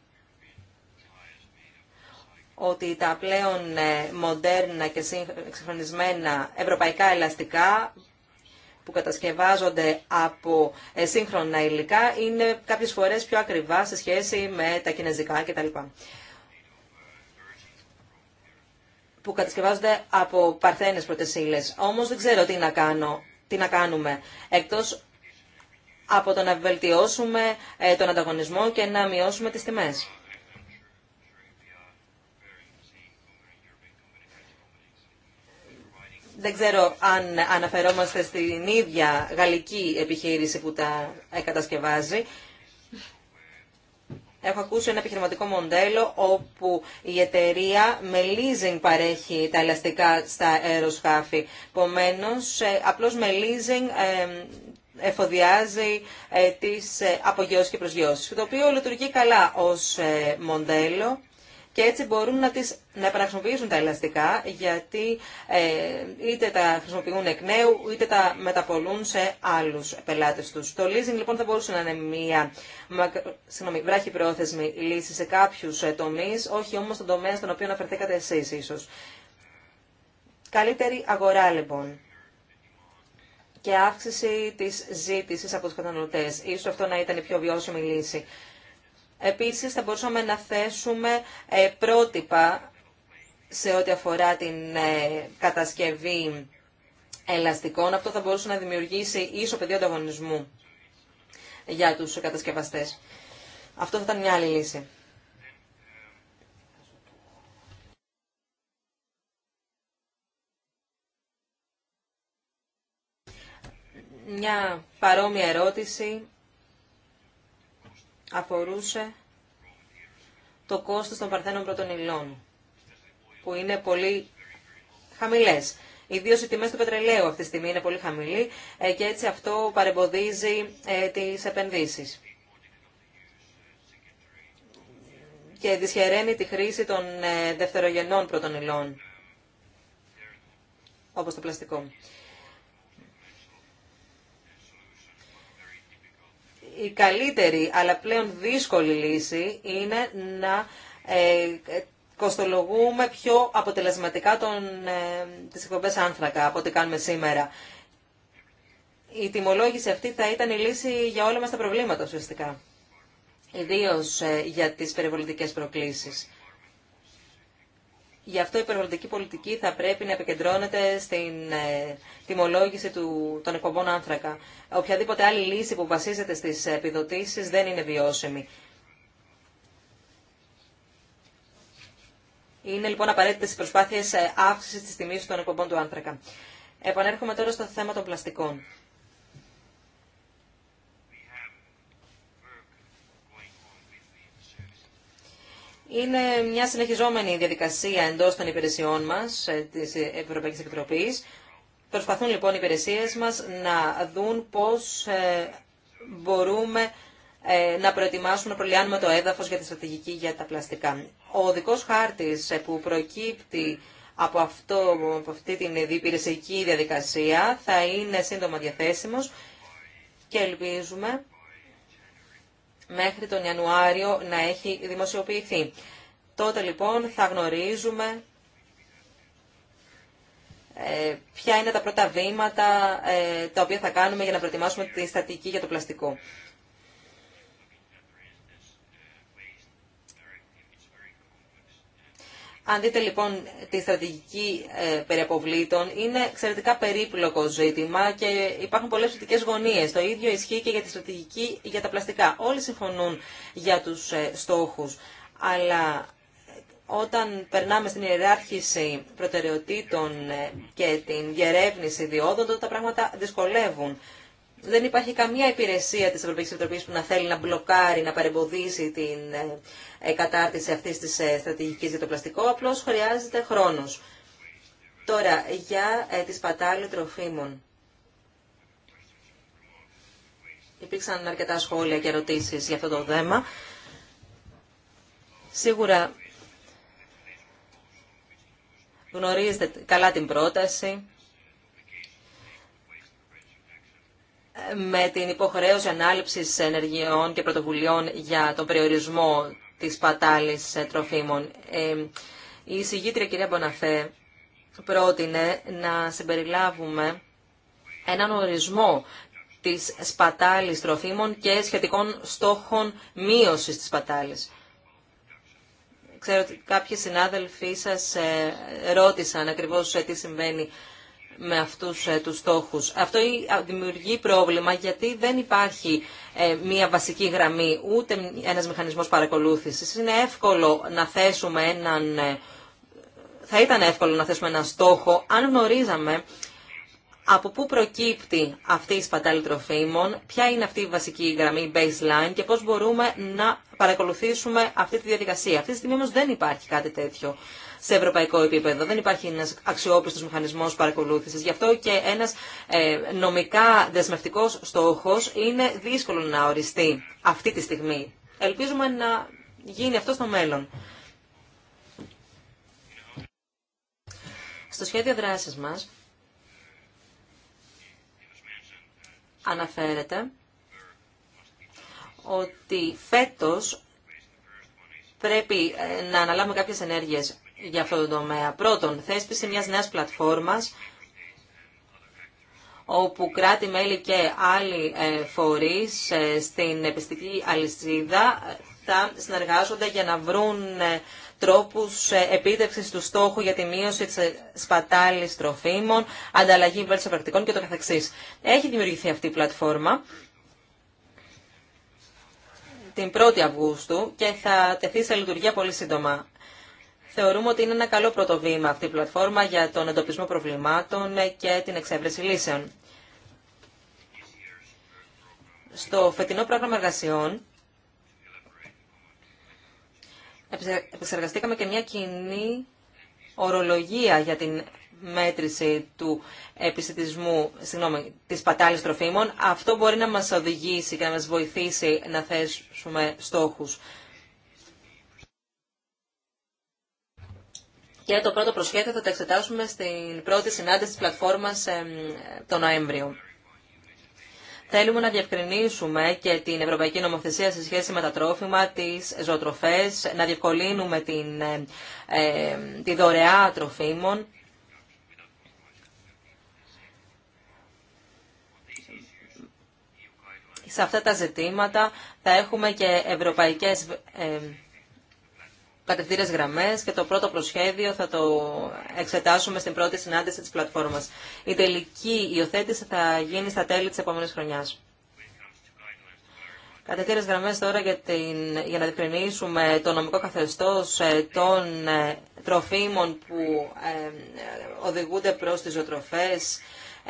ότι τα πλέον ε, μοντέρνα και συγχρονισμένα ευρωπαϊκά ελαστικά που κατασκευάζονται από ε, σύγχρονα υλικά είναι κάποιες φορές πιο ακριβά σε σχέση με τα κινέζικα κτλ. που κατασκευάζονται από παρθένες πρωτεσίλες. Όμως δεν ξέρω τι να, κάνω, τι να κάνουμε, εκτός από το να βελτιώσουμε ε, τον ανταγωνισμό και να μειώσουμε τις τιμές. Δεν ξέρω αν αναφερόμαστε στην ίδια γαλλική επιχείρηση που τα κατασκευάζει. Έχω ακούσει ένα επιχειρηματικό μοντέλο όπου η εταιρεία με leasing παρέχει τα ελαστικά στα αεροσκάφη. Επομένω, ε, απλώς με leasing ε, εφοδιάζει ε, τις απογειώσεις και προσγειώσεις, το οποίο λειτουργεί καλά ως μοντέλο και έτσι μπορούν να, τις, να επαναχρησιμοποιήσουν τα ελαστικά γιατί ε, είτε τα χρησιμοποιούν εκ νέου είτε τα μεταπολούν σε άλλου πελάτε του. Το leasing λοιπόν θα μπορούσε να είναι μια συγγνώμη, βράχη πρόθεσμη λύση σε κάποιου ε, τομείς, όχι όμω στον τομέα στον οποίο αναφερθήκατε εσεί ίσω. Καλύτερη αγορά λοιπόν και αύξηση της ζήτησης από τους καταναλωτές. Ίσως αυτό να ήταν η πιο βιώσιμη λύση. Επίσης θα μπορούσαμε να θέσουμε ε, πρότυπα σε ό,τι αφορά την ε, κατασκευή ελαστικών. Αυτό θα μπορούσε να δημιουργήσει ίσο πεδίο ανταγωνισμού για τους κατασκευαστές. Αυτό θα ήταν μια άλλη λύση. Μια παρόμοια ερώτηση αφορούσε το κόστος των παρθένων πρώτων που είναι πολύ χαμηλές. Ιδίω οι τιμέ του πετρελαίου αυτή τη στιγμή είναι πολύ χαμηλή ε, και έτσι αυτό παρεμποδίζει ε, τι επενδύσει. Και δυσχεραίνει τη χρήση των ε, δευτερογενών πρωτονυλών, όπω το πλαστικό. η καλύτερη αλλά πλέον δύσκολη λύση είναι να ε, κοστολογούμε πιο αποτελεσματικά τον, ε, τις εκπομπές άνθρακα από ό,τι κάνουμε σήμερα. Η τιμολόγηση αυτή θα ήταν η λύση για όλα μας τα προβλήματα ουσιαστικά, ιδίως ε, για τις περιβολητικές προκλήσεις. Γι' αυτό η περιβαλλοντική πολιτική θα πρέπει να επικεντρώνεται στην ε, τιμολόγηση του, των εκπομπών άνθρακα. Οποιαδήποτε άλλη λύση που βασίζεται στις επιδοτήσεις δεν είναι βιώσιμη. Είναι λοιπόν απαραίτητε οι προσπάθειε ε, αύξηση τη τιμή των εκπομπών του άνθρακα. Επανέρχομαι τώρα στο θέμα των πλαστικών. Είναι μια συνεχιζόμενη διαδικασία εντός των υπηρεσιών μας, ε, της Ευρωπαϊκής Επιτροπής. Προσπαθούν λοιπόν οι υπηρεσίες μας να δουν πώς ε, μπορούμε ε, να προετοιμάσουμε, να προλιάνουμε το έδαφος για τη στρατηγική για τα πλαστικά. Ο δικός χάρτης που προκύπτει από, αυτό, από αυτή την υπηρεσιακή διαδικασία θα είναι σύντομα διαθέσιμος και ελπίζουμε μέχρι τον Ιανουάριο να έχει δημοσιοποιηθεί. Τότε λοιπόν θα γνωρίζουμε ε, ποια είναι τα πρώτα βήματα ε, τα οποία θα κάνουμε για να προετοιμάσουμε τη στατική για το πλαστικό. Αν δείτε λοιπόν τη στρατηγική ε, περιαποβλήτων, είναι εξαιρετικά περίπλοκο ζήτημα και υπάρχουν πολλές θετικές γωνίες. Το ίδιο ισχύει και για τη στρατηγική για τα πλαστικά. Όλοι συμφωνούν για τους ε, στόχους, αλλά όταν περνάμε στην ιεράρχηση προτεραιοτήτων ε, και την διερεύνηση διόδων, τα πράγματα δυσκολεύουν δεν υπάρχει καμία υπηρεσία της Ευρωπαϊκής Επιτροπής που να θέλει να μπλοκάρει, να παρεμποδίσει την ε, ε, κατάρτιση αυτής της ε, στρατηγικής για το πλαστικό, απλώς χρειάζεται χρόνος. Τώρα, για τις σπατάλη τροφίμων. Υπήρξαν αρκετά σχόλια και ερωτήσεις για αυτό το θέμα. Σίγουρα γνωρίζετε καλά την πρόταση με την υποχρέωση ανάληψης ενεργειών και πρωτοβουλειών για τον περιορισμό της πατάλης τροφίμων. Ε, η εισηγήτρια κυρία Μποναφέ πρότεινε να συμπεριλάβουμε έναν ορισμό της σπατάλης τροφίμων και σχετικών στόχων μείωσης της σπατάλης. Ξέρω ότι κάποιοι συνάδελφοί σας ε, ρώτησαν ακριβώς ε, τι συμβαίνει με αυτούς ε, τους στόχους. Αυτό δημιουργεί πρόβλημα γιατί δεν υπάρχει ε, μία βασική γραμμή ούτε ένας μηχανισμός παρακολούθησης. Είναι εύκολο να θέσουμε έναν... Ε, θα ήταν εύκολο να θέσουμε έναν στόχο αν γνωρίζαμε από πού προκύπτει αυτή η σπατάλη τροφίμων, ποια είναι αυτή η βασική γραμμή, η baseline και πώς μπορούμε να παρακολουθήσουμε αυτή τη διαδικασία. Αυτή τη στιγμή όμως δεν υπάρχει κάτι τέτοιο σε ευρωπαϊκό επίπεδο. Δεν υπάρχει ένα αξιόπιστο μηχανισμό παρακολούθηση. Γι' αυτό και ένα ε, νομικά δεσμευτικό στόχο είναι δύσκολο να οριστεί αυτή τη στιγμή. Ελπίζουμε να γίνει αυτό στο μέλλον. Στο σχέδιο δράσης μας αναφέρεται ότι φέτος πρέπει ε, να αναλάβουμε κάποιες ενέργειες για αυτό το τομέα. Πρώτον, θέσπιση μιας νέας πλατφόρμας όπου κράτη-μέλη και άλλοι ε, φορείς ε, στην επιστική αλυσίδα ε, θα συνεργάζονται για να βρουν τρόπους επίτευξης του στόχου για τη μείωση της σπατάλης τροφίμων, ανταλλαγή βέλτιστων πρακτικών και το καθεξής. Έχει δημιουργηθεί αυτή η πλατφόρμα την 1η Αυγούστου και θα τεθεί σε λειτουργία πολύ σύντομα θεωρούμε ότι είναι ένα καλό πρώτο βήμα αυτή η πλατφόρμα για τον εντοπισμό προβλημάτων και την εξέβρεση λύσεων. Στο φετινό πρόγραμμα εργασιών επεξεργαστήκαμε και μια κοινή ορολογία για την μέτρηση του επιστημισμού, συγγνώμη, της πατάλης τροφίμων. Αυτό μπορεί να μας οδηγήσει και να μας βοηθήσει να θέσουμε στόχους και το πρώτο προσχέδιο θα τα εξετάσουμε στην πρώτη συνάντηση της πλατφόρμας το Νοέμβριο. Θέλουμε να διευκρινίσουμε και την Ευρωπαϊκή Νομοθεσία σε σχέση με τα τρόφιμα, τις ζωοτροφές, να διευκολύνουμε την, ε, τη δωρεά τροφίμων. Σε αυτά τα ζητήματα θα έχουμε και ευρωπαϊκές κατευθύνες γραμμές και το πρώτο προσχέδιο θα το εξετάσουμε στην πρώτη συνάντηση της πλατφόρμας. Η τελική υιοθέτηση θα γίνει στα τέλη της επόμενης χρονιάς. Κατευθύνες γραμμές τώρα για, την, για να διευκρινίσουμε το νομικό καθεστώς ε, των ε, τροφίμων που ε, οδηγούνται προ τι ζωοτροφέ.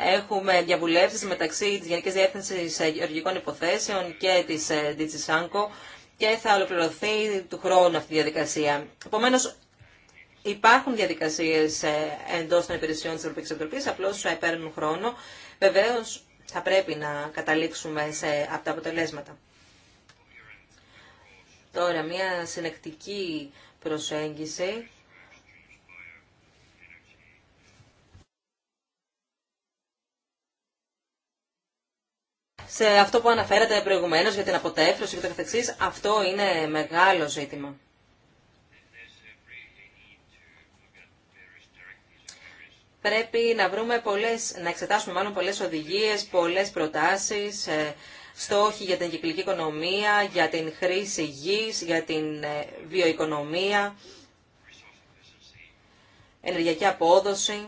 Έχουμε διαβουλεύσεις μεταξύ τη Γενική Διεύθυνση Γεωργικών Υποθέσεων και της Διτσισάνκο και θα ολοκληρωθεί του χρόνου αυτή η διαδικασία. Επομένω, υπάρχουν διαδικασίε ε, εντό των υπηρεσιών τη Ευρωπαϊκή Επιτροπή, απλώ ε, παίρνουν χρόνο. Βεβαίω, θα πρέπει να καταλήξουμε σε, από τα αποτελέσματα. Τώρα, μια συνεκτική προσέγγιση σε αυτό που αναφέρατε προηγουμένως για την αποτέφρωση και το καθεξής, αυτό είναι μεγάλο ζήτημα. Πρέπει να βρούμε πολλές, να εξετάσουμε μάλλον πολλές οδηγίες, πολλές προτάσεις, ε, στόχοι για την κυκλική οικονομία, για την χρήση γης, για την ε, βιοοικονομία, ενεργειακή απόδοση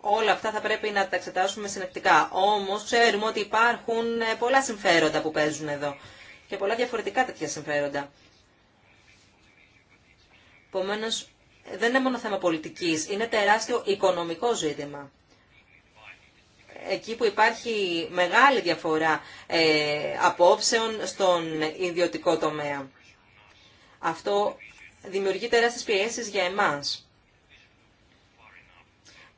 όλα αυτά θα πρέπει να τα εξετάσουμε συνεκτικά. Όμως ξέρουμε ότι υπάρχουν ε, πολλά συμφέροντα που παίζουν εδώ και πολλά διαφορετικά τέτοια συμφέροντα. Επομένω, δεν είναι μόνο θέμα πολιτικής, είναι τεράστιο οικονομικό ζήτημα. Εκεί που υπάρχει μεγάλη διαφορά ε, απόψεων στον ιδιωτικό τομέα. Αυτό δημιουργεί τεράστιες πιέσεις για εμάς.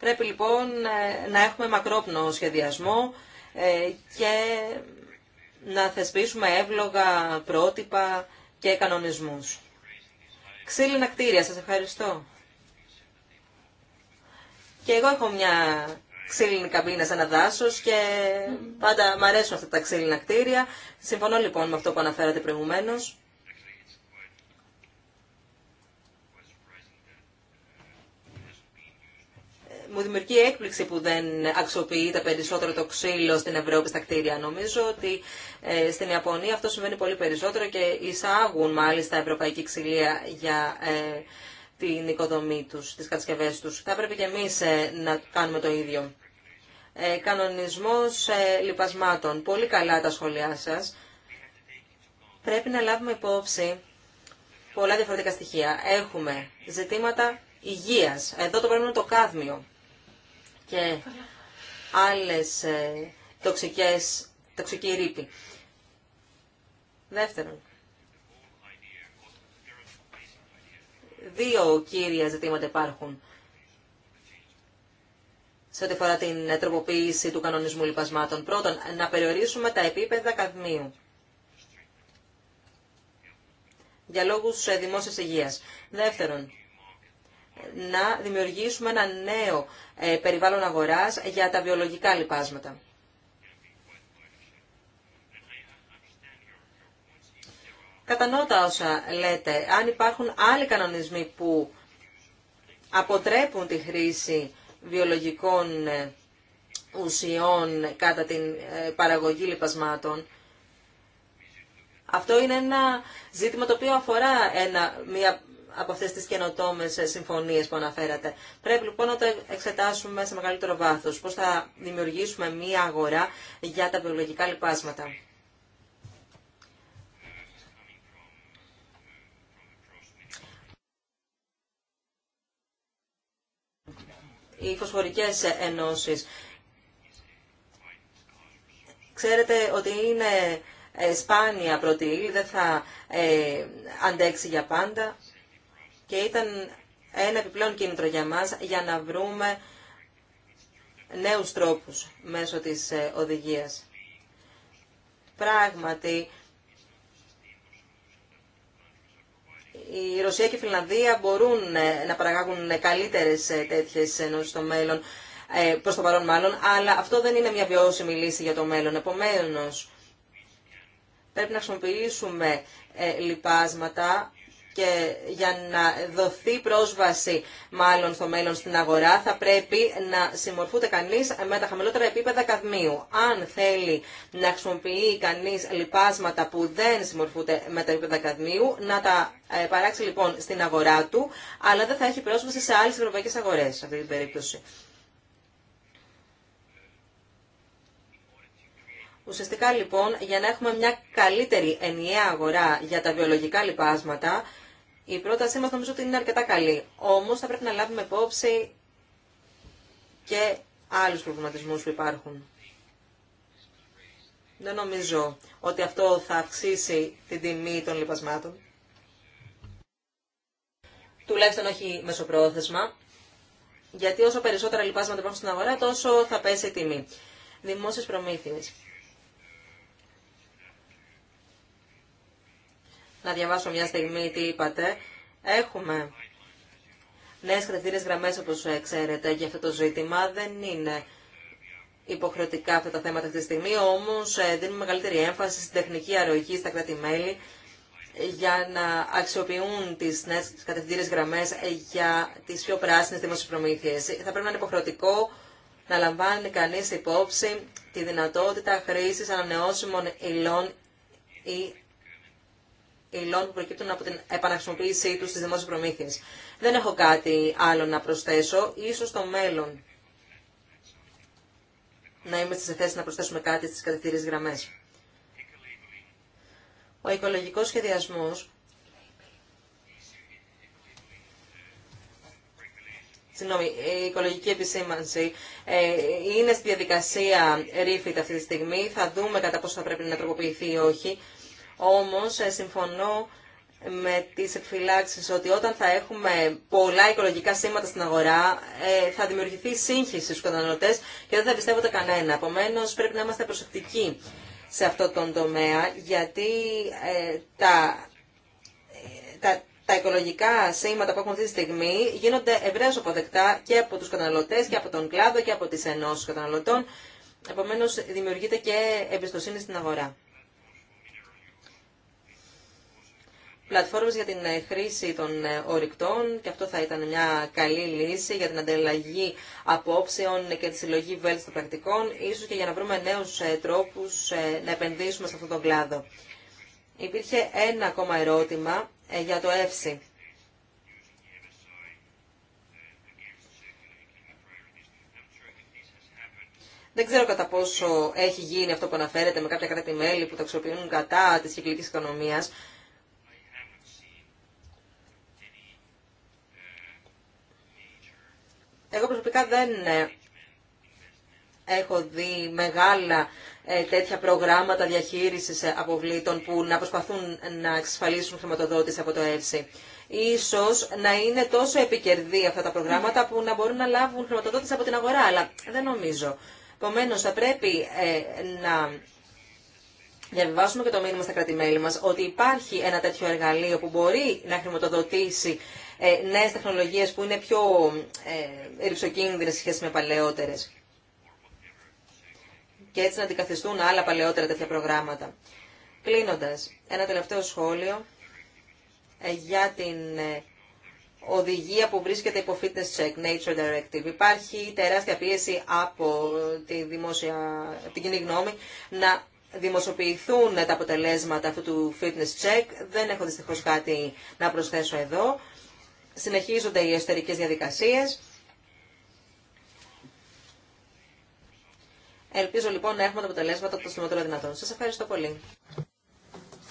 Πρέπει λοιπόν ε, να έχουμε μακρόπνο σχεδιασμό ε, και να θεσπίσουμε εύλογα πρότυπα και κανονισμούς. Ξύλινα κτίρια, σας ευχαριστώ. Και εγώ έχω μια ξύλινη καμπίνα σε ένα δάσο και πάντα μου αρέσουν αυτά τα ξύλινα κτίρια. Συμφωνώ λοιπόν με αυτό που αναφέρατε προηγουμένως. μου δημιουργεί έκπληξη που δεν αξιοποιείται περισσότερο το ξύλο στην Ευρώπη στα κτίρια. Νομίζω ότι ε, στην Ιαπωνία αυτό συμβαίνει πολύ περισσότερο και εισάγουν μάλιστα ευρωπαϊκή ξυλία για ε, την οικοδομή τους, τις κατασκευέ τους. Θα πρέπει και εμείς ε, να κάνουμε το ίδιο. Κανονισμός λοιπασμάτων. Πολύ καλά τα σχόλιά σας. Πρέπει να λάβουμε υπόψη πολλά διαφορετικά στοιχεία. Έχουμε ζητήματα υγείας. Εδώ το πρόβλημα είναι το κάδμιο και άλλες ε, τοξικές, τοξική ρήπη. Δεύτερον, δύο κύρια ζητήματα υπάρχουν σε ό,τι αφορά την τροποποίηση του κανονισμού λοιπασμάτων. Πρώτον, να περιορίσουμε τα επίπεδα καδμίου για λόγους ε, δημόσιας υγείας. Δεύτερον, να δημιουργήσουμε ένα νέο ε, περιβάλλον αγοράς για τα βιολογικά λοιπάσματα. Κατανότα όσα λέτε. Αν υπάρχουν άλλοι κανονισμοί που αποτρέπουν τη χρήση βιολογικών ε, ουσιών κατά την ε, παραγωγή λιπασμάτων, αυτό είναι ένα ζήτημα το οποίο αφορά ένα, μια από αυτές τις καινοτόμες ε, συμφωνίες που αναφέρατε. Πρέπει λοιπόν να το ε, εξετάσουμε σε μεγαλύτερο βάθος, πώς θα δημιουργήσουμε μία αγορά για τα βιολογικά λοιπάσματα. Οι φωσφορικές ε, ενώσεις. Ξέρετε ότι είναι σπάνια πρώτη δεν θα αντέξει για πάντα και ήταν ένα επιπλέον κίνητρο για μας για να βρούμε νέους τρόπους μέσω της ε, οδηγίας. Πράγματι, η Ρωσία και η Φιλανδία μπορούν ε, να παραγάγουν καλύτερες ε, τέτοιες ενώσεις στο μέλλον, προς το παρόν μάλλον, αλλά αυτό δεν είναι μια βιώσιμη λύση για το μέλλον. Επομένως, πρέπει να χρησιμοποιήσουμε λοιπάσματα και για να δοθεί πρόσβαση μάλλον στο μέλλον στην αγορά θα πρέπει να συμμορφούνται κανείς με τα χαμηλότερα επίπεδα καδμίου. Αν θέλει να χρησιμοποιεί κανείς λιπάσματα που δεν συμμορφούνται με τα επίπεδα καδμίου να τα ε, παράξει λοιπόν στην αγορά του αλλά δεν θα έχει πρόσβαση σε άλλες ευρωπαϊκές αγορές σε αυτή την περίπτωση. Ουσιαστικά λοιπόν για να έχουμε μια καλύτερη ενιαία αγορά για τα βιολογικά λιπάσματα η πρότασή μας νομίζω ότι είναι αρκετά καλή. Όμως θα πρέπει να λάβουμε υπόψη και άλλους προβληματισμούς που υπάρχουν. Δεν νομίζω ότι αυτό θα αυξήσει την τιμή των λοιπασμάτων. Τουλάχιστον όχι μεσοπρόθεσμα. Γιατί όσο περισσότερα λοιπάσματα υπάρχουν στην αγορά, τόσο θα πέσει η τιμή. Δημόσιες προμήθειες. να διαβάσω μια στιγμή τι είπατε. Έχουμε νέες κατευθύνες γραμμές, όπως ξέρετε, για αυτό το ζήτημα. Δεν είναι υποχρεωτικά αυτά τα θέματα αυτή τη στιγμή, όμως ε, δίνουμε μεγαλύτερη έμφαση στην τεχνική αρρωγή στα κράτη-μέλη για να αξιοποιούν τις νέες κατευθυντήρες γραμμές για τις πιο πράσινες δημόσιες προμήθειες. Θα πρέπει να είναι υποχρεωτικό να λαμβάνει κανείς υπόψη τη δυνατότητα χρήσης ανανεώσιμων υλών ή υλών που προκύπτουν από την επαναχρησιμοποίησή του στις δημόσιες προμήθειες. Δεν έχω κάτι άλλο να προσθέσω. Ίσως στο μέλλον να είμαι σε θέση να προσθέσουμε κάτι στι κατευθυντήριε γραμμές. Ο οικολογικό σχεδιασμό, συγγνώμη, η οικολογική επισήμανση ε, είναι στη διαδικασία ρήφητα αυτή τη στιγμή. Θα δούμε κατά πόσο θα πρέπει να τροποποιηθεί ή όχι. Όμως, ε, συμφωνώ με τις επιφυλάξεις ότι όταν θα έχουμε πολλά οικολογικά σήματα στην αγορά ε, θα δημιουργηθεί σύγχυση στους καταναλωτές και δεν θα πιστεύονται κανένα. Επομένω, πρέπει να είμαστε προσεκτικοί σε αυτό τον τομέα γιατί ε, τα, τα, οικολογικά σήματα που έχουν αυτή τη στιγμή γίνονται ευρέως αποδεκτά και από τους καταναλωτές και από τον κλάδο και από τις ενώσεις καταναλωτών. Επομένως, δημιουργείται και εμπιστοσύνη στην αγορά. πλατφόρμες για την ε, χρήση των ε, ορυκτών και αυτό θα ήταν μια καλή λύση για την ανταλλαγή απόψεων και τη συλλογή βέλτιστων πρακτικών, ίσως και για να βρούμε νέους ε, τρόπους να επενδύσουμε σε αυτόν τον κλάδο. Υπήρχε ένα ακόμα ερώτημα για το ΕΦΣΥ. Δεν ξέρω κατά πόσο έχει γίνει αυτό που αναφέρεται με κάποια κράτη-μέλη που τα κατά τη κυκλική οικονομία. Εγώ προσωπικά δεν ε, έχω δει μεγάλα ε, τέτοια προγράμματα διαχείρισης ε, αποβλήτων που να προσπαθούν να εξασφαλίσουν χρηματοδότηση από το ΕΦΣΥ. Ίσως να είναι τόσο επικερδή αυτά τα προγράμματα που να μπορούν να λάβουν χρηματοδότηση από την αγορά, αλλά δεν νομίζω. Επομένω, θα πρέπει να διαβιβάσουμε και το μήνυμα στα κρατημέλη μας ότι υπάρχει ένα τέτοιο εργαλείο που μπορεί να χρηματοδοτήσει ε, νέες τεχνολογίε που είναι πιο ε, σε σχέση με παλαιότερε. και έτσι να αντικαθιστούν άλλα παλαιότερα τέτοια προγράμματα. Κλείνοντα ένα τελευταίο σχόλιο ε, για την οδηγία που βρίσκεται υπό fitness check, Nature Directive. Υπάρχει τεράστια πίεση από τη δημόσια, την κοινή γνώμη να δημοσιοποιηθούν τα αποτελέσματα αυτού του fitness check. Δεν έχω δυστυχώς κάτι να προσθέσω εδώ συνεχίζονται οι εσωτερικές διαδικασίες. Ελπίζω λοιπόν να έχουμε τα αποτελέσματα από το συντομότερο δυνατόν. Σας ευχαριστώ πολύ.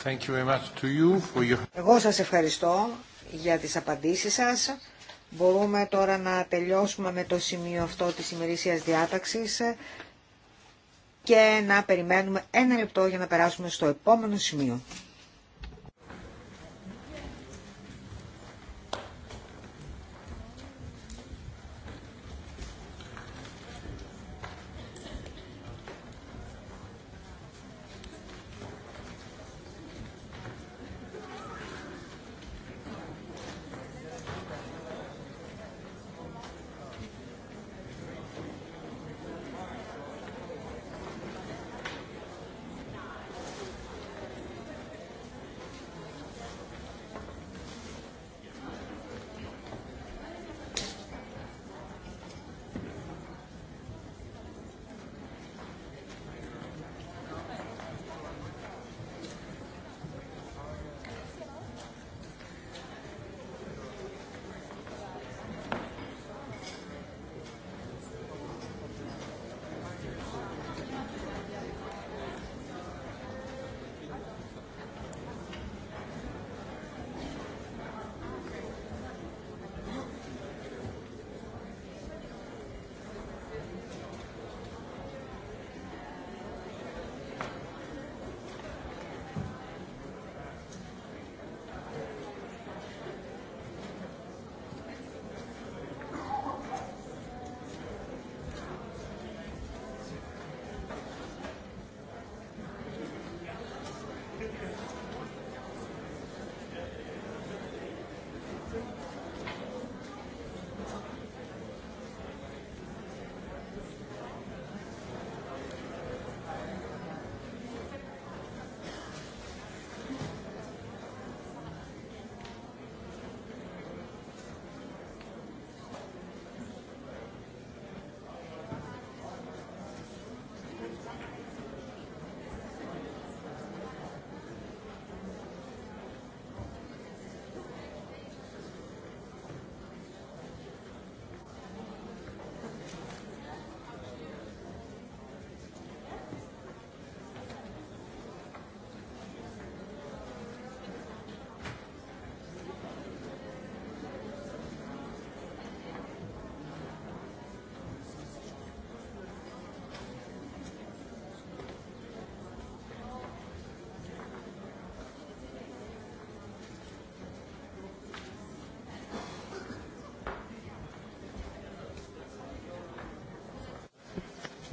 Thank you very much to you for your... Εγώ σας ευχαριστώ για τις απαντήσεις σας. Μπορούμε τώρα να τελειώσουμε με το σημείο αυτό της ημερήσιας διάταξης και να περιμένουμε ένα λεπτό για να περάσουμε στο επόμενο σημείο.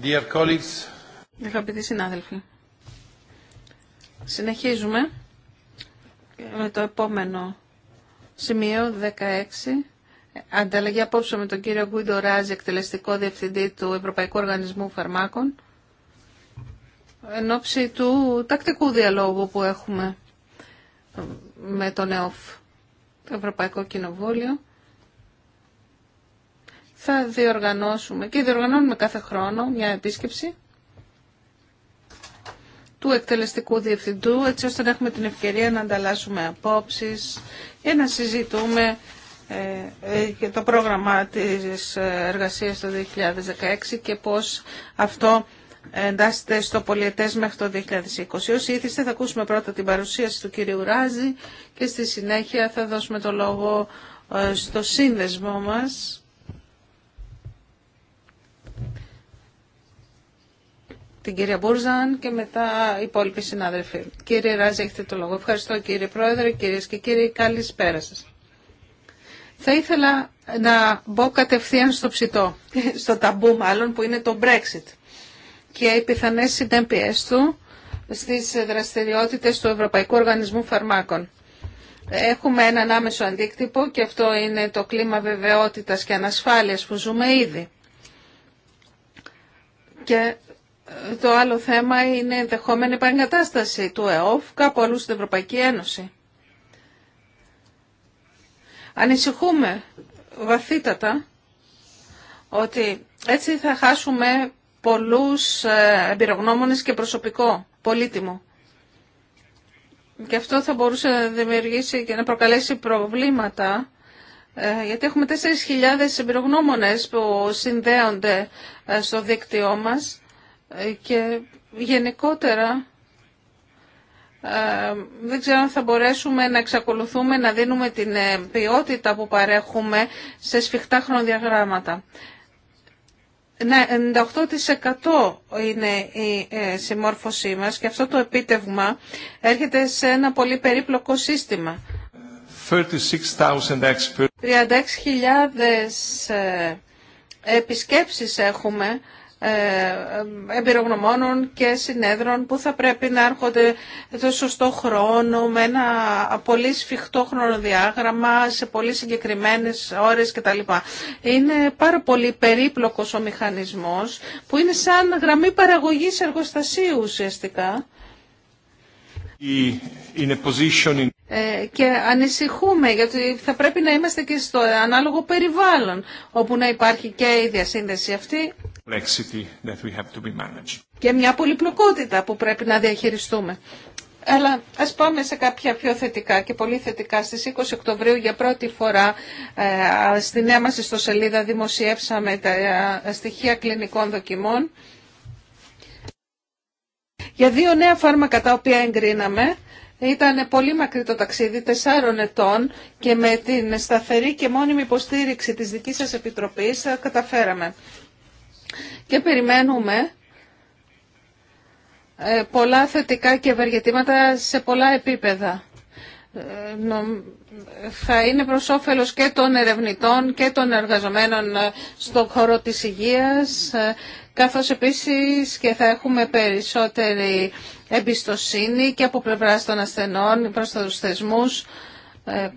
Dear colleagues. Αγαπητοί συνάδελφοι, συνεχίζουμε με το επόμενο σημείο 16. Ανταλλαγή απόψε με τον κύριο Γκουίντο Ράζη, εκτελεστικό διευθυντή του Ευρωπαϊκού Οργανισμού Φαρμάκων, εν ώψη του τακτικού διαλόγου που έχουμε με τον ΕΟΦ, το Ευρωπαϊκό Κοινοβούλιο θα διοργανώσουμε και διοργανώνουμε κάθε χρόνο μια επίσκεψη του εκτελεστικού διευθυντού, έτσι ώστε να έχουμε την ευκαιρία να ανταλλάσσουμε απόψεις και να συζητούμε και ε, ε, το πρόγραμμα της εργασίας το 2016 και πώς αυτό εντάσσεται στο πολιετές μέχρι το 2020. Όσοι ήθιστε θα ακούσουμε πρώτα την παρουσίαση του κυρίου Ράζη και στη συνέχεια θα δώσουμε το λόγο ε, στο σύνδεσμό μας την κυρία Μπούρζαν και μετά οι υπόλοιποι συνάδελφοι. Κύριε Ράζη, έχετε το λόγο. Ευχαριστώ κύριε Πρόεδρε, κυρίε και κύριοι. Καλησπέρα σα. Θα ήθελα να μπω κατευθείαν στο ψητό, [LAUGHS] στο ταμπού μάλλον, που είναι το Brexit και οι πιθανές συνέπειες του στις δραστηριότητες του Ευρωπαϊκού Οργανισμού Φαρμάκων. Έχουμε έναν άμεσο αντίκτυπο και αυτό είναι το κλίμα βεβαιότητας και ανασφάλειας που ζούμε ήδη. Το άλλο θέμα είναι ενδεχόμενη επαγκατάσταση του ΕΟΦ κάπου αλλού στην Ευρωπαϊκή Ένωση. Ανησυχούμε βαθύτατα ότι έτσι θα χάσουμε πολλούς ε, εμπειρογνώμονες και προσωπικό, πολύτιμο. Και αυτό θα μπορούσε να δημιουργήσει και να προκαλέσει προβλήματα, ε, γιατί έχουμε 4.000 εμπειρογνώμονες που συνδέονται ε, στο δίκτυό μας ε, και γενικότερα ε, δεν ξέρω αν θα μπορέσουμε να εξακολουθούμε να δίνουμε την ε, ποιότητα που παρέχουμε σε σφιχτά χρονοδιαγράμματα. 98% ναι, είναι η συμμόρφωσή μας και αυτό το επίτευγμα έρχεται σε ένα πολύ περίπλοκο σύστημα. 36.000 επισκέψεις έχουμε ε, εμπειρογνωμόνων και συνέδρων που θα πρέπει να έρχονται το σωστό χρόνο με ένα πολύ σφιχτό χρονοδιάγραμμα σε πολύ συγκεκριμένες ώρες κτλ. Είναι πάρα πολύ περίπλοκος ο μηχανισμός που είναι σαν γραμμή παραγωγής εργοστασίου ουσιαστικά. position ε, και ανησυχούμε γιατί θα πρέπει να είμαστε και στο ανάλογο περιβάλλον όπου να υπάρχει και η διασύνδεση αυτή that we και μια πολυπλοκότητα που πρέπει να διαχειριστούμε. Αλλά ας πάμε σε κάποια πιο θετικά και πολύ θετικά. Στις 20 Οκτωβρίου για πρώτη φορά ε, στη νέα μας ιστοσελίδα δημοσιεύσαμε τα ε, στοιχεία κλινικών δοκιμών για δύο νέα φάρμακα τα οποία εγκρίναμε ήταν πολύ μακρύ το ταξίδι, τεσσάρων ετών και με την σταθερή και μόνιμη υποστήριξη της δικής σας Επιτροπής ε, καταφέραμε. Και περιμένουμε ε, πολλά θετικά και ευεργετήματα σε πολλά επίπεδα θα είναι προς όφελος και των ερευνητών και των εργαζομένων ε, στον χώρο της υγείας, ε, καθώς επίσης και θα έχουμε περισσότερη εμπιστοσύνη και από πλευρά των ασθενών προς τους θεσμούς. Ε,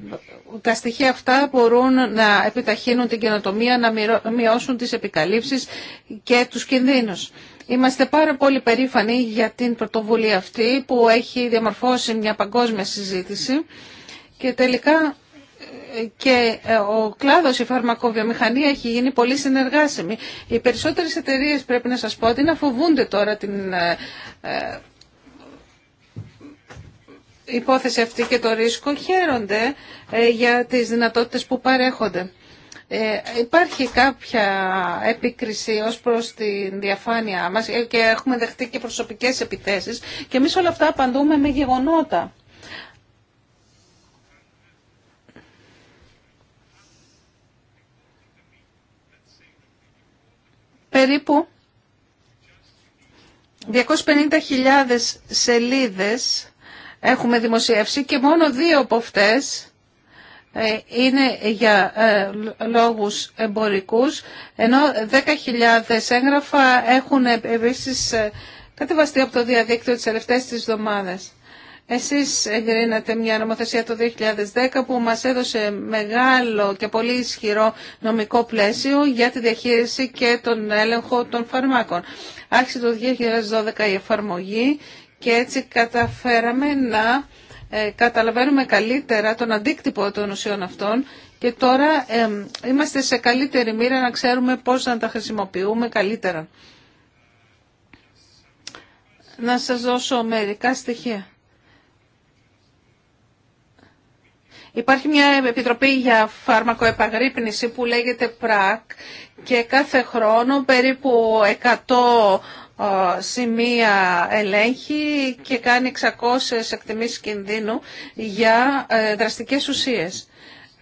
τα στοιχεία αυτά μπορούν να επιταχύνουν την καινοτομία, να μειώσουν τις επικαλύψεις και τους κινδύνους. Είμαστε πάρα πολύ περήφανοι για την πρωτοβουλία αυτή που έχει διαμορφώσει μια παγκόσμια συζήτηση και τελικά ε, και ε, ο κλάδος η φαρμακοβιομηχανία έχει γίνει πολύ συνεργάσιμη. Οι περισσότερες εταιρείες πρέπει να σας πω ότι να φοβούνται τώρα την ε, υπόθεση αυτή και το ρίσκο χαίρονται για τις δυνατότητες που παρέχονται. Ε, υπάρχει κάποια επίκριση ως προς τη διαφάνεια μας ε, και έχουμε δεχτεί και προσωπικές επιθέσεις και εμείς όλα αυτά απαντούμε με γεγονότα. Περίπου 250.000 σελίδες έχουμε δημοσιεύσει και μόνο δύο από αυτές ε, είναι για ε, λόγους εμπορικούς, ενώ 10.000 έγγραφα έχουν επίσης ε, κατεβαστεί από το διαδίκτυο τις τελευταίες τις εβδομάδες. Εσείς εγκρίνατε μια νομοθεσία το 2010 που μας έδωσε μεγάλο και πολύ ισχυρό νομικό πλαίσιο για τη διαχείριση και τον έλεγχο των φαρμάκων. Άρχισε το 2012 η εφαρμογή και έτσι καταφέραμε να ε, καταλαβαίνουμε καλύτερα τον αντίκτυπο των ουσιών αυτών και τώρα είμαστε σε καλύτερη μοίρα να ξέρουμε πώς να τα χρησιμοποιούμε καλύτερα. Να σας δώσω μερικά στοιχεία. Υπάρχει μια επιτροπή για φάρμακοεπαγρύπνηση που λέγεται PRAC και κάθε χρόνο περίπου 100 ε, σημεία ελέγχει και κάνει 600 εκτιμήσεις κινδύνου για ε, δραστικές ουσίες.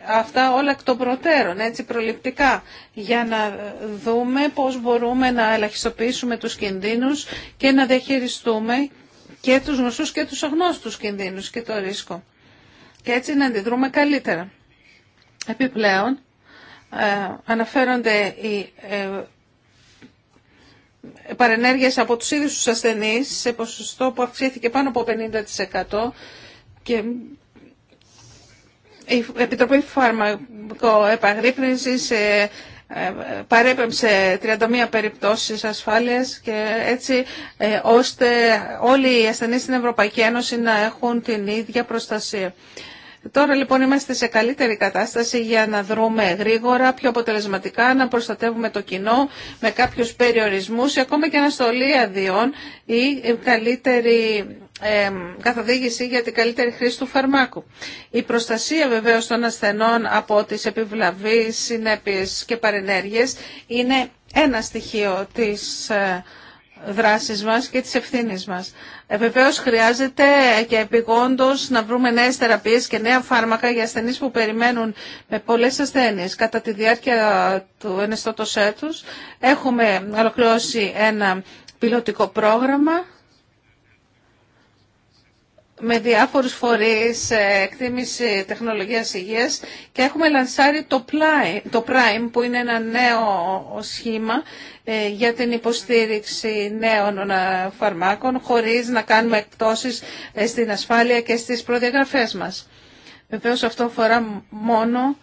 Αυτά όλα εκ των προτέρων, έτσι προληπτικά, για να δούμε πώς μπορούμε να ελαχιστοποιήσουμε τους κινδύνους και να διαχειριστούμε και τους γνωστούς και τους αγνώστους κινδύνους και το ρίσκο. Και έτσι να αντιδρούμε καλύτερα. Επιπλέον, ε, αναφέρονται οι παρενέργειες από τους ίδιους τους ασθενείς σε ποσοστό που αυξήθηκε πάνω από 50% και η Επιτροπή ε, ε, παρέπεμψε 31 περιπτώσεις ασφάλειας και έτσι ε, ώστε όλοι οι ασθενείς στην Ευρωπαϊκή Ένωση να έχουν την ίδια προστασία. Τώρα λοιπόν είμαστε σε καλύτερη κατάσταση για να δρούμε γρήγορα, πιο αποτελεσματικά, να προστατεύουμε το κοινό με κάποιους περιορισμούς ή ακόμα και αναστολή αδειών ή καλύτερη ε, καθοδήγηση για την καλύτερη χρήση του φαρμάκου. Η προστασία βεβαίως των ασθενών από τις επιβλαβείς συνέπειες και παρενέργειες είναι ένα στοιχείο της ε, δράσης μας και της ευθύνης μας. Ε, Βεβαίω χρειάζεται και επιγόντω να βρούμε νέε θεραπείε και νέα φάρμακα για ασθενεί που περιμένουν με πολλέ ασθένειε. Κατά τη διάρκεια του ενεστώτο έτου έχουμε ολοκληρώσει ένα πιλωτικό πρόγραμμα με διάφορους φορείς ε, εκτίμηση τεχνολογίας υγείας και έχουμε λανσάρει το, το Prime που είναι ένα νέο σχήμα ε, για την υποστήριξη νέων ε, φαρμάκων χωρίς να κάνουμε εκπτώσεις στην ασφάλεια και στις προδιαγραφές μας. Βεβαίως αυτό αφορά μόνο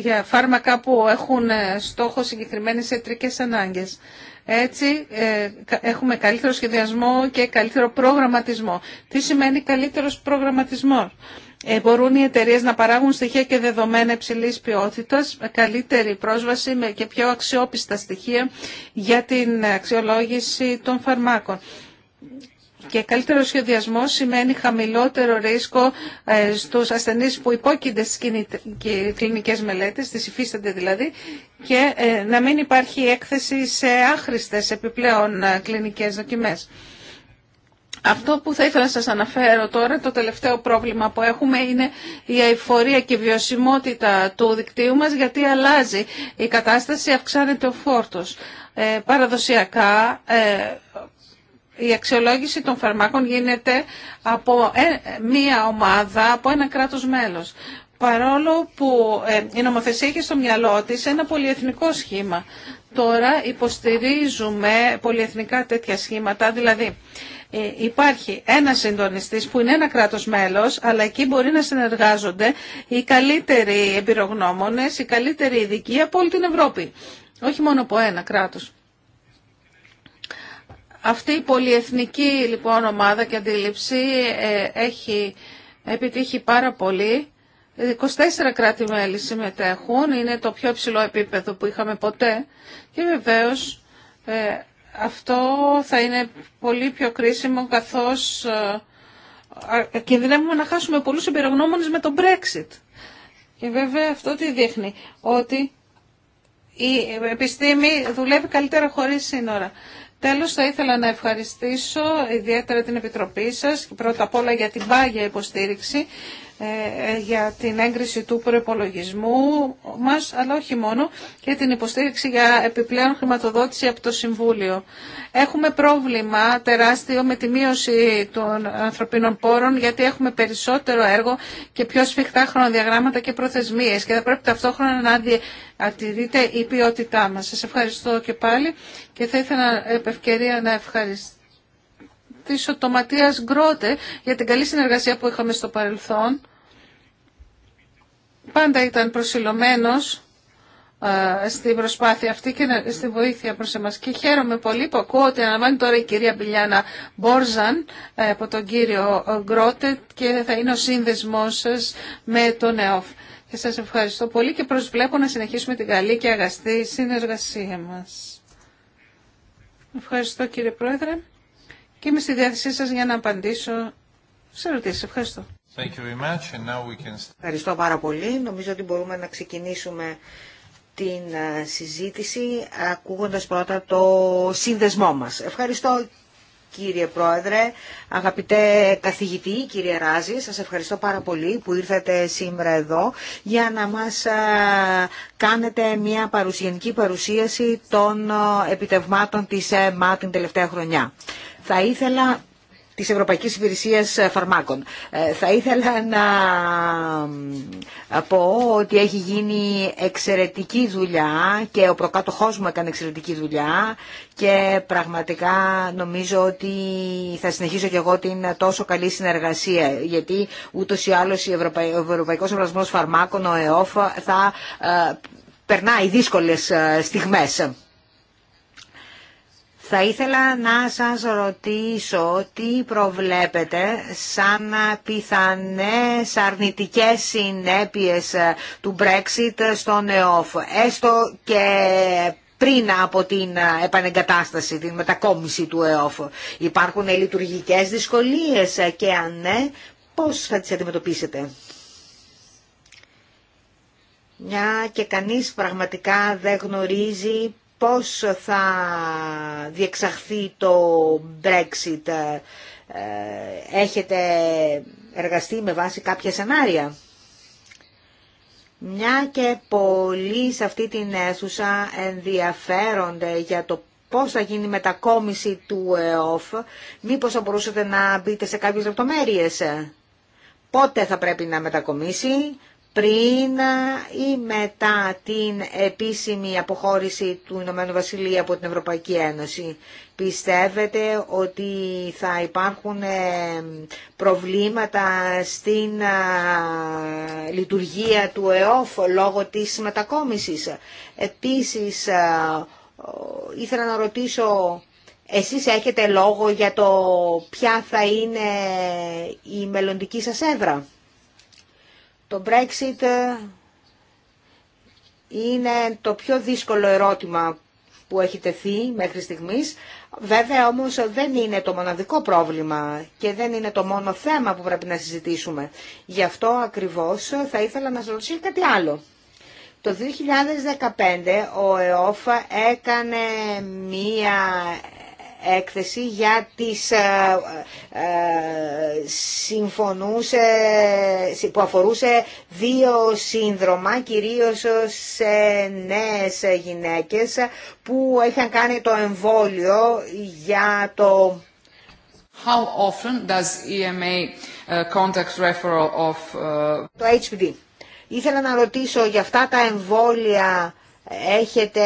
για φάρμακα που έχουν στόχο συγκεκριμένες έτρικες ανάγκες. Έτσι ε, έχουμε καλύτερο σχεδιασμό και καλύτερο προγραμματισμό. Τι σημαίνει καλύτερος προγραμματισμός. Ε, μπορούν οι εταιρείες να παράγουν στοιχεία και δεδομένα υψηλή ποιότητα, καλύτερη πρόσβαση και πιο αξιόπιστα στοιχεία για την αξιολόγηση των φαρμάκων. Και καλύτερο σχεδιασμό σημαίνει χαμηλότερο ρίσκο ε, στους ασθενείς που υπόκεινται στι κλινικές μελέτες, τις υφίστανται δηλαδή, και ε, να μην υπάρχει έκθεση σε άχρηστε επιπλέον ε, κλινικές δοκιμές. Αυτό που θα ήθελα να σας αναφέρω τώρα, το τελευταίο πρόβλημα που έχουμε είναι η αηφορία και η βιωσιμότητα του δικτύου μας γιατί αλλάζει η κατάσταση, αυξάνεται ο φόρτος. παραδοσιακά η αξιολόγηση των φαρμάκων γίνεται από ε, μία ομάδα, από ένα κράτος μέλος. Παρόλο που ε, η νομοθεσία έχει στο μυαλό της ένα πολυεθνικό σχήμα. Τώρα υποστηρίζουμε πολυεθνικά τέτοια σχήματα, δηλαδή ε, υπάρχει ένα συντονιστή που είναι ένα κράτος μέλος, αλλά εκεί μπορεί να συνεργάζονται οι καλύτεροι εμπειρογνώμονες, οι καλύτεροι ειδικοί από όλη την Ευρώπη. Όχι μόνο από ένα κράτος. Αυτή η πολυεθνική λοιπόν ομάδα και αντίληψη ε, έχει επιτύχει πάρα πολύ. 24 κράτη-μέλη συμμετέχουν, είναι το πιο ψηλό επίπεδο που είχαμε ποτέ και βεβαίως ε, αυτό θα είναι πολύ πιο κρίσιμο καθώς ε, κινδυνεύουμε να χάσουμε πολλούς εμπειρογνώμονες με το Brexit. Και βέβαια αυτό τι δείχνει, ότι η επιστήμη δουλεύει καλύτερα χωρίς σύνορα. Τέλος, θα ήθελα να ευχαριστήσω ιδιαίτερα την Επιτροπή σας, πρώτα απ' όλα για την πάγια υποστήριξη ε, ε, για την έγκριση του προπολογισμού μας, αλλά όχι μόνο, και την υποστήριξη για επιπλέον χρηματοδότηση από το Συμβούλιο. Έχουμε πρόβλημα τεράστιο με τη μείωση των ανθρωπίνων πόρων, γιατί έχουμε περισσότερο έργο και πιο σφιχτά χρονοδιαγράμματα και προθεσμίες και θα πρέπει ταυτόχρονα να αντιδείτε η ποιότητά μας. Σας ευχαριστώ και πάλι και θα ήθελα επευκαιρία να ευχαριστήσω ευχαριστήσω τον Γκρότε για την καλή συνεργασία που είχαμε στο παρελθόν. Πάντα ήταν προσιλωμένο ε, στην προσπάθεια αυτή και στη βοήθεια προς εμάς. Και χαίρομαι πολύ που ακούω ότι αναλαμβάνει τώρα η κυρία Μπιλιάνα Μπόρζαν ε, από τον κύριο Γκρότε και θα είναι ο σύνδεσμός σας με τον ΕΟΦ. Και σας ευχαριστώ πολύ και προσβλέπω να συνεχίσουμε την καλή και αγαστή συνεργασία μας. Ευχαριστώ κύριε Πρόεδρε και είμαι στη διάθεσή σας για να απαντήσω σε ερωτήσεις. Ευχαριστώ. Thank you very much. And now we can... Ευχαριστώ πάρα πολύ. Νομίζω ότι μπορούμε να ξεκινήσουμε την ε, συζήτηση ακούγοντας πρώτα το σύνδεσμό μας. Ευχαριστώ κύριε Πρόεδρε, αγαπητέ καθηγητή, κύριε Ράζη, σας ευχαριστώ πάρα πολύ που ήρθατε σήμερα εδώ για να μας ε, κάνετε μια παρουσιανική παρουσίαση των ε, επιτευμάτων της ΕΜΑ την τελευταία χρονιά. Θα ήθελα της Ευρωπαϊκής Υπηρεσίας ε, Φαρμάκων. Ε, θα ήθελα να ε, πω ότι έχει γίνει εξαιρετική δουλειά και ο προκάτοχός μου έκανε εξαιρετική δουλειά και πραγματικά νομίζω ότι θα συνεχίσω και εγώ την τόσο καλή συνεργασία γιατί ούτως ή άλλως ο Ευρωπαϊκός Ευρωπαϊκός Φαρμάκων, ο ΕΟΦ, θα περνάει δύσκολες στιγμές. Θα ήθελα να σας ρωτήσω τι προβλέπετε σαν πιθανές αρνητικές συνέπειες του Brexit στον ΕΟΦ, έστω και πριν από την επανεγκατάσταση, την μετακόμιση του ΕΟΦ. Υπάρχουν λειτουργικές δυσκολίες και αν ναι, πώς θα τις αντιμετωπίσετε. Μια και κανείς πραγματικά δεν γνωρίζει πώς θα διεξαχθεί το Brexit. Ε, έχετε εργαστεί με βάση κάποια σενάρια. Μια και πολλοί σε αυτή την αίθουσα ενδιαφέρονται για το πώς θα γίνει η μετακόμιση του ΕΟΦ, μήπως θα μπορούσατε να μπείτε σε κάποιες λεπτομέρειε. Πότε θα πρέπει να μετακομίσει, πριν ή μετά την επίσημη αποχώρηση του Ηνωμένου Βασιλείου από την Ευρωπαϊκή Ένωση. Πιστεύετε ότι θα υπάρχουν ε, προβλήματα στην ε, λειτουργία του ΕΟΦ λόγω της μετακόμισης. Επίσης, ε, ήθελα να ρωτήσω εσείς έχετε λόγο για το ποια θα είναι η μελλοντική σας έδρα. Το Brexit ε, είναι το πιο δύσκολο ερώτημα που έχει τεθεί μέχρι στιγμής. Βέβαια όμως δεν είναι το μοναδικό πρόβλημα και δεν είναι το μόνο θέμα που πρέπει να συζητήσουμε. Γι' αυτό ακριβώς θα ήθελα να σας ρωτήσω κάτι άλλο. Το 2015 ο ΕΟΦ έκανε μία έκθεση για τις ε, ε, συμφωνούσε, που αφορούσε δύο σύνδρομα, κυρίως σε νέες γυναίκες που είχαν κάνει το εμβόλιο για το... How often does EMA ε, contact referral of... Το HPV. Ήθελα να ρωτήσω για αυτά τα εμβόλια έχετε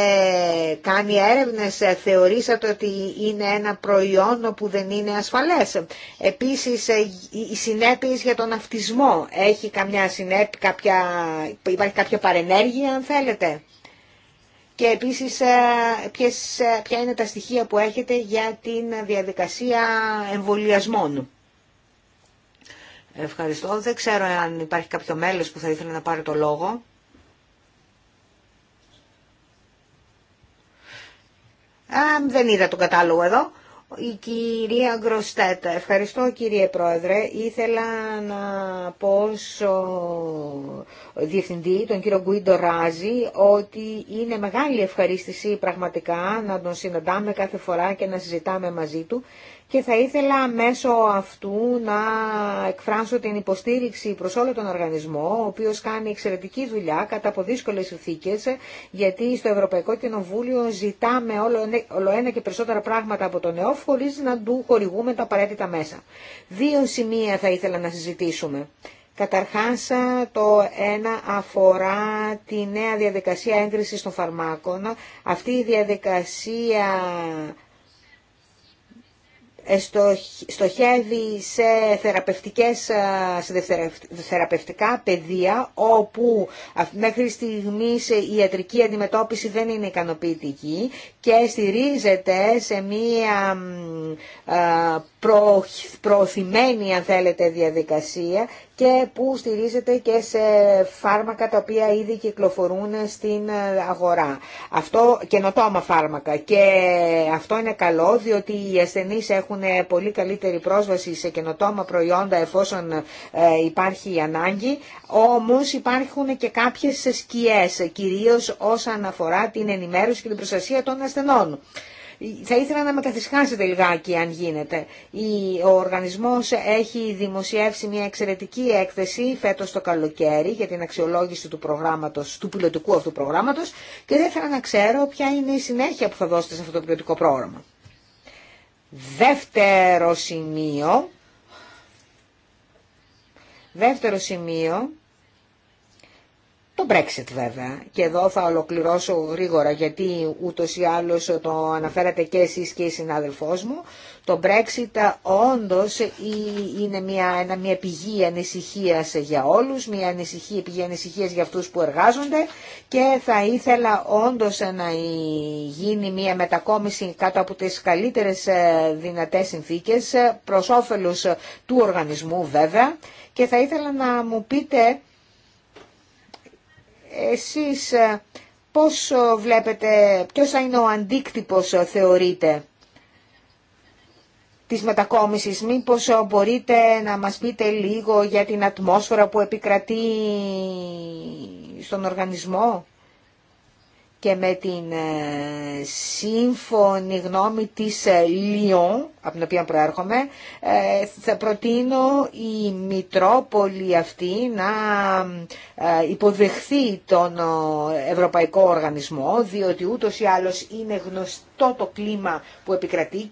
κάνει έρευνες, θεωρήσατε ότι είναι ένα προϊόν που δεν είναι ασφαλές. Επίσης, ε, οι συνέπειες για τον αυτισμό. Έχει καμιά συνέπεια, υπάρχει κάποια παρενέργεια, αν θέλετε. Και επίσης, ε, ποιες, ε, ποια είναι τα στοιχεία που έχετε για την διαδικασία εμβολιασμών. Ευχαριστώ. Δεν ξέρω αν υπάρχει κάποιο μέλος που θα ήθελε να πάρει το λόγο. δεν είδα τον κατάλογο εδώ. Η κυρία Γκροστέτα. Ευχαριστώ κύριε Πρόεδρε. Ήθελα να πω στο διευθυντή, τον κύριο Γκουίντο Ράζη, ότι είναι μεγάλη ευχαρίστηση πραγματικά να τον συναντάμε κάθε φορά και να συζητάμε μαζί του και θα ήθελα μέσω αυτού να εκφράσω την υποστήριξη προς όλο τον οργανισμό, ο οποίος κάνει εξαιρετική δουλειά κατά από δύσκολες συνθήκες, γιατί στο Ευρωπαϊκό Κοινοβούλιο ζητάμε όλο, ένα και περισσότερα πράγματα από τον ΕΟΦ, χωρίς να του χορηγούμε τα απαραίτητα μέσα. Δύο σημεία θα ήθελα να συζητήσουμε. Καταρχάς το ένα αφορά τη νέα διαδικασία έγκρισης των φαρμάκων. Αυτή η διαδικασία ε, στοχεύει σε θεραπευτικές, σε θεραπευτικά πεδία όπου μέχρι στιγμής η ιατρική αντιμετώπιση δεν είναι ικανοποιητική και στηρίζεται σε μία προωθημένη αν θέλετε διαδικασία και που στηρίζεται και σε φάρμακα τα οποία ήδη κυκλοφορούν στην ε, αγορά. Αυτό καινοτόμα φάρμακα και αυτό είναι καλό διότι οι ασθενείς έχουν πολύ καλύτερη πρόσβαση σε καινοτόμα προϊόντα εφόσον ε, υπάρχει ανάγκη, όμως υπάρχουν και κάποιες σκιές, κυρίως όσον αφορά την ενημέρωση και την προστασία των ασθενών. Θα ήθελα να με καθισχάσετε λιγάκι αν γίνεται. Ο οργανισμός έχει δημοσιεύσει μια εξαιρετική έκθεση φέτος το καλοκαίρι για την αξιολόγηση του προγράμματος, του πιλωτικού αυτού προγράμματος και δεν ήθελα να ξέρω ποια είναι η συνέχεια που θα δώσετε σε αυτό το πιλωτικό πρόγραμμα. Δεύτερο σημείο, δεύτερο σημείο το Brexit βέβαια, και εδώ θα ολοκληρώσω γρήγορα γιατί ούτως ή άλλως το αναφέρατε και εσείς και η συνάδελφός μου, το Brexit ε, όντως ε, είναι μια, ένα, μια πηγή ανησυχίας για όλους, μια ανησυχία, πηγή ανησυχίας για αυτούς που εργάζονται και θα ήθελα όντως να γίνει μια μετακόμιση κάτω από τις καλύτερες ε, δυνατέ συνθήκες προς όφελος του οργανισμού βέβαια και θα ήθελα να μου πείτε εσείς ε, πώς ε, βλέπετε, ποιος θα είναι ο αντίκτυπος ε, θεωρείτε της μετακόμισης. Μήπως μπορείτε να μας πείτε λίγο για την ατμόσφαιρα που επικρατεί στον οργανισμό και με την ε, σύμφωνη γνώμη της ε, Λιόν, από την οποία προέρχομαι, ε, θα προτείνω η Μητρόπολη αυτή να υποδεχθεί τον Ευρωπαϊκό Οργανισμό, διότι ούτως ή άλλως είναι γνωστό το κλίμα που επικρατεί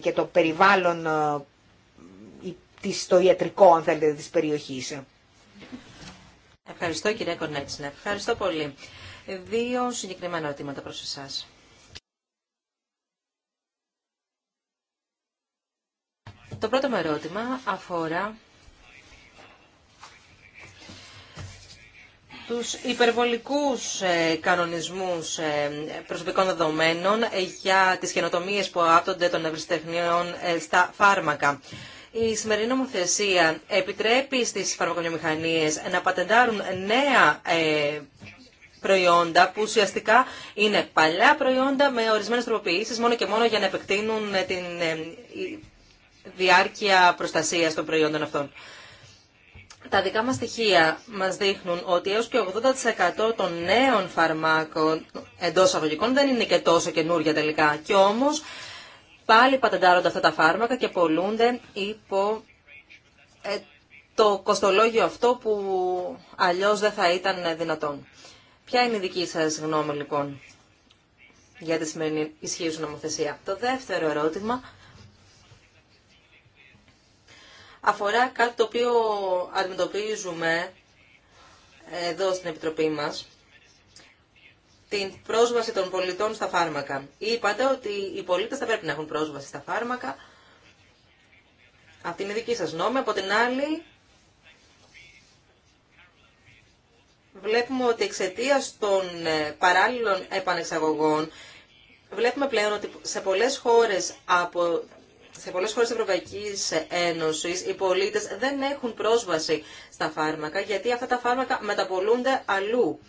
και το περιβάλλον το ιατρικό, αν θέλετε, της περιοχής. Ευχαριστώ κυρία Κονέτσινα. Ευχαριστώ πολύ δύο συγκεκριμένα ερωτήματα προς εσάς. Το πρώτο μου ερώτημα αφορά τους υπερβολικούς ε, κανονισμούς ε, προσωπικών δεδομένων ε, για τις καινοτομίες που άπτονται των ευρυστεχνίων στα φάρμακα. Η σημερινή νομοθεσία επιτρέπει στις φαρμακοβιομηχανίες να πατεντάρουν νέα προϊόντα που ουσιαστικά είναι παλιά προϊόντα με ορισμένες τροποποιήσεις μόνο και μόνο για να επεκτείνουν ε, την ε, διάρκεια προστασίας των προϊόντων αυτών. Τα δικά μας στοιχεία μας δείχνουν ότι έως και 80% των νέων φαρμάκων εντός αγωγικών δεν είναι και τόσο καινούργια τελικά. Και όμως πάλι πατεντάρονται αυτά τα φάρμακα και πολλούνται υπό ε, το κοστολόγιο αυτό που αλλιώς δεν θα ήταν δυνατόν. Ποια είναι η δική σας γνώμη λοιπόν για τη σημερινή ισχύουσα νομοθεσία. Το δεύτερο ερώτημα αφορά κάτι το οποίο αντιμετωπίζουμε εδώ στην Επιτροπή μας, την πρόσβαση των πολιτών στα φάρμακα. Είπατε ότι οι πολίτες θα πρέπει να έχουν πρόσβαση στα φάρμακα. Αυτή είναι η δική σας γνώμη. Από την άλλη, βλέπουμε ότι εξαιτία των ε, παράλληλων επανεξαγωγών βλέπουμε πλέον ότι σε πολλές χώρες από σε πολλές χώρες της Ευρωπαϊκής Ένωσης οι πολίτες δεν έχουν πρόσβαση στα φάρμακα γιατί αυτά τα φάρμακα μεταπολούνται αλλού.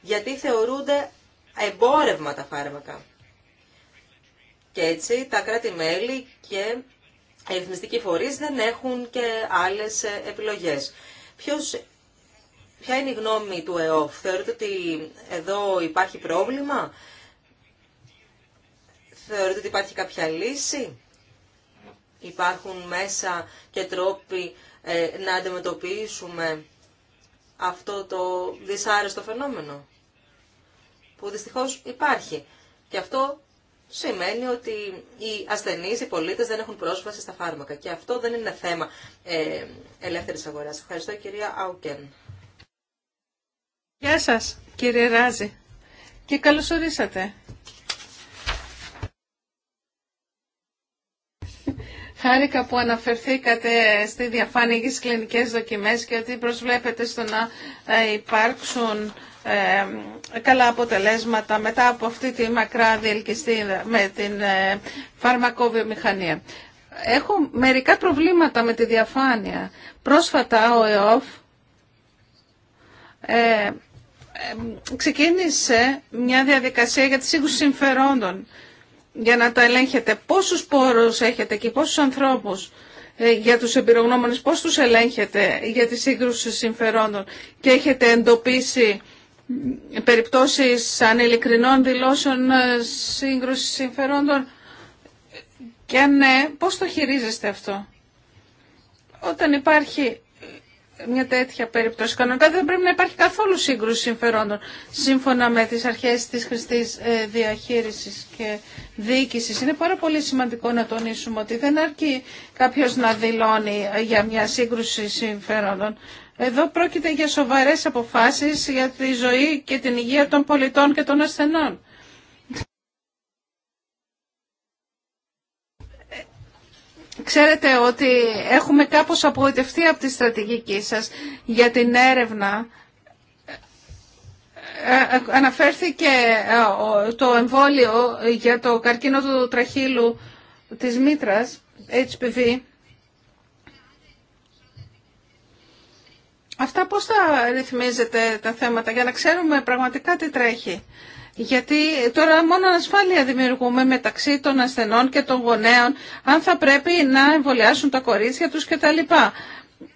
Γιατί θεωρούνται εμπόρευμα τα φάρμακα. Και έτσι τα κράτη-μέλη και οι εθνιστικοί φορείς δεν έχουν και άλλες ε, επιλογές. Ποιος Ποια είναι η γνώμη του ΕΟΦ. Θεωρείτε ότι εδώ υπάρχει πρόβλημα. Θεωρείτε ότι υπάρχει κάποια λύση. Υπάρχουν μέσα και τρόποι ε, να αντιμετωπίσουμε αυτό το δυσάρεστο φαινόμενο που δυστυχώς υπάρχει. Και αυτό σημαίνει ότι οι ασθενείς, οι πολίτες δεν έχουν πρόσβαση στα φάρμακα. Και αυτό δεν είναι θέμα ε, ελεύθερης αγοράς. Ευχαριστώ κυρία Αουκέν. Γεια σας κύριε Ράζη και καλωσορίσατε. ορίσατε. Χάρηκα που αναφερθήκατε στη διαφάνεια για στις κλινικές δοκιμές και ότι προσβλέπετε στο να ε, υπάρξουν ε, καλά αποτελέσματα μετά από αυτή τη μακρά διελκυστή με την ε, φαρμακοβιομηχανία. Έχω μερικά προβλήματα με τη διαφάνεια. Πρόσφατα ο ΕΟΦ ξεκίνησε μια διαδικασία για τη σύγκρουση συμφερόντων για να τα ελέγχετε. Πόσους πόρους έχετε και πόσους ανθρώπους ε, για τους εμπειρογνώμονες, πώς τους ελέγχετε για τη σύγκρουση συμφερόντων και έχετε εντοπίσει περιπτώσεις ανελικρινών δηλώσεων ε, σύγκρουση συμφερόντων και αν ναι, πώς το χειρίζεστε αυτό. Όταν υπάρχει μια τέτοια περίπτωση. Κανονικά δεν πρέπει να υπάρχει καθόλου σύγκρουση συμφερόντων σύμφωνα με τις αρχές της χρηστής ε, διαχείρισης και διοίκησης. Είναι πάρα πολύ σημαντικό να τονίσουμε ότι δεν αρκεί κάποιος να δηλώνει ε, για μια σύγκρουση συμφερόντων. Εδώ πρόκειται για σοβαρές αποφάσεις για τη ζωή και την υγεία των πολιτών και των ασθενών. Ξέρετε ότι έχουμε κάπως απογοητευτεί από τη στρατηγική σας για την έρευνα. Ε, ε, αναφέρθηκε ε, το εμβόλιο για το καρκίνο του τραχύλου της μήτρας, HPV. Αυτά πώς θα ρυθμίζετε τα θέματα για να ξέρουμε πραγματικά τι τρέχει. Γιατί τώρα μόνο ασφάλεια δημιουργούμε μεταξύ των ασθενών και των γονέων, αν θα πρέπει να εμβολιάσουν τα κορίτσια τους κτλ.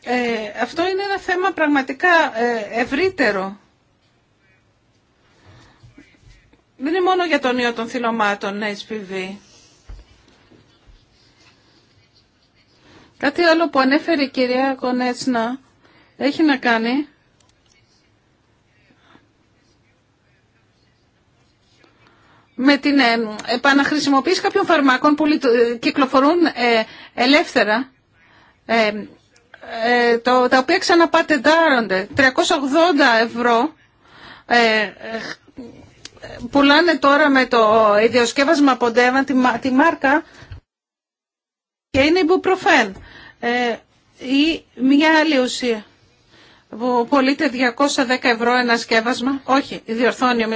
Ε, αυτό είναι ένα θέμα πραγματικά ε, ευρύτερο. Δεν είναι μόνο για τον ιό των θυλωμάτων HPV. Κάτι άλλο που ανέφερε η κυρία Κονέτσνα έχει να κάνει με την ε, επαναχρησιμοποίηση κάποιων φαρμάκων που ε, κυκλοφορούν ε, ελεύθερα, το, τα οποία ξαναπατεντάρονται. 380 ευρώ πουλάνε τώρα με το ιδιοσκεύασμα ποντέβαν τη, τη μάρκα και είναι ε, ή μια άλλη ουσία που πωλείται 210 ευρώ ένα σκεύασμα, όχι, διορθώνει ο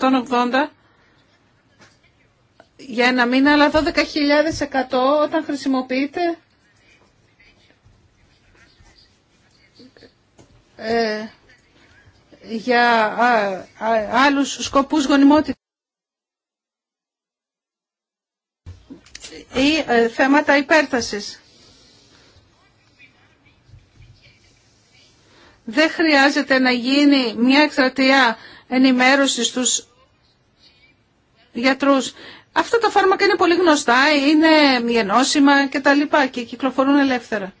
180 για ένα μήνα, αλλά 12.100 όταν χρησιμοποιείτε για α, άλλους σκοπούς γονιμότητας. ή ε, θέματα υπέρτασης. Δεν χρειάζεται να γίνει μια εκστρατεία ενημέρωση στους γιατρούς. Αυτά τα φάρμακα είναι πολύ γνωστά, είναι ενώσιμα και τα λοιπά και κυκλοφορούν ελεύθερα.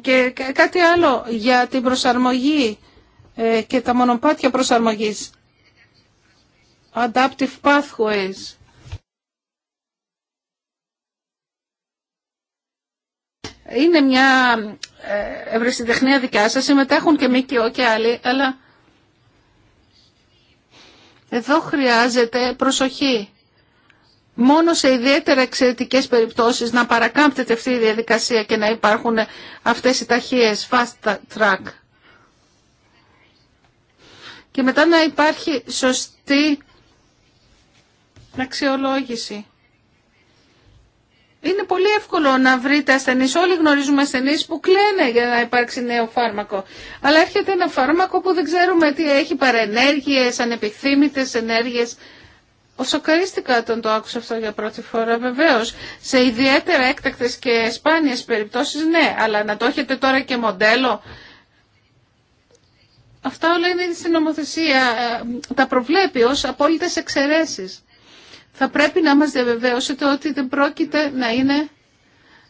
Και κάτι άλλο για την προσαρμογή ε, και τα μονοπάτια προσαρμογής. Adaptive Pathways. Είναι μια ε, ευρεσιτεχνία δικιά σας, συμμετέχουν και ΜΚΟ και άλλοι, αλλά εδώ χρειάζεται προσοχή. Μόνο σε ιδιαίτερα εξαιρετικές περιπτώσεις να παρακάμπτεται αυτή η διαδικασία και να υπάρχουν αυτές οι ταχείες fast track. Και μετά να υπάρχει σωστή αξιολόγηση. Είναι πολύ εύκολο να βρείτε ασθενεί. Όλοι γνωρίζουμε ασθενεί που κλαίνε για να υπάρξει νέο φάρμακο. Αλλά έρχεται ένα φάρμακο που δεν ξέρουμε τι έχει, παρενέργειε, ανεπιθύμητε ενέργειε. Σοκαρίστηκα όταν το άκουσα αυτό για πρώτη φορά. Βεβαίω, σε ιδιαίτερα έκτακτε και σπάνιε περιπτώσει, ναι, αλλά να το έχετε τώρα και μοντέλο. Αυτά όλα είναι στην νομοθεσία. Ε, τα προβλέπει ω απόλυτε εξαιρέσει θα πρέπει να μας διαβεβαίωσετε ότι δεν πρόκειται να είναι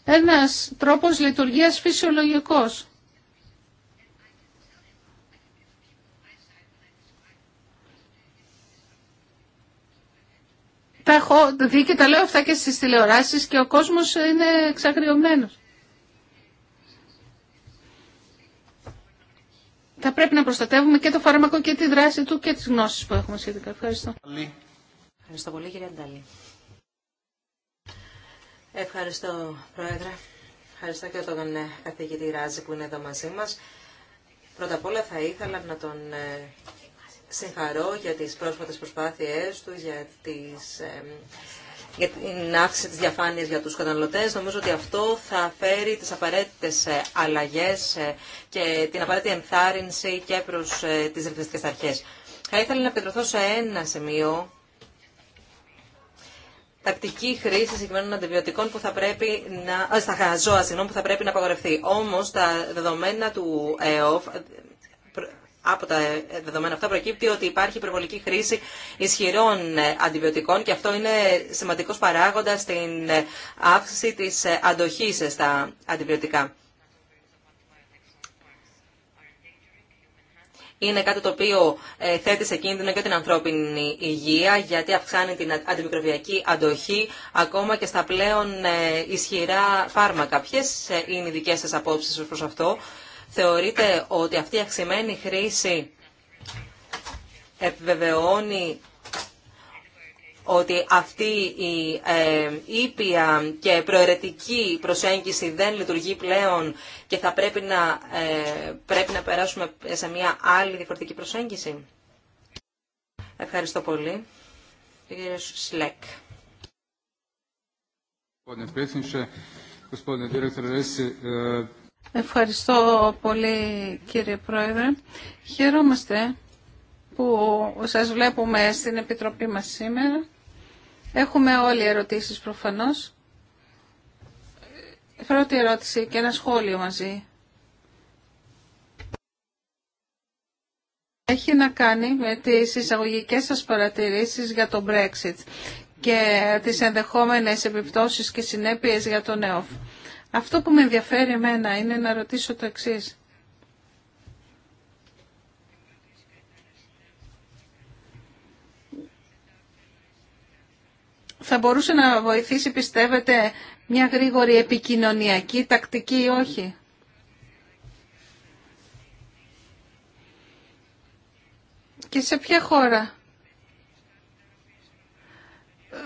ένας τρόπος λειτουργίας φυσιολογικός. Τα έχω δει και τα λέω αυτά και στις τηλεοράσεις και ο κόσμος είναι εξαγριωμένος. Θα πρέπει να προστατεύουμε και το φάρμακο και τη δράση του και τις γνώσεις που έχουμε σχετικά. Ευχαριστώ. Ευχαριστώ πολύ, κύριε Αντάλη. Ευχαριστώ, Πρόεδρε. Ευχαριστώ και τον ε, καθηγητή Ράζη που είναι εδώ μαζί μας. Πρώτα απ' όλα θα ήθελα να τον ε, συγχαρώ για τις πρόσφατες προσπάθειές του, για, τις, ε, για την αύξηση της διαφάνειας για τους καταναλωτές. Νομίζω ότι αυτό θα φέρει τις απαραίτητες αλλαγές και την απαραίτητη ενθάρρυνση και προς τις ρυθμιστικές αρχές. Θα ήθελα να πεντρωθώ σε ένα σημείο τακτική χρήση συγκεκριμένων αντιβιωτικών που θα πρέπει να, ε, στα ζώα που θα πρέπει να απαγορευτεί. Όμως τα δεδομένα του ΕΟΦ από τα δεδομένα αυτά προκύπτει ότι υπάρχει υπερβολική χρήση ισχυρών ε, αντιβιωτικών και αυτό είναι σημαντικός παράγοντας στην ε, αύξηση της αντοχής στα αντιβιωτικά. είναι κάτι το οποίο ε, θέτει σε κίνδυνο και την ανθρώπινη υγεία γιατί αυξάνει την αντιμικροβιακή αντοχή ακόμα και στα πλέον ε, ισχυρά φάρμακα. Ποιε ε, είναι οι δικέ σα απόψει προ αυτό. Θεωρείτε ότι αυτή η αξιμένη χρήση επιβεβαιώνει ότι αυτή η ε, ήπια και προαιρετική προσέγγιση δεν λειτουργεί πλέον και θα πρέπει να, ε, πρέπει να περάσουμε σε μια άλλη διαφορετική προσέγγιση. Ευχαριστώ πολύ. E, Ευχαριστώ πολύ κύριε Πρόεδρε. Χαίρομαστε που σας βλέπουμε στην Επιτροπή μας σήμερα Έχουμε όλοι ερωτήσεις προφανώς. Πρώτη ερώτηση και ένα σχόλιο μαζί. Έχει να κάνει με τις εισαγωγικές σας παρατηρήσεις για το Brexit και τις ενδεχόμενες επιπτώσεις και συνέπειες για τον ΕΟΦ. Αυτό που με ενδιαφέρει εμένα είναι να ρωτήσω το εξής. θα μπορούσε να βοηθήσει, πιστεύετε, μια γρήγορη επικοινωνιακή τακτική ή όχι. Και σε ποια χώρα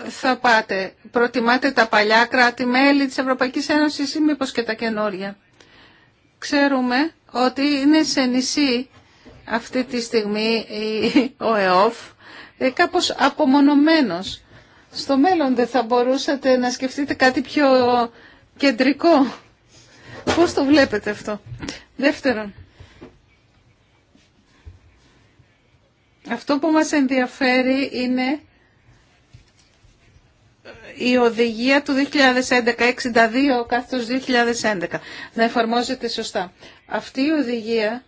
θα πάτε. Προτιμάτε τα παλιά κράτη-μέλη της Ευρωπαϊκής Ένωσης ή μήπως και τα καινούρια. Ξέρουμε ότι είναι σε νησί αυτή τη στιγμή ο ΕΟΦ ε, κάπως απομονωμένος στο μέλλον δεν θα μπορούσατε να σκεφτείτε κάτι πιο κεντρικό. Πώς το βλέπετε αυτό. Δεύτερον, αυτό που μας ενδιαφέρει είναι η οδηγία του 2011, 62 2011, να εφαρμόζεται σωστά. Αυτή η οδηγία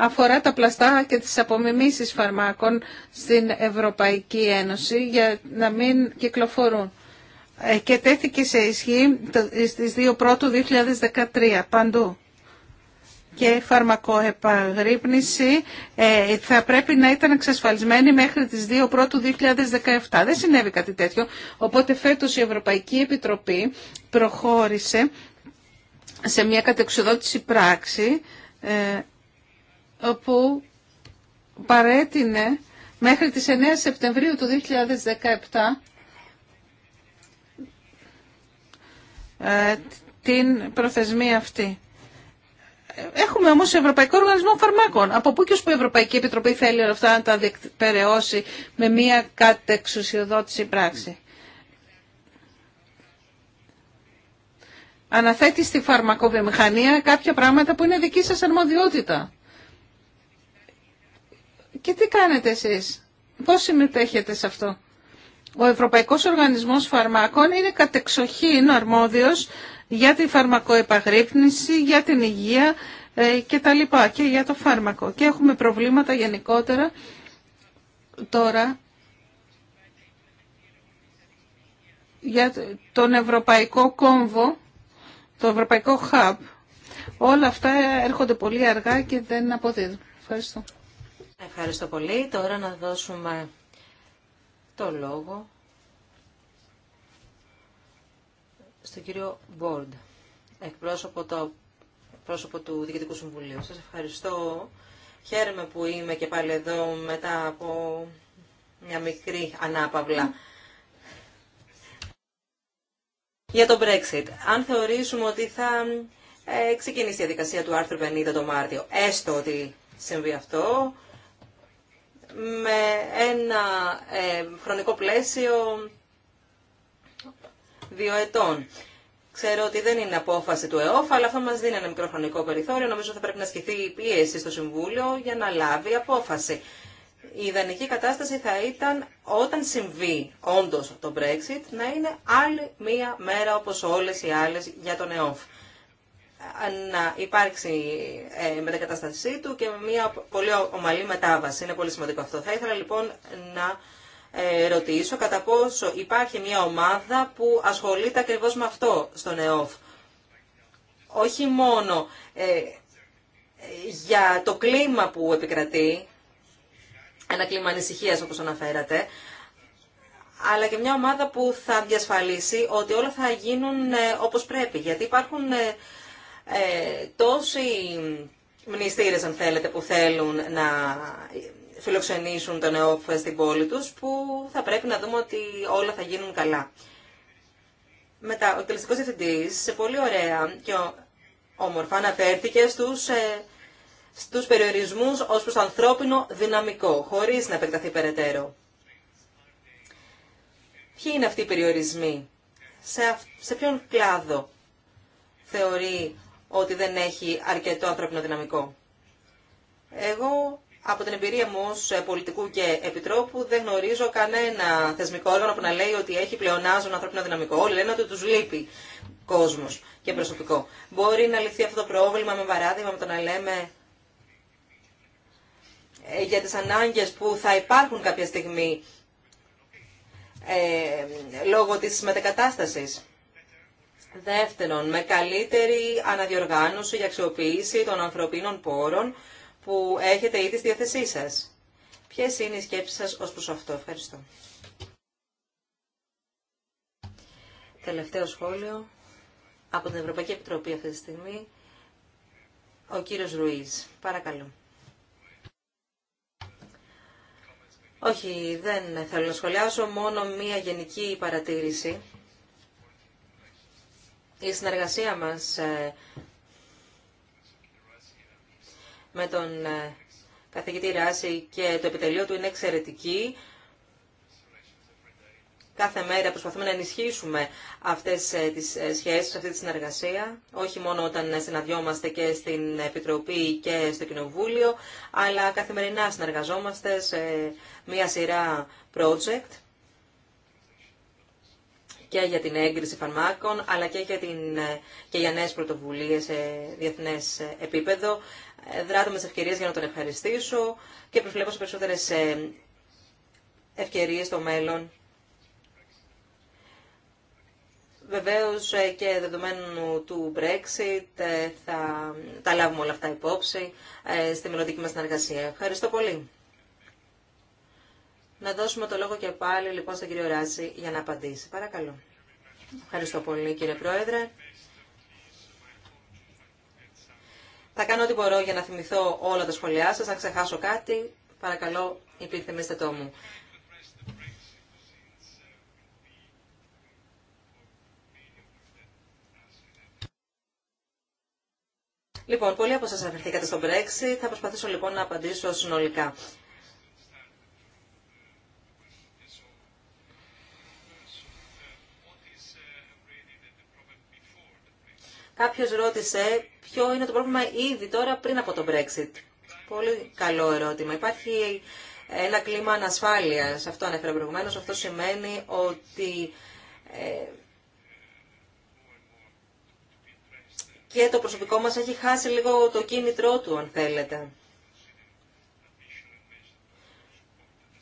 αφορά τα πλαστά και τις απομιμήσεις φαρμάκων στην Ευρωπαϊκή Ένωση για να μην κυκλοφορούν. Ε, και τέθηκε σε ισχύ στις 2 πρώτου 2013 παντού. Και φαρμακοεπαγρύπνηση ε, θα πρέπει να ήταν εξασφαλισμένη μέχρι τις 2 πρώτου 2017. Δεν συνέβη κάτι τέτοιο, οπότε φέτος η Ευρωπαϊκή Επιτροπή προχώρησε σε μια κατεξοδότηση πράξη ε, που παρέτεινε μέχρι τις 9 Σεπτεμβρίου του 2017 ε, την προθεσμία αυτή. Έχουμε όμως Ευρωπαϊκό Οργανισμό Φαρμάκων. Από πού και ως που η Ευρωπαϊκή Επιτροπή θέλει όλα αυτά να τα διεκπαιρεώσει με μια κατεξουσιοδότηση πράξη. Αναθέτει στη φαρμακοβιομηχανία κάποια πράγματα που είναι δική σας αρμοδιότητα. Και τι κάνετε εσείς, πώς συμμετέχετε σε αυτό. Ο Ευρωπαϊκός Οργανισμός Φαρμάκων είναι κατεξοχήν αρμόδιος για τη φαρμακοεπαγρύπνηση, για την υγεία ε, και τα λοιπά και για το φάρμακο. Και έχουμε προβλήματα γενικότερα τώρα για τον Ευρωπαϊκό Κόμβο, το Ευρωπαϊκό Hub. Όλα αυτά έρχονται πολύ αργά και δεν αποδίδουν. Ευχαριστώ. Ευχαριστώ πολύ. Τώρα να δώσουμε το λόγο στον κύριο Μπορντ, εκπρόσωπο το, πρόσωπο του Διοικητικού Συμβουλίου. Σας ευχαριστώ. Χαίρομαι που είμαι και πάλι εδώ μετά από μια μικρή ανάπαυλα. Για το Brexit, αν θεωρήσουμε ότι θα ε, ξεκινήσει η διαδικασία του άρθρου 50 το Μάρτιο, έστω ότι συμβεί αυτό, με ένα ε, χρονικό πλαίσιο δύο ετών. Ξέρω ότι δεν είναι απόφαση του ΕΟΦ, αλλά αυτό μας δίνει ένα μικρό χρονικό περιθώριο. Νομίζω θα πρέπει να ασκηθεί η πίεση στο Συμβούλιο για να λάβει απόφαση. Η ιδανική κατάσταση θα ήταν όταν συμβεί όντως το Brexit να είναι άλλη μία μέρα όπως όλες οι άλλες για τον ΕΟΦ να υπάρξει ε, μετακαταστασή του και μια πολύ ομαλή μετάβαση. Είναι πολύ σημαντικό αυτό. Θα ήθελα λοιπόν να ε, ρωτήσω κατά πόσο υπάρχει μια ομάδα που ασχολείται ακριβώς με αυτό στον ΕΟΦ. Όχι μόνο ε, για το κλίμα που επικρατεί, ένα κλίμα ανησυχία όπως αναφέρατε, αλλά και μια ομάδα που θα διασφαλίσει ότι όλα θα γίνουν ε, όπως πρέπει. Γιατί υπάρχουν ε, τόσοι μνηστήρες, αν θέλετε, που θέλουν να φιλοξενήσουν τον ΕΟΦΕ στην πόλη τους, που θα πρέπει να δούμε ότι όλα θα γίνουν καλά. Μετά, ο εκτελεστικός διευθυντής, σε πολύ ωραία και όμορφα αναφέρθηκε στους, ε, στους περιορισμούς ως προς ανθρώπινο δυναμικό, χωρίς να επεκταθεί περαιτέρω. Ποιοι είναι αυτοί οι περιορισμοί, σε, σε ποιον κλάδο θεωρεί ότι δεν έχει αρκετό ανθρώπινο δυναμικό. Εγώ από την εμπειρία μου ως πολιτικού και επιτρόπου δεν γνωρίζω κανένα θεσμικό όργανο που να λέει ότι έχει πλεονάζον ανθρώπινο δυναμικό. Όλοι λένε ότι τους λείπει κόσμος και προσωπικό. Μπορεί να λυθεί αυτό το πρόβλημα με παράδειγμα με το να λέμε ε, για τις ανάγκες που θα υπάρχουν κάποια στιγμή ε, λόγω της μετεκατάστασης. Δεύτερον, με καλύτερη αναδιοργάνωση για αξιοποίηση των ανθρωπίνων πόρων που έχετε ήδη στη διάθεσή σας. Ποιες είναι οι σκέψεις σας ως προς αυτό. Ευχαριστώ. Τελευταίο σχόλιο από την Ευρωπαϊκή Επιτροπή αυτή τη στιγμή. Ο κύριος Ρουίζ. Παρακαλώ. Όχι, δεν θέλω να σχολιάσω, μόνο μία γενική παρατήρηση η συνεργασία μας ε, με τον ε, καθηγητή Ράση και το επιτελείο του είναι εξαιρετική. Κάθε μέρα προσπαθούμε να ενισχύσουμε αυτές ε, τις σχέσεις, αυτή τη συνεργασία, όχι μόνο όταν συναντιόμαστε και στην Επιτροπή και στο Κοινοβούλιο, αλλά καθημερινά συνεργαζόμαστε σε μία σειρά project και για την έγκριση φαρμάκων, αλλά και για, την, ε, και για νέες πρωτοβουλίες σε διεθνές ε, επίπεδο. Ε, δράτω με τις ευκαιρίες για να τον ευχαριστήσω και προσβλέπω σε περισσότερες ευκαιρίες στο μέλλον. Βεβαίως και δεδομένου του Brexit θα τα λάβουμε όλα αυτά υπόψη στη μελλοντική μας συνεργασία. Ευχαριστώ πολύ. Να δώσουμε το λόγο και πάλι λοιπόν στον κύριο Ράση για να απαντήσει. Παρακαλώ. Ευχαριστώ πολύ κύριε Πρόεδρε. Θα κάνω ό,τι μπορώ για να θυμηθώ όλα τα σχολιά σας. Αν ξεχάσω κάτι, παρακαλώ υπήρχε το μου. Λοιπόν, πολλοί από σας αναφερθήκατε στο Brexit. Θα προσπαθήσω λοιπόν να απαντήσω συνολικά. Κάποιος ρώτησε ποιο είναι το πρόβλημα ήδη τώρα πριν από το Brexit. Πολύ καλό ερώτημα. Υπάρχει ένα κλίμα ανασφάλειας. Αυτό ανέφερα προηγουμένως. Αυτό σημαίνει ότι ε, και το προσωπικό μας έχει χάσει λίγο το κίνητρό του, αν θέλετε.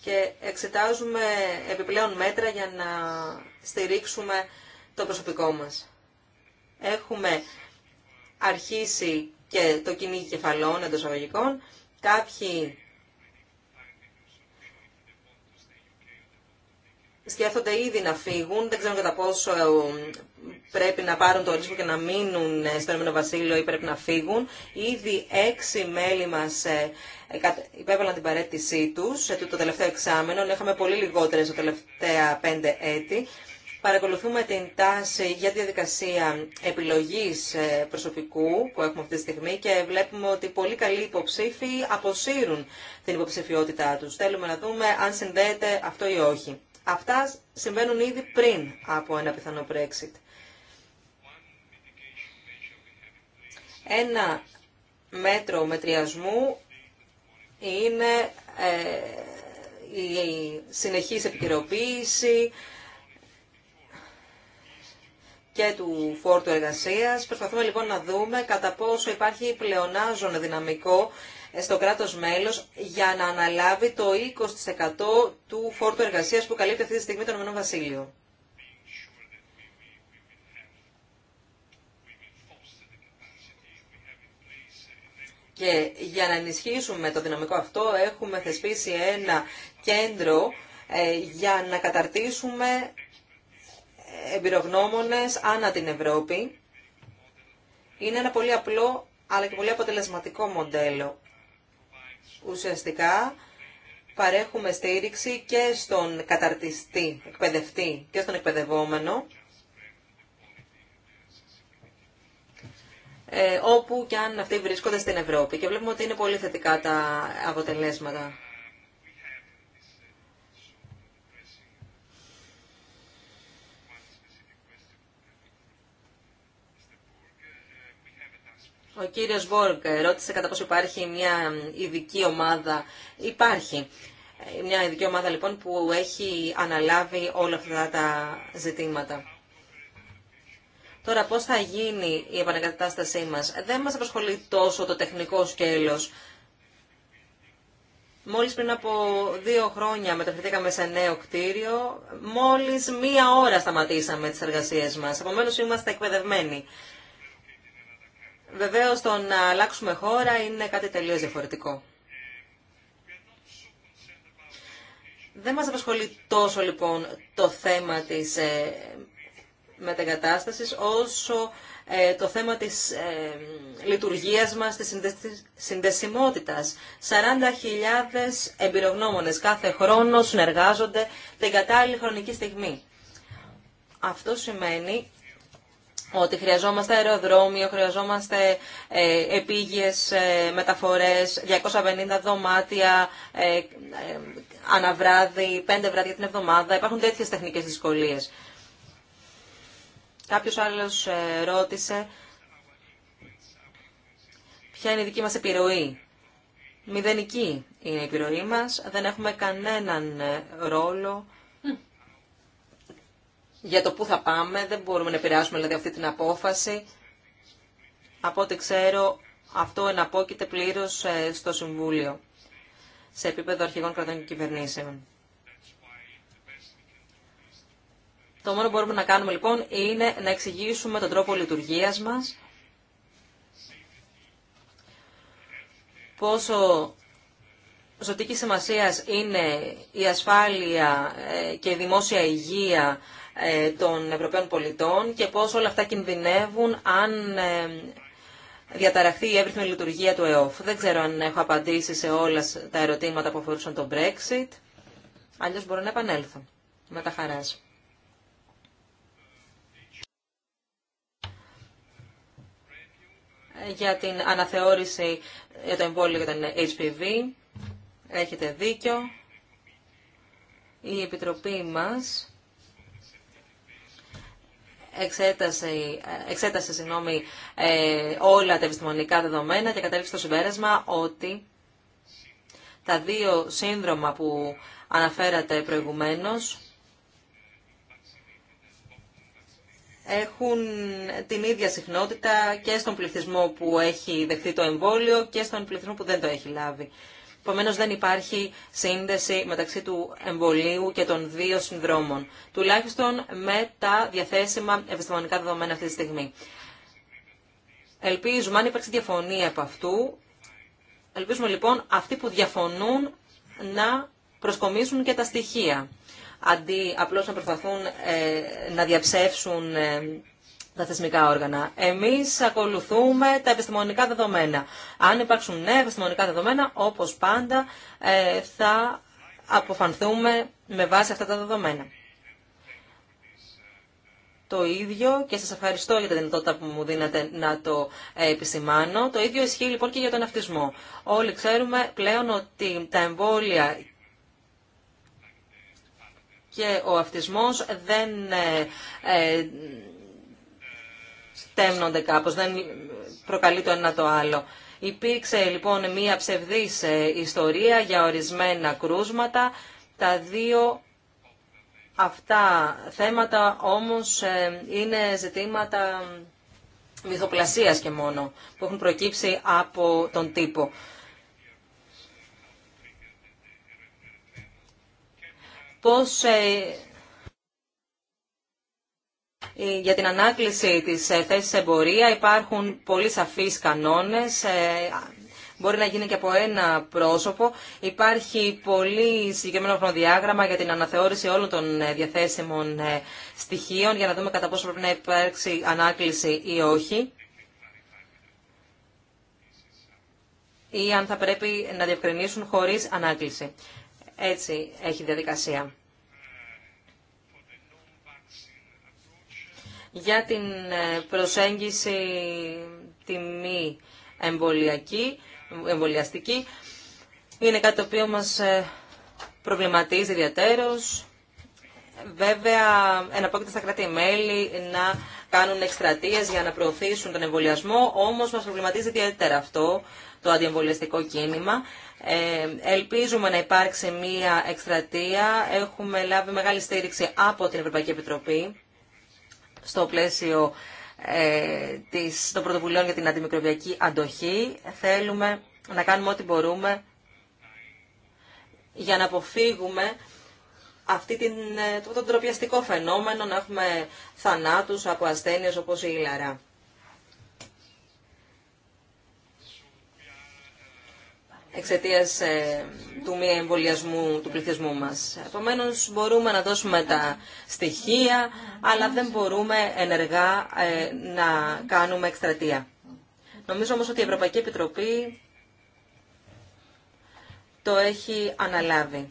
Και εξετάζουμε επιπλέον μέτρα για να στηρίξουμε το προσωπικό μας έχουμε αρχίσει και το κυνήγι κεφαλών εντό αγωγικών. Κάποιοι σκέφτονται ήδη να φύγουν, δεν ξέρουν κατά πόσο ε, πρέπει να πάρουν το ρίσκο και να μείνουν στο Ηνωμένο Βασίλειο ή πρέπει να φύγουν. Ήδη έξι μέλη μας ε, ε, υπέβαλαν την παρέτησή τους το τελευταίο εξάμενο, είχαμε πολύ λιγότερες το τελευταία πέντε έτη. Παρακολουθούμε την τάση για τη διαδικασία επιλογής ε, προσωπικού που έχουμε αυτή τη στιγμή και βλέπουμε ότι πολύ καλοί υποψήφοι αποσύρουν την υποψηφιότητά τους. Θέλουμε να δούμε αν συνδέεται αυτό ή όχι. Αυτά συμβαίνουν ήδη πριν από ένα πιθανό Brexit. Ένα μέτρο μετριασμού είναι ε, η συνεχής επικαιροποίηση, και του φόρτου εργασίας. Προσπαθούμε λοιπόν να δούμε κατά πόσο υπάρχει πλεονάζον δυναμικό ε, στο κράτος μέλος για να αναλάβει το 20% του φόρτου εργασίας που καλύπτει αυτή τη στιγμή το Ηνωμένο Βασίλειο. Και για να ενισχύσουμε το δυναμικό αυτό έχουμε θεσπίσει ένα κέντρο ε, για να καταρτήσουμε εμπειρογνώμονες ανά την Ευρώπη. Είναι ένα πολύ απλό αλλά και πολύ αποτελεσματικό μοντέλο. Ουσιαστικά παρέχουμε στήριξη και στον καταρτιστή, εκπαιδευτή και στον εκπαιδευόμενο, ε, όπου και αν αυτοί βρίσκονται στην Ευρώπη. Και βλέπουμε ότι είναι πολύ θετικά τα αποτελέσματα. Ο κύριος Βόρκ ρώτησε κατά πόσο υπάρχει μια ειδική ομάδα. Υπάρχει μια ειδική ομάδα λοιπόν που έχει αναλάβει όλα αυτά τα ζητήματα. Τώρα πώς θα γίνει η επανακατάστασή μας. Δεν μας απασχολεί τόσο το τεχνικό σκέλος. Μόλις πριν από δύο χρόνια μεταφερθήκαμε σε νέο κτίριο, μόλις μία ώρα σταματήσαμε τις εργασίες μας. Επομένως είμαστε εκπαιδευμένοι. Βεβαίω το να αλλάξουμε χώρα είναι κάτι τελείως διαφορετικό. Δεν μας απασχολεί τόσο λοιπόν το θέμα της ε, όσο ε, το θέμα της ε, λειτουργίας μας, της συνδεσιμότητας. 40.000 εμπειρογνώμονες κάθε χρόνο συνεργάζονται την κατάλληλη χρονική στιγμή. Αυτό σημαίνει ότι χρειαζόμαστε αεροδρόμιο, χρειαζόμαστε ε, επίγειες ε, μεταφορές, 250 δωμάτια ε, ε αναβράδυ, 5 βράδια την εβδομάδα. Υπάρχουν τέτοιες τεχνικές δυσκολίες. Κάποιος άλλος ε, ρώτησε ποια είναι η δική μας επιρροή. Μηδενική είναι η επιρροή μας. Δεν έχουμε κανέναν ρόλο για το πού θα πάμε. Δεν μπορούμε να επηρεάσουμε δηλαδή αυτή την απόφαση. Από ό,τι ξέρω, αυτό εναπόκειται πλήρως ε, στο Συμβούλιο, σε επίπεδο αρχηγών κρατών και κυβερνήσεων. Το μόνο που μπορούμε να κάνουμε λοιπόν είναι να εξηγήσουμε τον τρόπο λειτουργίας μας, πόσο ζωτική σημασία είναι η ασφάλεια ε, και η δημόσια υγεία ε, των Ευρωπαίων πολιτών και πώς όλα αυτά κινδυνεύουν αν ε, διαταραχθεί η εύρυθμη λειτουργία του ΕΟΦ. Δεν ξέρω αν έχω απαντήσει σε όλα τα ερωτήματα που αφορούσαν τον Brexit. Αλλιώς μπορώ να επανέλθω. Με τα χαράς. Ε, για την αναθεώρηση για το εμβόλιο για τον HPV. Έχετε δίκιο. Η Επιτροπή μας εξέτασε, εξέτασε συγγνώμη, ε, όλα τα επιστημονικά δεδομένα και κατέληξε στο συμπέρασμα ότι τα δύο σύνδρομα που αναφέρατε προηγουμένως έχουν την ίδια συχνότητα και στον πληθυσμό που έχει δεχτεί το εμβόλιο και στον πληθυσμό που δεν το έχει λάβει. Επομένω δεν υπάρχει σύνδεση μεταξύ του εμβολίου και των δύο συνδρόμων, τουλάχιστον με τα διαθέσιμα επιστημονικά δεδομένα αυτή τη στιγμή. Ελπίζουμε, αν υπάρξει διαφωνία από αυτού, ελπίζουμε λοιπόν αυτοί που διαφωνούν να προσκομίσουν και τα στοιχεία, αντί απλώς να προσπαθούν ε, να διαψεύσουν ε, τα θεσμικά όργανα. Εμείς ακολουθούμε τα επιστημονικά δεδομένα. Αν υπάρξουν νέα επιστημονικά δεδομένα, όπως πάντα, ε, θα αποφανθούμε με βάση αυτά τα δεδομένα. Το ίδιο, και σας ευχαριστώ για την δυνατότητα που μου δίνατε να το ε, επισημάνω, το ίδιο ισχύει λοιπόν και για τον αυτισμό. Όλοι ξέρουμε πλέον ότι τα εμβόλια και ο αυτισμός δεν ε, στέμνονται κάπως, δεν προκαλεί το ένα το άλλο. Υπήρξε λοιπόν μία ψευδής ε, ιστορία για ορισμένα κρούσματα. Τα δύο αυτά θέματα όμως ε, είναι ζητήματα μυθοπλασίας και μόνο, που έχουν προκύψει από τον τύπο. Πώς ε, ε, για την ανάκληση της ε, θέσης εμπορία υπάρχουν πολύ σαφείς κανόνες, ε, μπορεί να γίνει και από ένα πρόσωπο. Υπάρχει πολύ συγκεκριμένο χρονοδιάγραμμα για την αναθεώρηση όλων των διαθέσιμων στοιχείων για να δούμε κατά πόσο πρέπει να υπάρξει ανάκληση ή όχι. ή αν θα πρέπει να διευκρινίσουν χωρίς ανάκληση. Έτσι έχει διαδικασία. για την ε, προσέγγιση μη εμβολιακή, εμβολιαστική. Είναι κάτι το οποίο μας ε, προβληματίζει ιδιαίτερος. Βέβαια, εναπόκειται στα κράτη-μέλη να κάνουν εκστρατείε για να προωθήσουν τον εμβολιασμό, όμως μας προβληματίζει ιδιαίτερα αυτό το αντιεμβολιαστικό κίνημα. Ε, ελπίζουμε να υπάρξει μία εκστρατεία. Έχουμε λάβει μεγάλη στήριξη από την Ευρωπαϊκή Επιτροπή στο πλαίσιο ε, της, των πρωτοβουλίων για την αντιμικροβιακή αντοχή. Θέλουμε να κάνουμε ό,τι μπορούμε για να αποφύγουμε αυτή την, ε, το, ντροπιαστικό φαινόμενο να έχουμε θανάτους από ασθένειες όπως η λαρά. εξαιτία ε, του μη εμβολιασμού του πληθυσμού μα. Επομένω, μπορούμε να δώσουμε τα στοιχεία, αλλά δεν μπορούμε ενεργά ε, να κάνουμε εκστρατεία. Νομίζω όμως ότι η Ευρωπαϊκή Επιτροπή το έχει αναλάβει.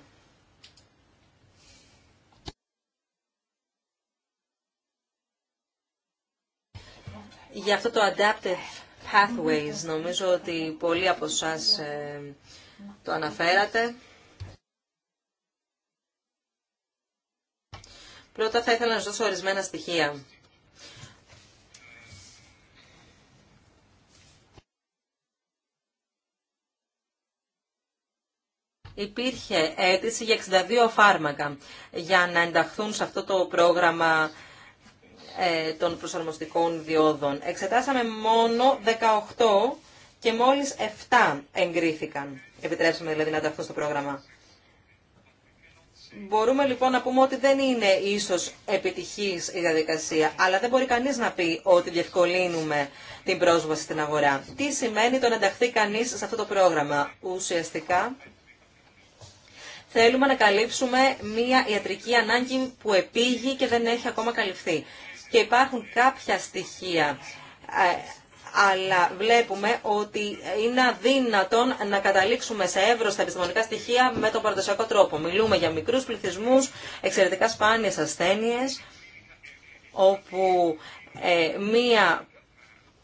Για αυτό το adaptive Pathways. Νομίζω ότι πολλοί από εσά ε, το αναφέρατε. Πρώτα θα ήθελα να σας δώσω ορισμένα στοιχεία. Υπήρχε αίτηση για 62 φάρμακα για να ενταχθούν σε αυτό το πρόγραμμα ε, των προσαρμοστικών διόδων. Εξετάσαμε μόνο 18 και μόλις 7 εγκρίθηκαν. Επιτρέψαμε δηλαδή να ενταχθούν στο πρόγραμμα. Μπορούμε λοιπόν να πούμε ότι δεν είναι ίσως επιτυχής η διαδικασία, αλλά δεν μπορεί κανείς να πει ότι διευκολύνουμε την πρόσβαση στην αγορά. Τι σημαίνει το να ενταχθεί κανείς σε αυτό το πρόγραμμα. Ουσιαστικά θέλουμε να καλύψουμε μια ιατρική ανάγκη που επήγει και δεν έχει ακόμα καλυφθεί και υπάρχουν κάποια στοιχεία ε, αλλά βλέπουμε ότι είναι αδύνατον να καταλήξουμε σε εύρο στα επιστημονικά στοιχεία με τον παραδοσιακό τρόπο. Μιλούμε για μικρούς πληθυσμούς, εξαιρετικά σπάνιες ασθένειες, όπου ε, μία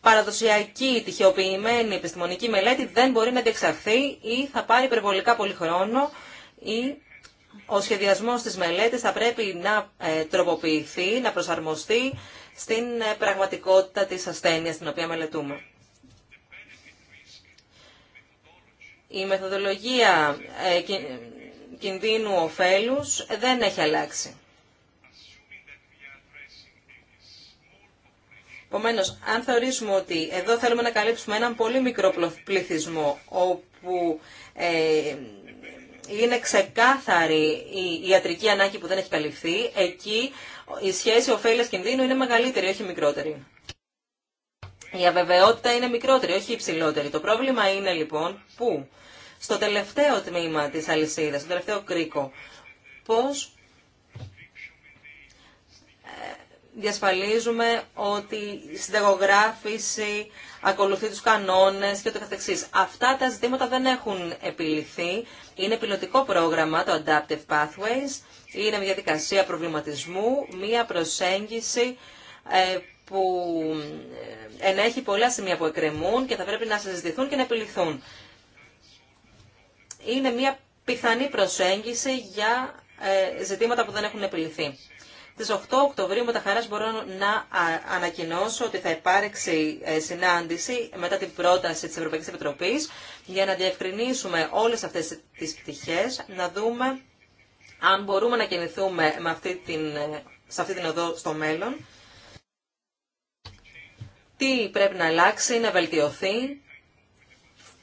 παραδοσιακή τυχεοποιημένη επιστημονική μελέτη δεν μπορεί να διεξαχθεί ή θα πάρει υπερβολικά πολύ χρόνο ή ο σχεδιασμός της μελέτης θα πρέπει να ε, τροποποιηθεί, να προσαρμοστεί στην ε, πραγματικότητα της ασθένειας την οποία μελετούμε. Η μεθοδολογία ε, κινδύνου ωφέλους δεν έχει αλλάξει. Επομένω, αν θεωρήσουμε ότι εδώ θέλουμε να καλύψουμε έναν πολύ μικρό πληθυσμό, όπου είναι ξεκάθαρη η ιατρική ανάγκη που δεν έχει καλυφθεί, εκεί η σχέση ωφέλεια κινδύνου είναι μεγαλύτερη, όχι μικρότερη. Η αβεβαιότητα είναι μικρότερη, όχι υψηλότερη. Το πρόβλημα είναι λοιπόν που στο τελευταίο τμήμα της αλυσίδας, στο τελευταίο κρίκο, πώς διασφαλίζουμε ότι η συνταγογράφηση ακολουθεί τους κανόνες και ούτω καθεξής. Αυτά τα ζητήματα δεν έχουν επιληθεί. Είναι πιλωτικό πρόγραμμα το Adaptive Pathways. Είναι μια διαδικασία προβληματισμού, μια προσέγγιση ε, που ε, ενέχει πολλά σημεία που εκκρεμούν και θα πρέπει να συζητηθούν και να επιληθούν. Είναι μια πιθανή προσέγγιση για ε, ζητήματα που δεν έχουν επιληθεί. Στις 8 Οκτωβρίου με τα χαράς μπορώ να ανακοινώσω ότι θα υπάρξει ε, συνάντηση μετά την πρόταση της Ευρωπαϊκής Επιτροπής για να διευκρινίσουμε όλες αυτές τις πτυχές, να δούμε αν μπορούμε να κινηθούμε με αυτή την, ε, σε αυτή την οδό στο μέλλον, τι πρέπει να αλλάξει, να βελτιωθεί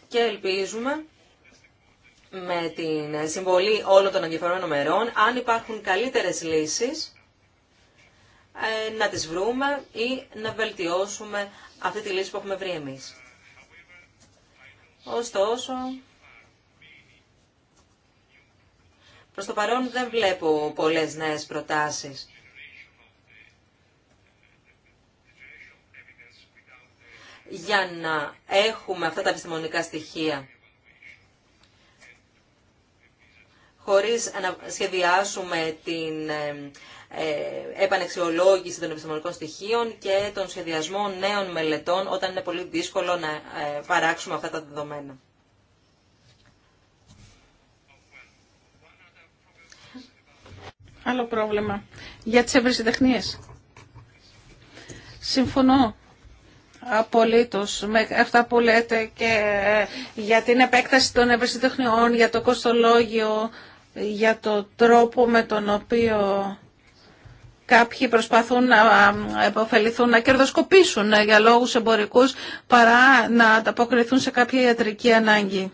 και ελπίζουμε με την συμβολή όλων των ενδιαφερόμενων μερών, αν υπάρχουν καλύτερες λύσεις, ε, να τις βρούμε ή να βελτιώσουμε αυτή τη λύση που έχουμε βρει εμείς. Ωστόσο, προς το παρόν δεν βλέπω πολλές νέες προτάσεις. για να έχουμε αυτά τα επιστημονικά στοιχεία χωρίς να σχεδιάσουμε την ε, ε, επανεξιολόγηση των επιστημονικών στοιχείων και των σχεδιασμών νέων μελετών όταν είναι πολύ δύσκολο να ε, παράξουμε αυτά τα δεδομένα. Άλλο πρόβλημα. Για τις ευρεσιτεχνίες. Συμφωνώ απολύτως με αυτά που λέτε και ε, για την επέκταση των ευρεσιτεχνιών, για το κοστολόγιο, για το τρόπο με τον οποίο Κάποιοι προσπαθούν να επωφεληθούν, να κερδοσκοπήσουν ε, για λόγους εμπορικούς παρά να ανταποκριθούν σε κάποια ιατρική ανάγκη.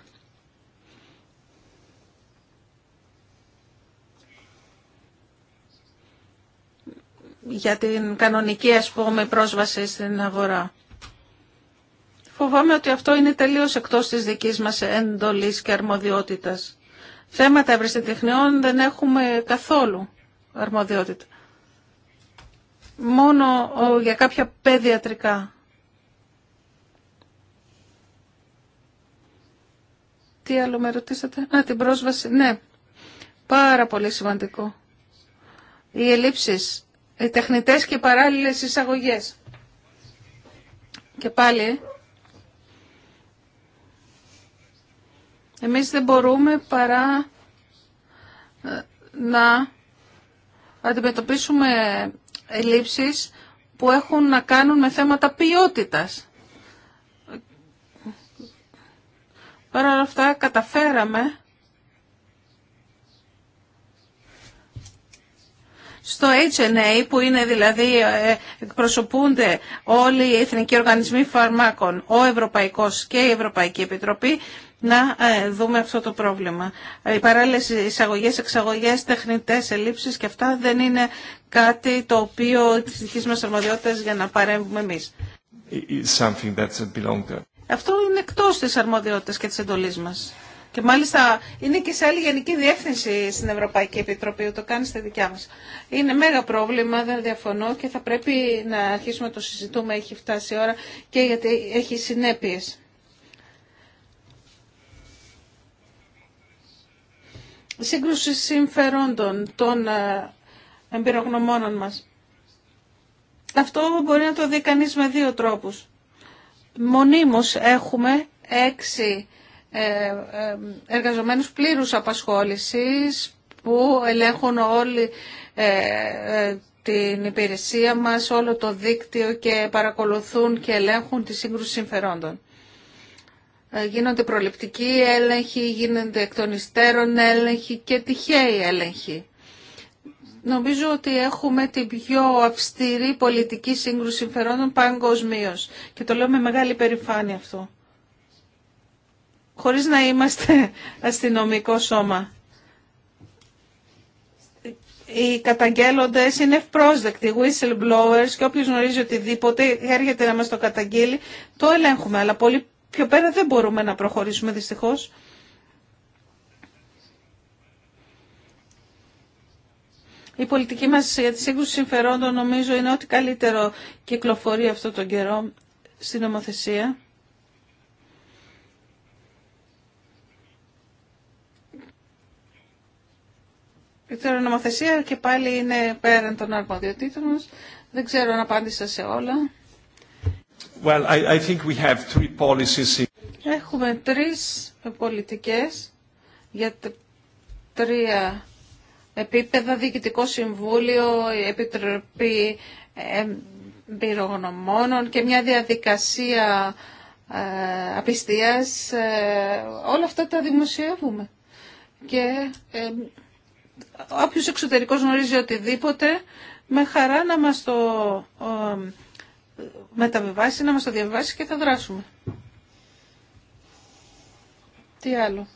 για την κανονική ας πούμε πρόσβαση στην αγορά. Φοβάμαι ότι αυτό είναι τελείως εκτός της δικής μας εντολής και αρμοδιότητας. Θέματα ευρεσιτεχνιών δεν έχουμε καθόλου αρμοδιότητα μόνο για κάποια παιδιατρικά. Τι άλλο με ρωτήσατε. Α, την πρόσβαση. Ναι, πάρα πολύ σημαντικό. Οι ελλείψεις, οι τεχνητές και οι παράλληλες εισαγωγές. Και πάλι, εμείς δεν μπορούμε παρά ε, να αντιμετωπίσουμε ελλείψεις που έχουν να κάνουν με θέματα ποιότητας. Παρ' όλα αυτά καταφέραμε στο HNA που είναι δηλαδή ε, εκπροσωπούνται όλοι οι εθνικοί οργανισμοί φαρμάκων, ο Ευρωπαϊκός και η Ευρωπαϊκή Επιτροπή να ε, δούμε αυτό το πρόβλημα. Οι παράλληλες εισαγωγές, εξαγωγές, τεχνητές ελλείψεις και αυτά δεν είναι κάτι το οποίο τις δικές μας αρμοδιότητες για να παρέμβουμε εμείς. Αυτό είναι εκτός της αρμοδιότητας και της εντολής μας. Και μάλιστα είναι και σε άλλη γενική διεύθυνση στην Ευρωπαϊκή Επιτροπή, το κάνει στη δικιά μας. Είναι μέγα πρόβλημα, δεν διαφωνώ και θα πρέπει να αρχίσουμε να το συζητούμε, έχει φτάσει η ώρα και γιατί έχει συνέπειε. σύγκρουση συμφερόντων των ε, εμπειρογνωμόνων μας. Αυτό μπορεί να το δει κανείς με δύο τρόπους. Μονίμως έχουμε έξι ε, ε, εργαζομένους πλήρους απασχόλησης που ελέγχουν όλη την υπηρεσία μας, όλο το δίκτυο και παρακολουθούν και ελέγχουν τη σύγκρουση συμφερόντων. Ε, γίνονται προληπτικοί έλεγχοι, γίνονται εκ των υστέρων έλεγχοι και τυχαίοι έλεγχοι. Νομίζω ότι έχουμε την πιο αυστηρή πολιτική σύγκρουση συμφερόντων παγκοσμίω. Και το λέω με μεγάλη περηφάνεια αυτό. Χωρίς να είμαστε [LAUGHS] αστυνομικό σώμα. Οι καταγγέλλοντες είναι ευπρόσδεκτοι, whistleblowers και όποιο γνωρίζει οτιδήποτε έρχεται να μας το καταγγείλει, το ελέγχουμε. Αλλά πολύ πιο πέρα δεν μπορούμε να προχωρήσουμε δυστυχώς. Η πολιτική μας για τη σύγκρουση συμφερόντων νομίζω είναι ότι καλύτερο κυκλοφορεί αυτό τον καιρό στην νομοθεσία. Η νομοθεσία και πάλι είναι πέραν των αρμοδιοτήτων μας. Δεν ξέρω αν απάντησα σε όλα. Well, I, I think we have three policies. Έχουμε τρεις πολιτικές για τρία επίπεδα, Διοικητικό Συμβούλιο, Επιτροπή Εμπειρογνωμόνων και μια διαδικασία ε, απιστίας. Ε, όλα αυτά τα δημοσιεύουμε. Και ε, όποιος εξωτερικός γνωρίζει οτιδήποτε, με χαρά να μας το... Ε, μεταβιβάσει, να μας το διαβάσει και θα δράσουμε. Τι άλλο.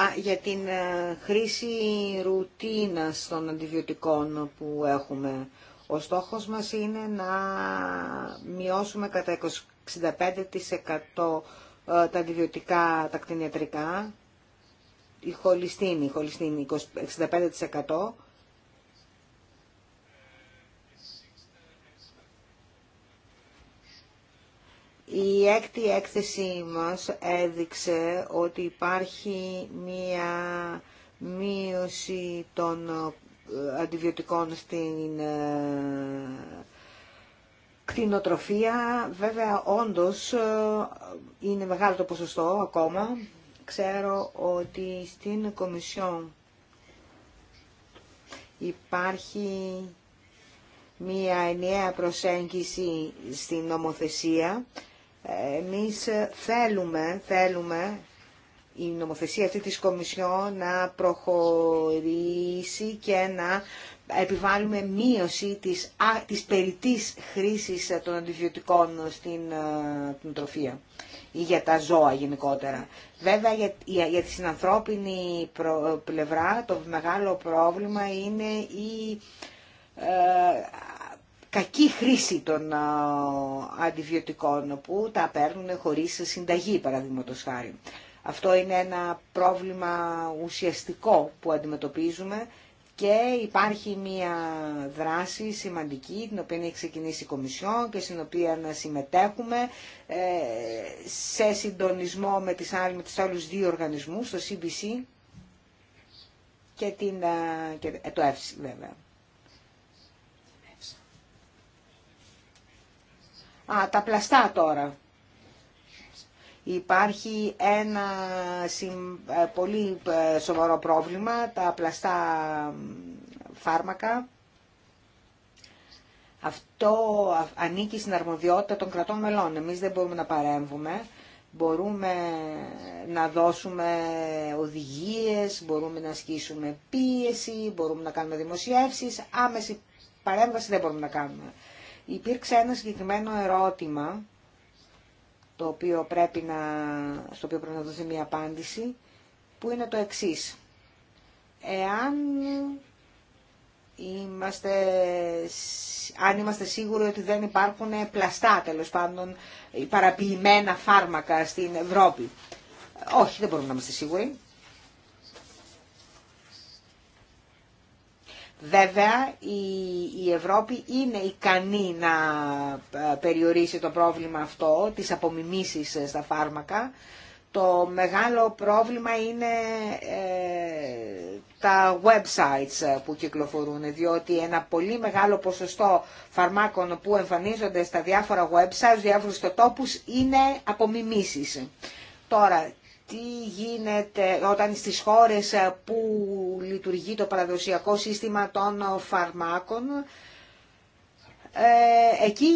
Α, για την ε, χρήση ρουτίνας των αντιβιωτικών που έχουμε. Ο στόχος μας είναι να μειώσουμε κατά 65% ε, τα αντιβιωτικά, τα κτηνιατρικά η χολιστίνη, η χολιστίνη 65% Η έκτη έκθεση μας έδειξε ότι υπάρχει μία μείωση των ε, αντιβιωτικών στην ε, κτηνοτροφία. Βέβαια, όντως, ε, είναι μεγάλο το ποσοστό ακόμα, ξέρω ότι στην Κομισιόν υπάρχει μία ενιαία προσέγγιση στην νομοθεσία. Εμείς θέλουμε, θέλουμε η νομοθεσία αυτή της Κομισιόν να προχωρήσει και να επιβάλλουμε μείωση της, της περιτής χρήσης των αντιβιωτικών στην, ε, τροφία ή για τα ζώα γενικότερα. Βέβαια για, για, για τη συνανθρώπινη πλευρά το μεγάλο πρόβλημα είναι η ε, κακή χρήση των ε, αντιβιωτικών που τα παίρνουν χωρίς συνταγή παραδείγματος χάρη. Αυτό είναι ένα πρόβλημα ουσιαστικό που αντιμετωπίζουμε και υπάρχει μια δράση σημαντική την οποία έχει ξεκινήσει η Κομισιόν και στην οποία να συμμετέχουμε ε, σε συντονισμό με, τις άλλες, με τις δύο οργανισμούς, το CBC και, την, ε, και ε, το EFSI βέβαια. Α, τα πλαστά τώρα. Υπάρχει ένα ε, πολύ ε, σοβαρό πρόβλημα, τα πλαστά φάρμακα. Αυτό ανήκει στην αρμοδιότητα των κρατών μελών. Εμείς δεν μπορούμε να παρέμβουμε. Μπορούμε να δώσουμε οδηγίες, μπορούμε να ασκήσουμε πίεση, μπορούμε να κάνουμε δημοσιεύσεις. Άμεση παρέμβαση δεν μπορούμε να κάνουμε. Υπήρξε ένα συγκεκριμένο ερώτημα το οποίο πρέπει να, στο οποίο πρέπει να δοθεί μια απάντηση, που είναι το εξής. Εάν είμαστε, αν είμαστε σίγουροι ότι δεν υπάρχουν πλαστά, τέλος πάντων, παραποιημένα φάρμακα στην Ευρώπη. Όχι, δεν μπορούμε να είμαστε σίγουροι. Βέβαια, η Ευρώπη είναι ικανή να ε, περιορίσει το πρόβλημα αυτό, τις απομιμήσεις ε, στα φάρμακα. Το μεγάλο πρόβλημα είναι ε, τα websites που κυκλοφορούν, διότι ένα πολύ μεγάλο ποσοστό φαρμάκων που εμφανίζονται στα διάφορα websites, διάφορους τοπούς, είναι απομιμήσεις. Τώρα, τι γίνεται όταν στις χώρες που λειτουργεί το παραδοσιακό σύστημα των φαρμάκων, ε, εκεί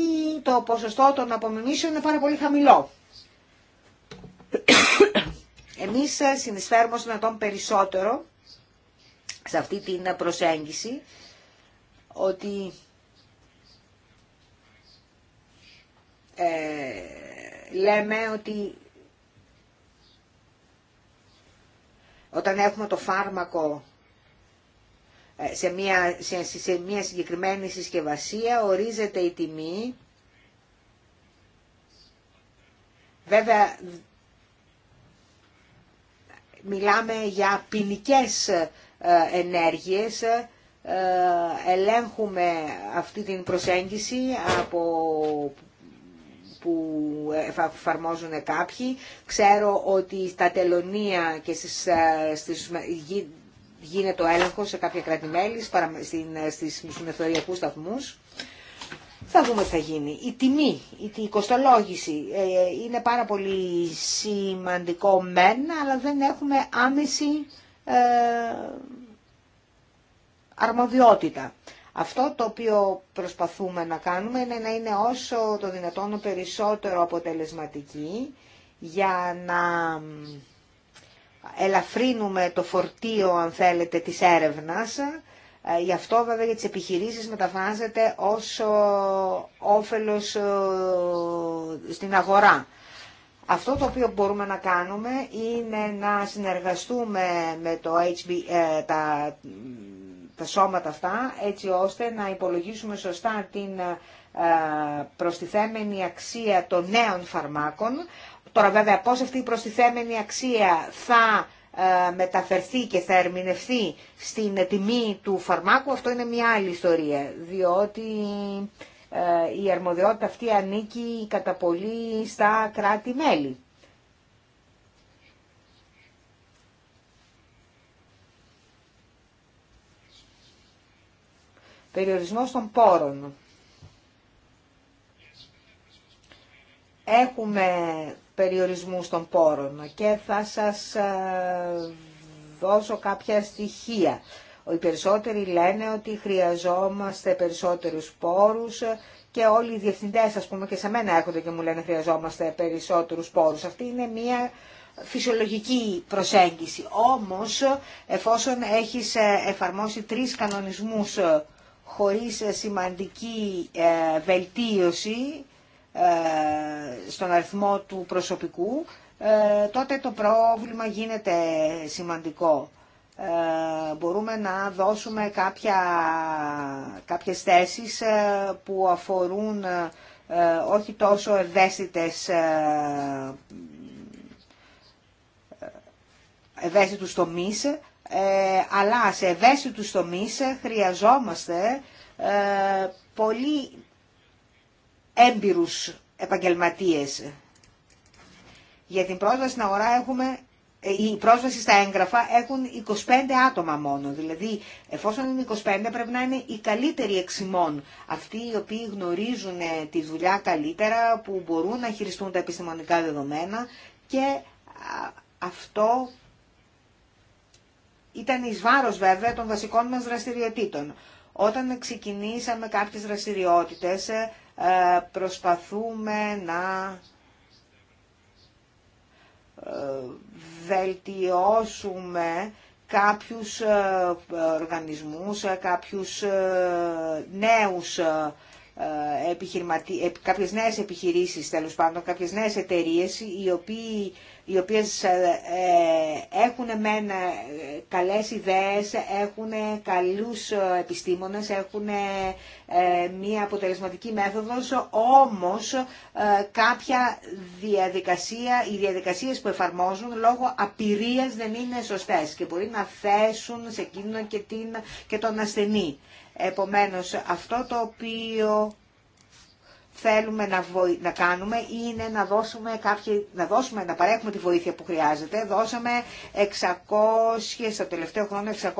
το ποσοστό των απομιμήσεων είναι πάρα πολύ χαμηλό. Εμείς συνεισφέρουμε να τον περισσότερο σε αυτή την προσέγγιση ότι ε, λέμε ότι Όταν έχουμε το φάρμακο ε, σε μια, σε, σε μια συγκεκριμένη συσκευασία, ορίζεται η τιμή. Βέβαια, μιλάμε για ποινικέ ε, ενέργειες, ε, ελέγχουμε αυτή την προσέγγιση από που εφαρμόζουν κάποιοι. Ξέρω ότι στα τελωνία και στις, ε, στις γίνεται ο έλεγχο σε κάποια κράτη-μέλη, στους μεθοριακούς ε, σταθμούς. Θα δούμε τι θα γίνει. Η τιμή, η κοστολόγηση ε, είναι πάρα πολύ σημαντικό μεν, αλλά δεν έχουμε άμεση αρμοδιότητα. Αυτό το οποίο προσπαθούμε να κάνουμε είναι να είναι όσο το δυνατόν περισσότερο αποτελεσματική για να ελαφρύνουμε το φορτίο, αν θέλετε, της έρευνας. Ε, γι' αυτό βέβαια για τις επιχειρήσεις μεταφράζεται όσο όφελος ε, στην αγορά. Αυτό το οποίο μπορούμε να κάνουμε είναι να συνεργαστούμε με το HB, ε, τα, τα σώματα αυτά, έτσι ώστε να υπολογίσουμε σωστά την ε, προστιθέμενη αξία των νέων φαρμάκων. Τώρα βέβαια πώς αυτή η προστιθέμενη αξία θα ε, μεταφερθεί και θα ερμηνευθεί στην τιμή του φαρμάκου, αυτό είναι μια άλλη ιστορία, διότι ε, η αρμοδιότητα αυτή ανήκει κατά πολύ στα κράτη-μέλη. Περιορισμός των πόρων. Έχουμε περιορισμούς των πόρων και θα σας ε, δώσω κάποια στοιχεία. Οι περισσότεροι λένε ότι χρειαζόμαστε περισσότερους πόρους και όλοι οι διευθυντές, ας πούμε, και σε μένα έρχονται και μου λένε χρειαζόμαστε περισσότερους πόρους. Αυτή είναι μία φυσιολογική προσέγγιση. Όμως, εφόσον έχεις ε, εφαρμόσει τρεις κανονισμούς χωρίς σημαντική ε, βελτίωση ε, στον αριθμό του προσωπικού, ε, τότε το πρόβλημα γίνεται σημαντικό. Μπορούμε να δώσουμε κάποια, κάποιες θέσεις που αφορούν όχι τόσο ευαίσθητες ευαίσθητους τομείς, ε, αλλά σε ευαίσθητους τομείς χρειαζόμαστε ε, πολύ έμπειρους επαγγελματίες. Για την πρόσβαση στην αγορά έχουμε, ε, η πρόσβαση στα έγγραφα έχουν 25 άτομα μόνο. Δηλαδή, εφόσον είναι 25 πρέπει να είναι οι καλύτεροι εξημών. Αυτοί οι οποίοι γνωρίζουν τη δουλειά καλύτερα, που μπορούν να χειριστούν τα επιστημονικά δεδομένα και αυτό ήταν εις βάρος βέβαια των βασικών μας δραστηριοτήτων. Όταν ξεκινήσαμε κάποιες δραστηριότητες ε, προσπαθούμε να ε, βελτιώσουμε κάποιους ε, οργανισμούς, κάποιους νέους επιχειρηματι... κάποιες νέες επιχειρήσεις τέλος πάντων, κάποιες νέες εταιρείες οι οποίοι οι οποίες ε, ε, έχουν μεν ε, καλές ιδέες, έχουν καλούς επιστήμονες, έχουν μία αποτελεσματική μέθοδος, όμως κάποια διαδικασία, οι διαδικασίες που εφαρμόζουν λόγω απειρίας δεν είναι σωστές και μπορεί να θέσουν σε κίνδυνο και, την, και τον ασθενή. Επομένως, αυτό το οποίο θέλουμε να, να κάνουμε είναι να δώσουμε, να δώσουμε, να παρέχουμε τη βοήθεια που χρειάζεται. Δώσαμε 600, στο τελευταίο χρόνο 600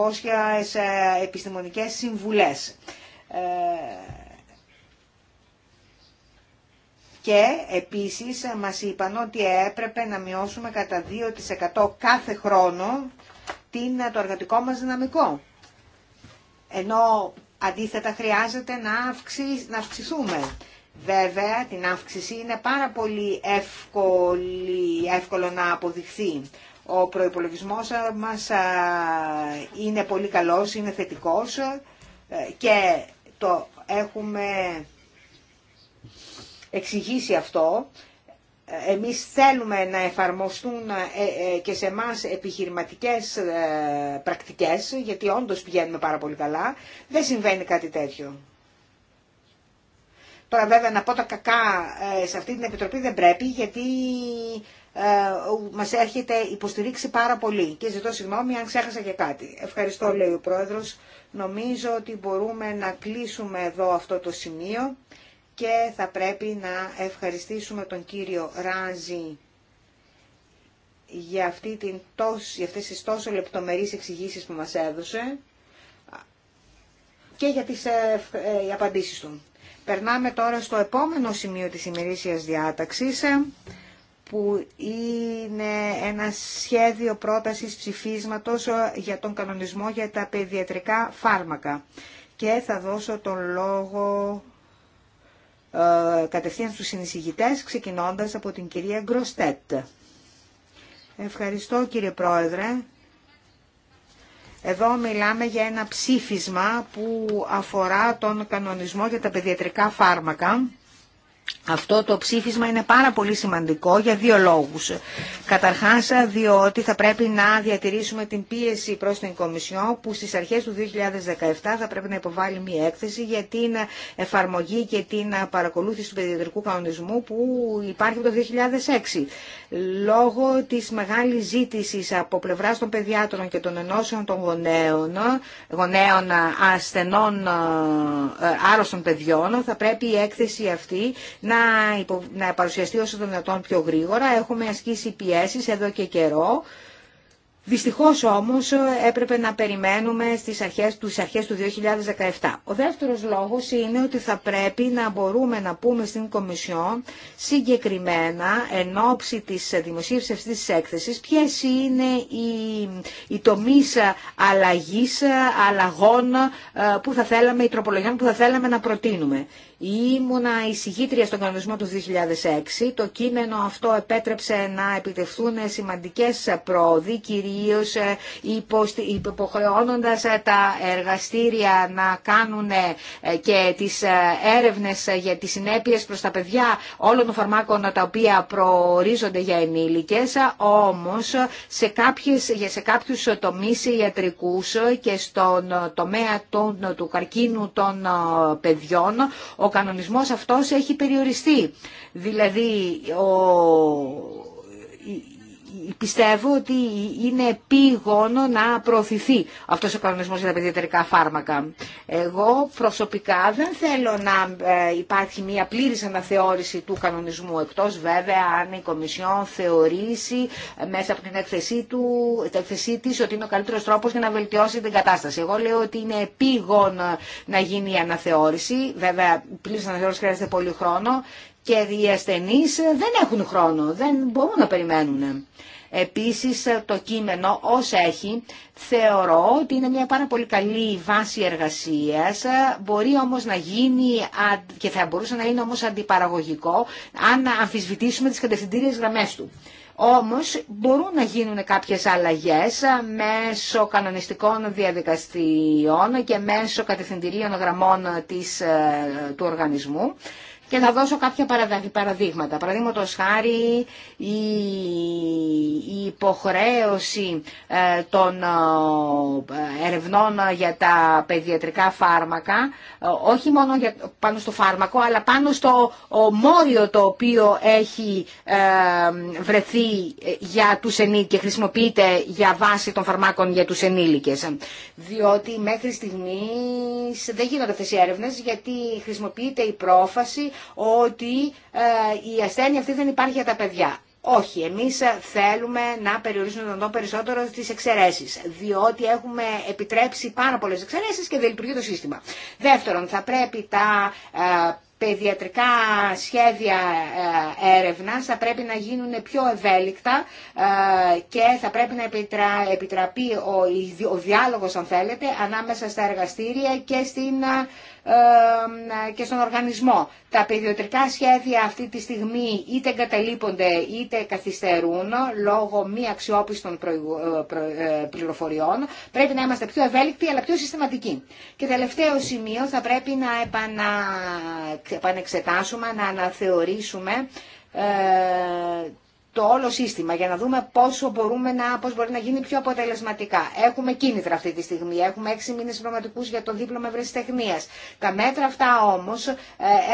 ε, επιστημονικές συμβουλές. Ε, και επίσης ε, μας είπαν ότι έπρεπε να μειώσουμε κατά 2% κάθε χρόνο την, το εργατικό μας δυναμικό. Ενώ αντίθετα χρειάζεται να, αυξήσουμε. Βέβαια, την αύξηση είναι πάρα πολύ εύκολο να αποδειχθεί. Ο προϋπολογισμός μας είναι πολύ καλός, είναι θετικός ε, και το έχουμε εξηγήσει αυτό. Εμείς θέλουμε να εφαρμοστούν ε, ε, και σε μας επιχειρηματικές πρακτικές, γιατί όντως πηγαίνουμε πάρα πολύ καλά. Δεν συμβαίνει κάτι τέτοιο. Τώρα βέβαια να πω τα κακά ε, σε αυτή την επιτροπή δεν πρέπει γιατί ε, μας έρχεται υποστηρίξει πάρα πολύ και ζητώ συγγνώμη αν ξέχασα και κάτι. Ευχαριστώ λέει ο Πρόεδρος. Νομίζω ότι μπορούμε να κλείσουμε εδώ αυτό το σημείο και θα πρέπει να ευχαριστήσουμε τον κύριο Ράζη για, αυτή την, για αυτές τις τόσο λεπτομερείς εξηγήσει που μας έδωσε και για τις ε, απαντήσεις του. Περνάμε τώρα στο επόμενο σημείο της ημερήσιας διάταξης που είναι ένα σχέδιο πρότασης ψηφίσματος για τον κανονισμό για τα παιδιατρικά φάρμακα. Και θα δώσω τον λόγο ε, κατευθείαν στους συνεισηγητές, ξεκινώντας από την κυρία Γκροστέτ. Ευχαριστώ κύριε Πρόεδρε. Εδώ μιλάμε για ένα ψήφισμα που αφορά τον κανονισμό για τα παιδιατρικά φάρμακα αυτό το ψήφισμα είναι πάρα πολύ σημαντικό για δύο λόγους. Καταρχάς διότι θα πρέπει να διατηρήσουμε την πίεση προς την Κομισιό που στις αρχές του 2017 θα πρέπει να υποβάλει μία έκθεση για την εφαρμογή και την παρακολούθηση του παιδιατρικού κανονισμού που υπάρχει από το 2006. Λόγω της μεγάλης ζήτησης από πλευράς των παιδιάτρων και των ενώσεων των γονέων, γονέων ασθενών ε, άρρωστων παιδιών θα πρέπει η έκθεση αυτή να, να παρουσιαστεί όσο το δυνατόν πιο γρήγορα. Έχουμε ασκήσει πιέσεις εδώ και καιρό Δυστυχώς όμως ε, έπρεπε να περιμένουμε στις αρχές, αρχές του 2017. Ο δεύτερος λόγος είναι ότι θα πρέπει να μπορούμε να πούμε στην Κομισιόν συγκεκριμένα εν ώψη της δημοσίευσης αυτής της έκθεσης ποιες είναι οι, οι τομείς αλλαγής, αλλαγών ε, που θα θέλαμε, οι τροπολογιών που θα θέλαμε να προτείνουμε. Ήμουνα εισηγήτρια στον κανονισμό του 2006. Το κείμενο αυτό επέτρεψε να επιτευχθούν σημαντικές πρόοδοι, κυρίως κυρίως ε, υποχρεώνοντας ε, τα εργαστήρια να κάνουν ε, και τις έρευνες για τις συνέπειες προς τα παιδιά όλων των φαρμάκων τα οποία προορίζονται για ενήλικες, όμως σε, κάποιες, για σε κάποιους τομείς ιατρικούς και στον τομέα του καρκίνου των παιδιών, ο κανονισμός αυτός έχει περιοριστεί. Δηλαδή, πιστεύω ότι είναι επίγονο να προωθηθεί αυτός ο κανονισμός για τα παιδιατρικά φάρμακα. Εγώ προσωπικά δεν θέλω να ε, υπάρχει μια πλήρης αναθεώρηση του κανονισμού, εκτός βέβαια αν η Κομισιόν θεωρήσει ε, μέσα από την έκθεσή, του, την έκθεσή της ότι είναι ο καλύτερος τρόπος για να βελτιώσει την κατάσταση. Εγώ λέω ότι είναι επίγον να γίνει η αναθεώρηση, βέβαια πλήρης αναθεώρηση χρειάζεται πολύ χρόνο και οι ασθενεί δεν έχουν χρόνο, δεν μπορούν να περιμένουν. Επίσης το κείμενο ως έχει θεωρώ ότι είναι μια πάρα πολύ καλή βάση εργασίας, μπορεί όμως να γίνει και θα μπορούσε να είναι όμως αντιπαραγωγικό αν αμφισβητήσουμε τις κατευθυντήριες γραμμές του. Όμως μπορούν να γίνουν κάποιες αλλαγές μέσω κανονιστικών διαδικασίων και μέσω κατευθυντηρίων γραμμών της, ε, του οργανισμού και θα δώσω κάποια παραδείγματα. Παραδείγματο χάρη η υποχρέωση ε, των ε, ερευνών για τα παιδιατρικά φάρμακα, ε, όχι μόνο πάνω στο φάρμακο, αλλά πάνω στο μόριο το οποίο έχει βρεθεί για τους ενήλικες και χρησιμοποιείται για βάση των φαρμάκων για τους ενήλικες. Διότι μέχρι στιγμής δεν γίνονται αυτές οι έρευνες γιατί χρησιμοποιείται η πρόφαση ότι ε, η ασθένεια αυτή δεν υπάρχει για τα παιδιά. Όχι, εμείς ε, θέλουμε να περιορίσουμε τον τόπο περισσότερο τις εξαιρέσεις, διότι έχουμε επιτρέψει πάρα πολλές εξαιρέσεις και δεν λειτουργεί το σύστημα. Δεύτερον, θα πρέπει τα ε, παιδιατρικά σχέδια έρευνας θα πρέπει να γίνουν πιο ευέλικτα και θα πρέπει να επιτραπεί ο διάλογος, αν θέλετε, ανάμεσα στα εργαστήρια και στην ε, και στον οργανισμό. Τα παιδιοτρικά σχέδια αυτή τη στιγμή είτε εγκαταλείπονται είτε καθυστερούν λόγω μη αξιόπιστων ε, ε, πληροφοριών. Πρέπει να είμαστε πιο ευέλικτοι αλλά πιο συστηματικοί. Και τελευταίο σημείο θα πρέπει να επανα... επανεξετάσουμε, να αναθεωρήσουμε το όλο σύστημα για να δούμε πόσο μπορούμε να, πώς μπορεί να γίνει πιο αποτελεσματικά. Έχουμε κίνητρα αυτή τη στιγμή, έχουμε έξι μήνες πραγματικούς για το δίπλωμα ευρεσιτεχνίας. Τα μέτρα αυτά όμως ε,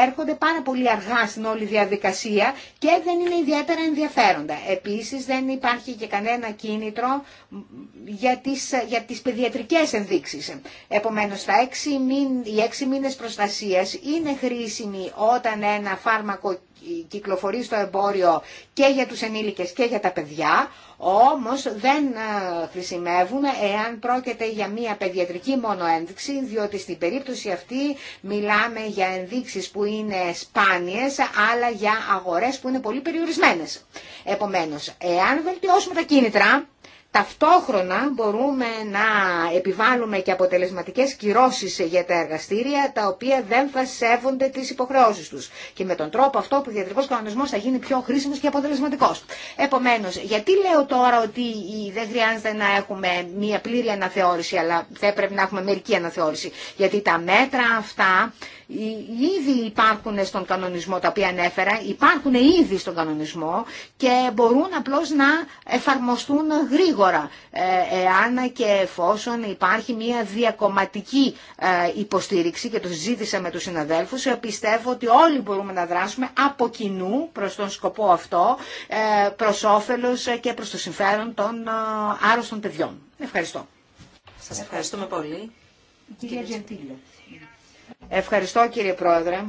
έρχονται πάρα πολύ αργά στην όλη διαδικασία και δεν είναι ιδιαίτερα ενδιαφέροντα. Επίσης δεν υπάρχει και κανένα κίνητρο για τις, για τις παιδιατρικές ενδείξεις. Επομένως οι έξι μήνες προστασίας είναι χρήσιμοι όταν ένα φάρμακο κυκλοφορεί στο εμπόριο και για τους ενήλικες και για τα παιδιά, όμως δεν ε, χρησιμεύουν εάν πρόκειται για μία παιδιατρική μόνο ένδειξη, διότι στην περίπτωση αυτή μιλάμε για ενδείξεις που είναι σπάνιες, αλλά για αγορές που είναι πολύ περιορισμένες. Επομένως, εάν βελτιώσουμε τα κίνητρα, Ταυτόχρονα μπορούμε να επιβάλλουμε και αποτελεσματικές κυρώσεις για τα εργαστήρια τα οποία δεν θα σέβονται τις υποχρεώσεις τους. Και με τον τρόπο αυτό που ο διατρικός κανονισμός θα γίνει πιο χρήσιμος και αποτελεσματικός. Επομένως, γιατί λέω τώρα ότι δεν χρειάζεται να έχουμε μια πλήρη αναθεώρηση αλλά θα έπρεπε να έχουμε μερική αναθεώρηση. Γιατί τα μέτρα αυτά ήδη υπάρχουν στον κανονισμό, τα οποία ανέφερα, υπάρχουν ήδη στον κανονισμό και μπορούν απλώς να εφαρμοστούν γρήγορα, ε, εάν και εφόσον υπάρχει μια διακομματική ε, υποστήριξη και το συζήτησα με τους συναδέλφους, ε, πιστεύω ότι όλοι μπορούμε να δράσουμε από κοινού προς τον σκοπό αυτό, προς όφελος και προς το συμφέρον των άρρωστων παιδιών. Ευχαριστώ. Σας ευχαριστούμε πολύ. Κυρία Ευχαριστώ κύριε Πρόεδρε.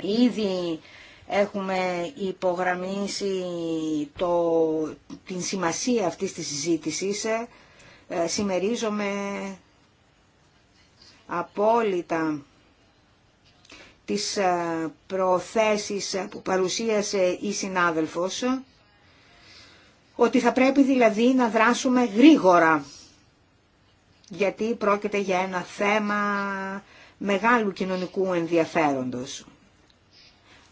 Ήδη έχουμε υπογραμμίσει το, την σημασία αυτής της συζήτησης. Ε, απόλυτα τις ε, προθέσεις που παρουσίασε η συνάδελφος, ότι θα πρέπει δηλαδή να δράσουμε γρήγορα γιατί πρόκειται για ένα θέμα μεγάλου κοινωνικού ενδιαφέροντος.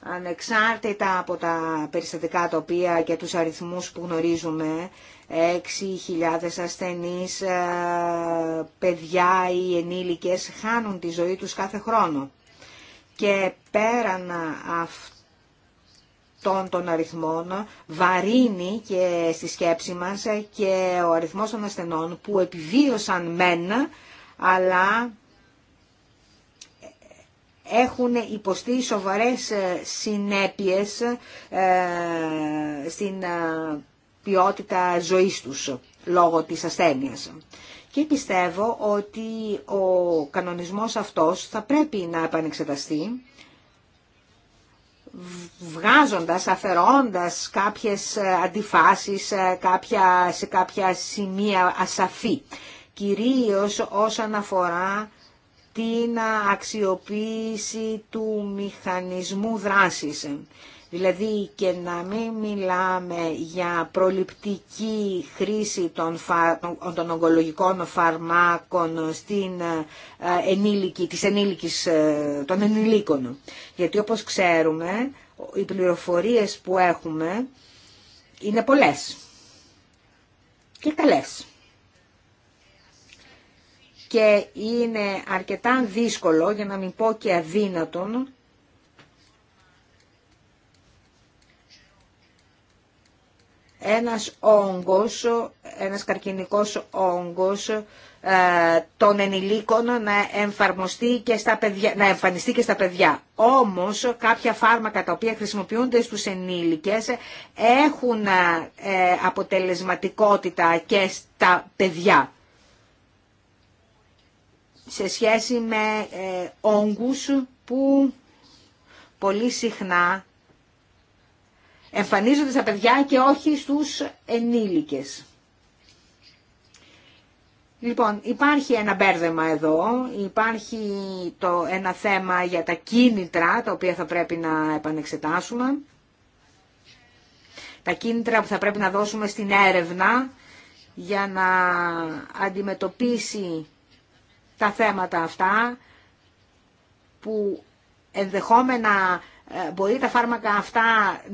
Ανεξάρτητα από τα περιστατικά τοπία και τους αριθμούς που γνωρίζουμε, 6.000 ασθενείς, ε, παιδιά ή ενήλικες χάνουν τη ζωή τους κάθε χρόνο. Και πέραν αυτού, αυτών των αριθμών βαρύνει και στη σκέψη μας και ο αριθμός των ασθενών που επιβίωσαν μένα αλλά έχουν υποστεί σοβαρές συνέπειες ε, στην ε, ποιότητα ζωής τους λόγω της ασθένειας. Και πιστεύω ότι ο κανονισμός αυτός θα πρέπει να επανεξεταστεί βγάζοντας, αφαιρώντας κάποιες ε, αντιφάσεις ε, κάποια, σε κάποια σημεία ασαφή. Κυρίως όσον αφορά την αξιοποίηση του μηχανισμού δράσης. Δηλαδή και να μην μιλάμε για προληπτική χρήση των, φα... ογκολογικών φαρμάκων στην ε, ενήλικη, της ενήλικης, ε, των ενηλίκων. Γιατί όπως ξέρουμε, οι πληροφορίες που έχουμε είναι πολλές και καλές. Και είναι αρκετά δύσκολο, για να μην πω και αδύνατον, ένας όγκος, ένας καρκινικός όγκος ε, των ενηλίκων να, εμφαρμοστεί και στα παιδιά, να εμφανιστεί και στα παιδιά. Όμως κάποια φάρμακα τα οποία χρησιμοποιούνται στους ενήλικες έχουν ε, αποτελεσματικότητα και στα παιδιά σε σχέση με ε, όγκους που πολύ συχνά εμφανίζονται στα παιδιά και όχι στους ενήλικες. Λοιπόν, υπάρχει ένα μπέρδεμα εδώ, υπάρχει το, ένα θέμα για τα κίνητρα, τα οποία θα πρέπει να επανεξετάσουμε. Τα κίνητρα που θα πρέπει να δώσουμε στην έρευνα για να αντιμετωπίσει τα θέματα αυτά που ενδεχόμενα ε, μπορεί τα φάρμακα αυτά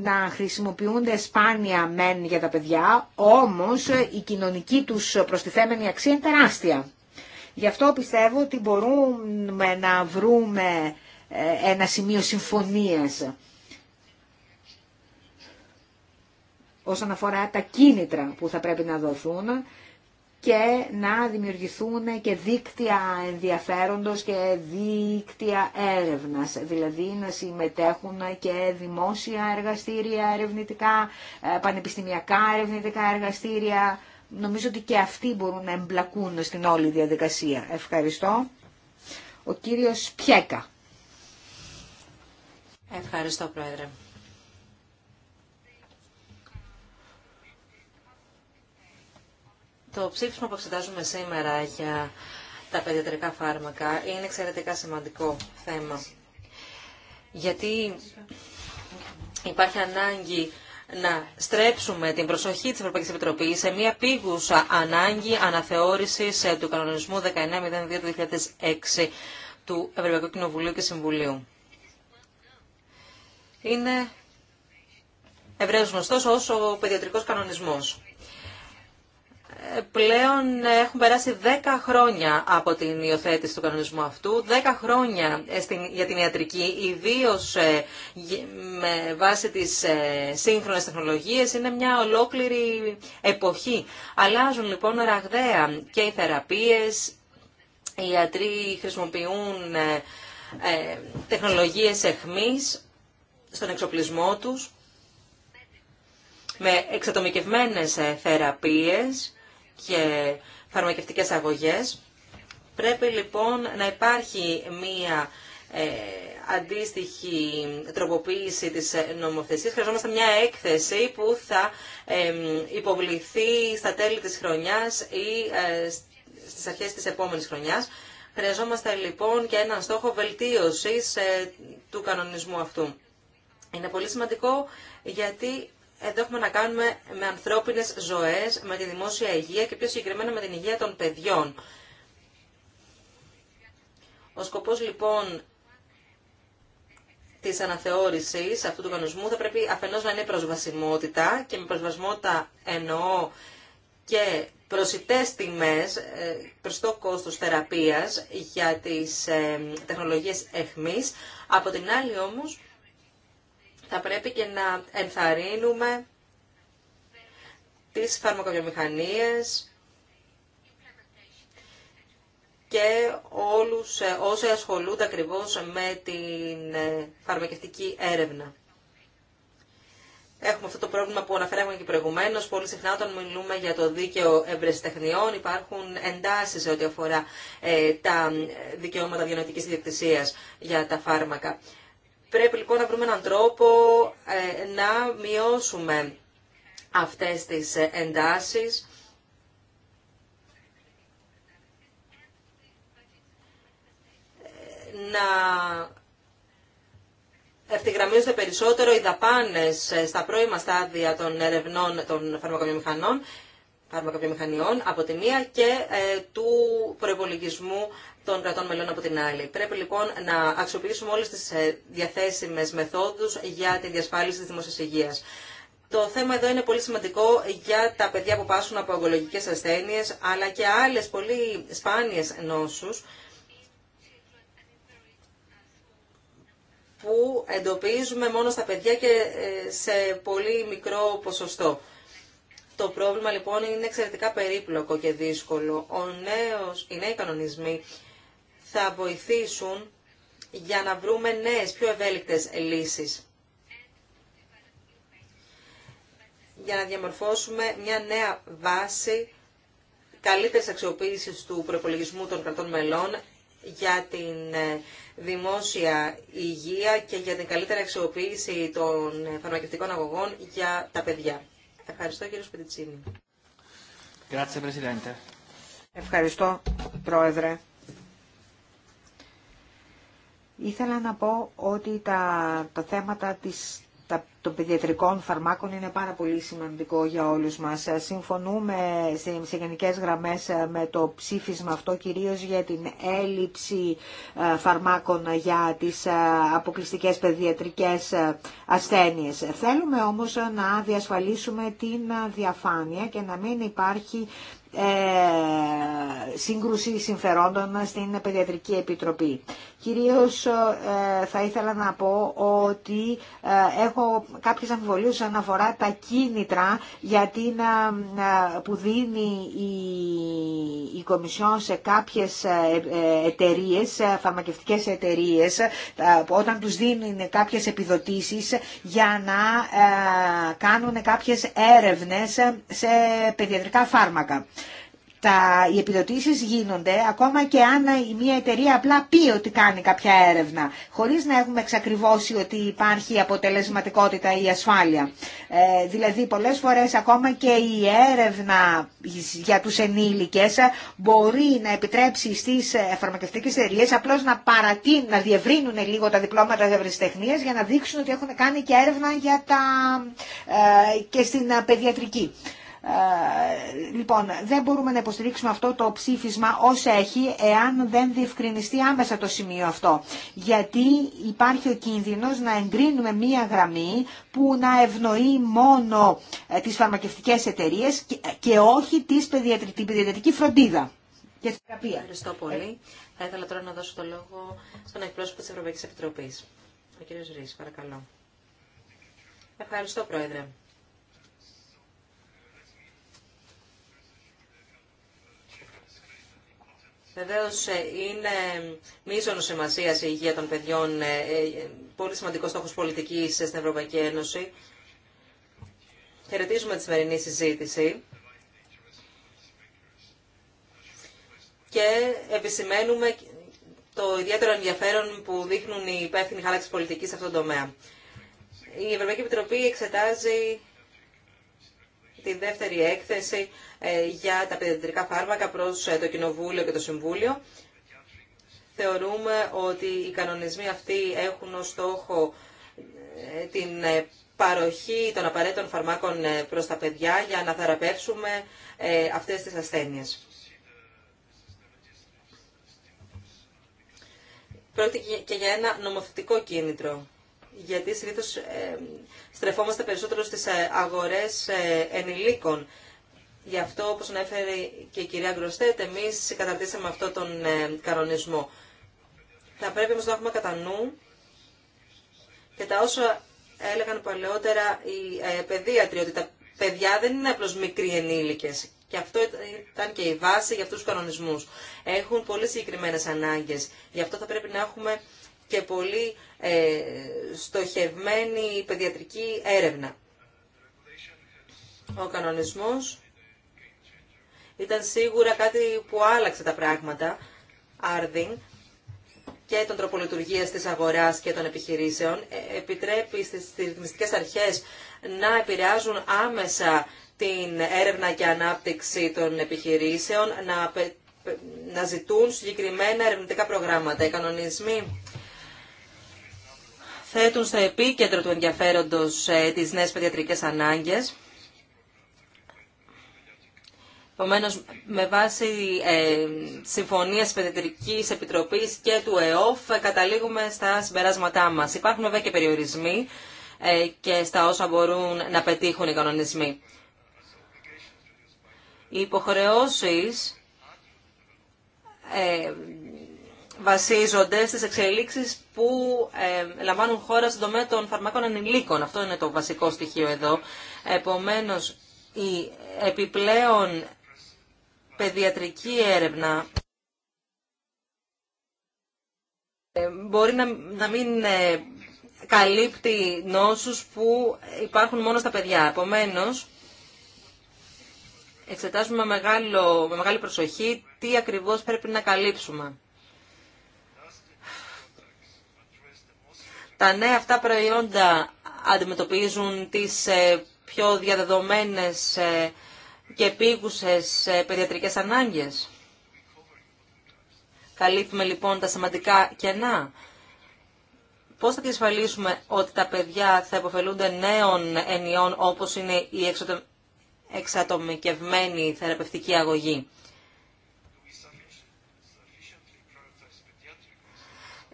να χρησιμοποιούνται σπάνια μεν για τα παιδιά, όμως η κοινωνική τους προστιθέμενη αξία είναι τεράστια. Γι' αυτό πιστεύω ότι μπορούμε να βρούμε ε, ένα σημείο συμφωνίας όσον αφορά τα κίνητρα που θα πρέπει να δοθούν και να δημιουργηθούν και δίκτυα ενδιαφέροντος και δίκτυα έρευνας, δηλαδή να συμμετέχουν και δημόσια εργαστήρια ερευνητικά, ε, πανεπιστημιακά ερευνητικά εργαστήρια. Νομίζω ότι και αυτοί μπορούν να εμπλακούν στην όλη διαδικασία. Ευχαριστώ. Ο κύριος Πιέκα. Ευχαριστώ, Πρόεδρε. Το ψήφισμα που εξετάζουμε σήμερα για τα παιδιατρικά φάρμακα είναι εξαιρετικά σημαντικό θέμα. Γιατί υπάρχει ανάγκη να στρέψουμε την προσοχή της Ευρωπαϊκής Επιτροπής σε μια πήγουσα ανάγκη αναθεώρησης ε, του κανονισμού 1902-2006 του Ευρωπαϊκού Κοινοβουλίου και Συμβουλίου. Είναι ευρέως γνωστός ως ο παιδιατρικός κανονισμός πλέον έχουν περάσει 10 χρόνια από την υιοθέτηση του κανονισμού αυτού, 10 χρόνια για την ιατρική, ιδίω ε, με βάση τις ε, σύγχρονες τεχνολογίες, είναι μια ολόκληρη εποχή. Αλλάζουν λοιπόν ραγδαία και οι θεραπείες, οι ιατροί χρησιμοποιούν ε, τεχνολογίες εχμής στον εξοπλισμό τους, με εξατομικευμένες θεραπείες και φαρμακευτικές αγωγές. Πρέπει λοιπόν να υπάρχει μία ε, αντίστοιχη τροποποίηση της νομοθεσίας. Χρειαζόμαστε μια αντιστοιχη τροποποιηση της νομοθεσιας χρειαζομαστε μια εκθεση που θα υποβληθεί στα τέλη της χρονιάς ή ε, στις αρχές της επόμενης χρονιάς. Χρειαζόμαστε λοιπόν και έναν στόχο βελτίωσης ε, του κανονισμού αυτού. Είναι πολύ σημαντικό γιατί εδώ έχουμε να κάνουμε με ανθρώπινες ζωές, με τη δημόσια υγεία και πιο συγκεκριμένα με την υγεία των παιδιών. Ο σκοπός λοιπόν της αναθεώρησης αυτού του κανονισμού θα πρέπει αφενός να είναι προσβασιμότητα και με προσβασιμότητα εννοώ και προσιτές τιμές, ε, προσιτό κόστος θεραπείας για τις ε, τεχνολογίες εχμής. Από την άλλη όμως θα πρέπει και να ενθαρρύνουμε τις φαρμακοβιομηχανίες και όλους όσοι ασχολούνται ακριβώς με την ε, φαρμακευτική έρευνα. Έχουμε αυτό το πρόβλημα που αναφέραμε και προηγουμένω. Πολύ συχνά όταν μιλούμε για το δίκαιο ευρεσιτεχνιών υπάρχουν εντάσει σε ό,τι αφορά ε, τα δικαιώματα διανοητική ιδιοκτησία για τα φάρμακα. Πρέπει λοιπόν να βρούμε έναν τρόπο ε, να μειώσουμε αυτές τις ε, εντάσεις να ευθυγραμμίζονται περισσότερο οι δαπάνες ε, στα πρώιμα στάδια των ερευνών των φαρμακοβιομηχανών φαρμακοβιομηχανιών από τη μία και του προπολογισμού των κρατών μελών από την άλλη. Πρέπει λοιπόν να αξιοποιήσουμε όλες τις ε, διαθέσιμες μεθόδους για τη διασφάλιση της δημόσιας Το θέμα εδώ είναι πολύ σημαντικό για τα παιδιά που πάσουν από ογκολογικές ασθένειες, αλλά και άλλες πολύ σπάνιες νόσους, που εντοπίζουμε μόνο στα παιδιά και ε, σε πολύ μικρό ποσοστό. Το πρόβλημα λοιπόν είναι εξαιρετικά περίπλοκο και δύσκολο. Ο νέος, οι νέοι κανονισμοί θα βοηθήσουν για να βρούμε νέες, πιο ευέλικτες λύσεις. Για να διαμορφώσουμε μια νέα βάση καλύτερης αξιοποίησης του προπολογισμού των κρατών μελών για την ε, δημόσια υγεία και για την καλύτερη αξιοποίηση των φαρμακευτικών αγωγών για τα παιδιά. Ευχαριστώ κύριο Σπιτιτσίνη. Ευχαριστώ πρόεδρε. Ήθελα να πω ότι τα, τα θέματα της, τα, των παιδιατρικών φαρμάκων είναι πάρα πολύ σημαντικό για όλους μας. Συμφωνούμε σε, σε γενικές γραμμές με το ψήφισμα αυτό, κυρίως για την έλλειψη ε, φαρμάκων για τις ε, αποκλειστικές παιδιατρικές ε, ασθένειες. Θέλουμε όμως να διασφαλίσουμε την διαφάνεια και να μην υπάρχει σύγκρουση συμφερόντων στην Παιδιατρική Επιτροπή. Κυρίως ε, θα ήθελα να πω ότι ε, έχω κάποιες αμφιβολίες όσον αφορά τα κίνητρα γιατί να, ε, που δίνει η, η Κομισιόν σε κάποιες εταιρείες, φαρμακευτικές εταιρείες, όταν τους δίνουν κάποιες επιδοτήσεις για να κάνουν κάποιες έρευνες σε παιδιατρικά φάρμακα τα, οι επιδοτήσεις γίνονται ακόμα και αν η μια εταιρεία απλά πει ότι κάνει κάποια έρευνα, χωρίς να έχουμε εξακριβώσει ότι υπάρχει αποτελεσματικότητα ή ασφάλεια. Ε, δηλαδή πολλές φορές ακόμα και η έρευνα για τους ενήλικες μπορεί να επιτρέψει στις φαρμακευτικές εταιρείε απλώς να, παρατεί, να διευρύνουν λίγο τα διπλώματα ευρεσιτεχνίας για να δείξουν ότι έχουν κάνει και έρευνα για τα, ε, και στην ε, παιδιατρική. Ε, λοιπόν, δεν μπορούμε να υποστηρίξουμε αυτό το ψήφισμα ως έχει, εάν δεν διευκρινιστεί άμεσα το σημείο αυτό. Γιατί υπάρχει ο κίνδυνος να εγκρίνουμε μία γραμμή που να ευνοεί μόνο ε, τις φαρμακευτικές εταιρείες και ε, όχι την παιδιατρική φροντίδα και θεραπεία. Ευχαριστώ πολύ. Θα ήθελα τώρα να δώσω το λόγο στον εκπρόσωπο της Ευρωπαϊκής Επιτροπής. Ο κύριος Ρης, παρακαλώ. Ευχαριστώ, Πρόεδρε. Βεβαίω ε, είναι μείζονο σημασία η υγεία των παιδιών, ε, ε, πολύ σημαντικό στόχο πολιτική στην Ευρωπαϊκή Ένωση. Χαιρετίζουμε τη σημερινή συζήτηση και επισημαίνουμε το ιδιαίτερο ενδιαφέρον που δείχνουν οι υπεύθυνοι χάραξη πολιτική σε αυτόν τον τομέα. Η Ευρωπαϊκή Επιτροπή εξετάζει τη δεύτερη έκθεση ε, για τα παιδιατρικά φάρμακα προς ε, το Κοινοβούλιο και το Συμβούλιο. Θεωρούμε ότι οι κανονισμοί αυτοί έχουν ως στόχο ε, την παροχή των απαραίτητων φαρμάκων προς τα παιδιά για να θεραπεύσουμε αυτές τις ασθένειες. Πρόκειται και για ένα νομοθετικό κίνητρο γιατί συνήθως ε, στρεφόμαστε περισσότερο στις ε, αγορές ε, ενηλίκων. Γι' αυτό, όπως ανέφερε και η κυρία Γκροστέτ, εμείς καταρτήσαμε αυτό τον κανονισμό. Θα πρέπει όμως να έχουμε κατά νου και τα όσα έλεγαν παλαιότερα η παιδίατροι, ότι τα παιδιά δεν είναι απλώς μικροί ενήλικες. Και αυτό ήταν και η βάση για αυτούς τους κανονισμούς. Έχουν πολύ συγκεκριμένες ανάγκες. Γι' αυτό θα πρέπει να έχουμε και πολύ ε, στοχευμένη παιδιατρική έρευνα. Ο κανονισμός ήταν σίγουρα κάτι που άλλαξε τα πράγματα, Άρδιν, και των λειτουργία της αγοράς και των επιχειρήσεων. Ε, επιτρέπει στις ρυθμιστικές αρχές να επηρεάζουν άμεσα την έρευνα και ανάπτυξη των επιχειρήσεων, να, να ζητούν συγκεκριμένα ερευνητικά προγράμματα. Οι κανονισμοί θέτουν στο επίκεντρο του ενδιαφέροντος ε, τις νέες παιδιατρικές ανάγκες. Επομένω, με βάση ε, της Παιδιατρικής Επιτροπή και του ΕΟΦ, καταλήγουμε στα συμπεράσματά μα. Υπάρχουν βέβαια και περιορισμοί ε, και στα όσα μπορούν να πετύχουν οι κανονισμοί. Οι υποχρεώσει ε, βασίζονται στις εξελίξεις που ε, λαμβάνουν χώρα στον τομέα των φαρμάκων ανηλίκων. Αυτό είναι το βασικό στοιχείο εδώ. Επομένως, η επιπλέον παιδιατρική έρευνα ε, μπορεί να μην ε, καλύπτει νόσους που υπάρχουν μόνο στα παιδιά. Επομένως, εξετάζουμε μεγάλο, με μεγάλη προσοχή τι ακριβώς πρέπει να καλύψουμε. Τα νέα αυτά προϊόντα αντιμετωπίζουν τις ε, πιο διαδεδομένες ε, και επίγουσες ε, παιδιατρικές ανάγκες. Καλύπτουμε λοιπόν τα σημαντικά κενά. Πώς θα διασφαλίσουμε ότι τα παιδιά θα υποφελούνται νέων ενιών όπως είναι η εξατομικευμένη θεραπευτική αγωγή.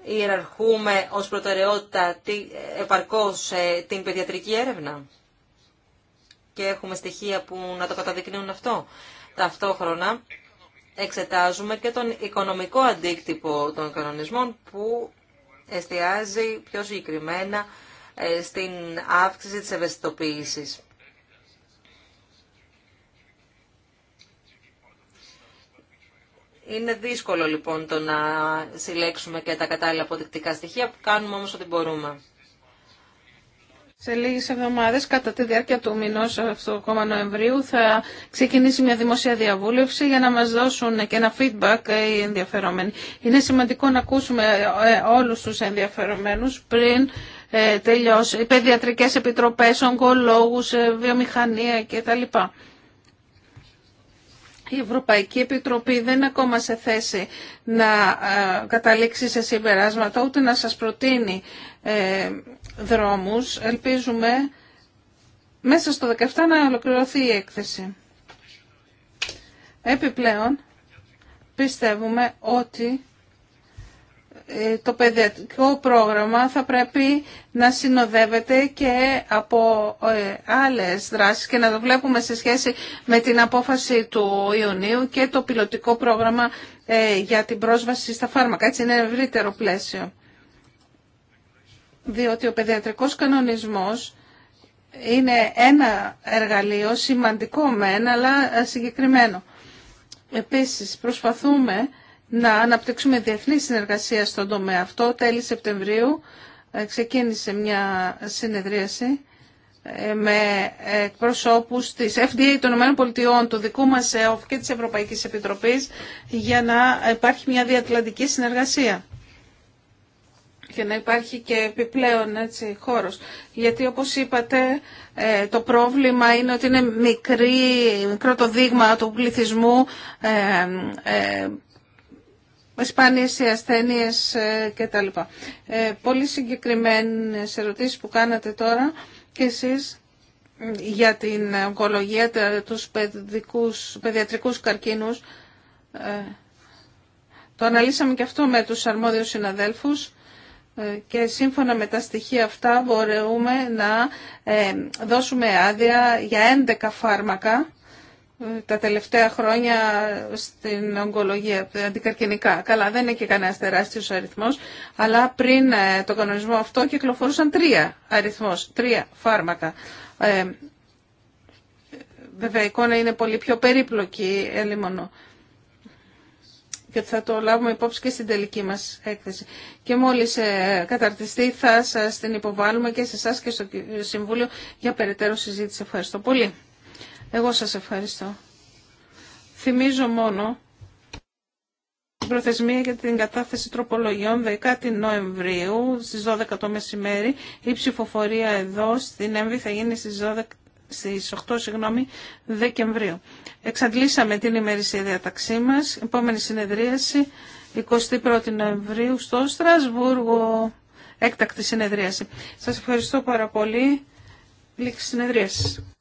ιεραρχούμε ως προτεραιότητα επαρκώς ε, την παιδιατρική έρευνα και έχουμε στοιχεία που να το καταδεικνύουν αυτό. Ταυτόχρονα εξετάζουμε και τον οικονομικό αντίκτυπο των κανονισμών που εστιάζει πιο συγκεκριμένα ε, στην αύξηση της ευαισθητοποίησης. Είναι δύσκολο λοιπόν το να συλλέξουμε και τα κατάλληλα αποδεικτικά στοιχεία, που κάνουμε όμως ό,τι μπορούμε. Σε λίγες εβδομάδες, κατά τη διάρκεια του μηνό αυτού ακόμα Νοεμβρίου, θα ξεκινήσει μια δημοσία διαβούλευση για να μας δώσουν και ένα feedback ε, οι ενδιαφερόμενοι. Είναι σημαντικό να ακούσουμε ε, όλους τους ενδιαφερομένους πριν ε, τελειώσει, παιδιατρικές επιτροπές, ογκολόγους, βιομηχανία κτλ η Ευρωπαϊκή Επιτροπή δεν είναι ακόμα σε θέση να ε, καταλήξει σε συμπεράσματα, ούτε να σας προτείνει ε, δρόμους. Ελπίζουμε μέσα στο 17 να ολοκληρωθεί η έκθεση. Επιπλέον, πιστεύουμε ότι ε, το παιδιατρικό πρόγραμμα θα πρέπει να συνοδεύεται και από ε, άλλες δράσεις και να το βλέπουμε σε σχέση με την απόφαση του Ιουνίου και το πιλωτικό πρόγραμμα ε, για την πρόσβαση στα φάρμακα. Έτσι είναι ευρύτερο πλαίσιο. Διότι ο παιδιατρικός κανονισμός είναι ένα εργαλείο σημαντικό μεν αλλά συγκεκριμένο. Επίσης προσπαθούμε να αναπτύξουμε διεθνή συνεργασία στον τομέα αυτό. Τέλη Σεπτεμβρίου ε, ξεκίνησε μια συνεδρίαση ε, με εκπροσώπους τη FDA των ΗΠΑ, του δικού μας ΕΟΦ και της Ευρωπαϊκής Επιτροπής για να υπάρχει μια διατλαντική συνεργασία και να υπάρχει και επιπλέον έτσι, χώρος. Γιατί όπως είπατε ε, το πρόβλημα είναι ότι είναι μικρή, μικρό το δείγμα του πληθυσμού με σπάνιες οι ασθένειες ε, κτλ. Ε, πολύ συγκεκριμένες ερωτήσεις που κάνατε τώρα και εσείς για την ογκολογία, τους παιδικούς, παιδιατρικούς καρκίνους. Ε, το αναλύσαμε και αυτό με τους αρμόδιους συναδέλφους και σύμφωνα με τα στοιχεία αυτά μπορούμε να δώσουμε άδεια για 11 φάρμακα τα τελευταία χρόνια στην ογκολογία, αντικαρκυνικά. Καλά, δεν είναι και κανένα τεράστιο αριθμό, αλλά πριν ε, το κανονισμό αυτό κυκλοφορούσαν τρία αριθμό, τρία φάρμακα. Ε, βέβαια, η εικόνα είναι πολύ πιο περίπλοκη, ελίμονο. Και θα το λάβουμε υπόψη και στην τελική μας έκθεση. Και μόλις ε, καταρτιστεί θα σας την υποβάλουμε και σε εσά και στο Συμβούλιο για περαιτέρω συζήτηση. Ευχαριστώ πολύ. Εγώ σας ευχαριστώ. Θυμίζω μόνο την προθεσμία για την κατάθεση τροπολογιών 10 Νοεμβρίου στις 12 το μεσημέρι. Η ψηφοφορία εδώ στην ΕΜΒΗ θα γίνει στις 8 συγγνώμη, Δεκεμβρίου. Εξαντλήσαμε την ημερησία διαταξή μας. Επόμενη συνεδρίαση 21 Νοεμβρίου στο Στρασβούργο. Έκτακτη συνεδρίαση. Σας ευχαριστώ πάρα πολύ. Λήξη συνεδρίαση.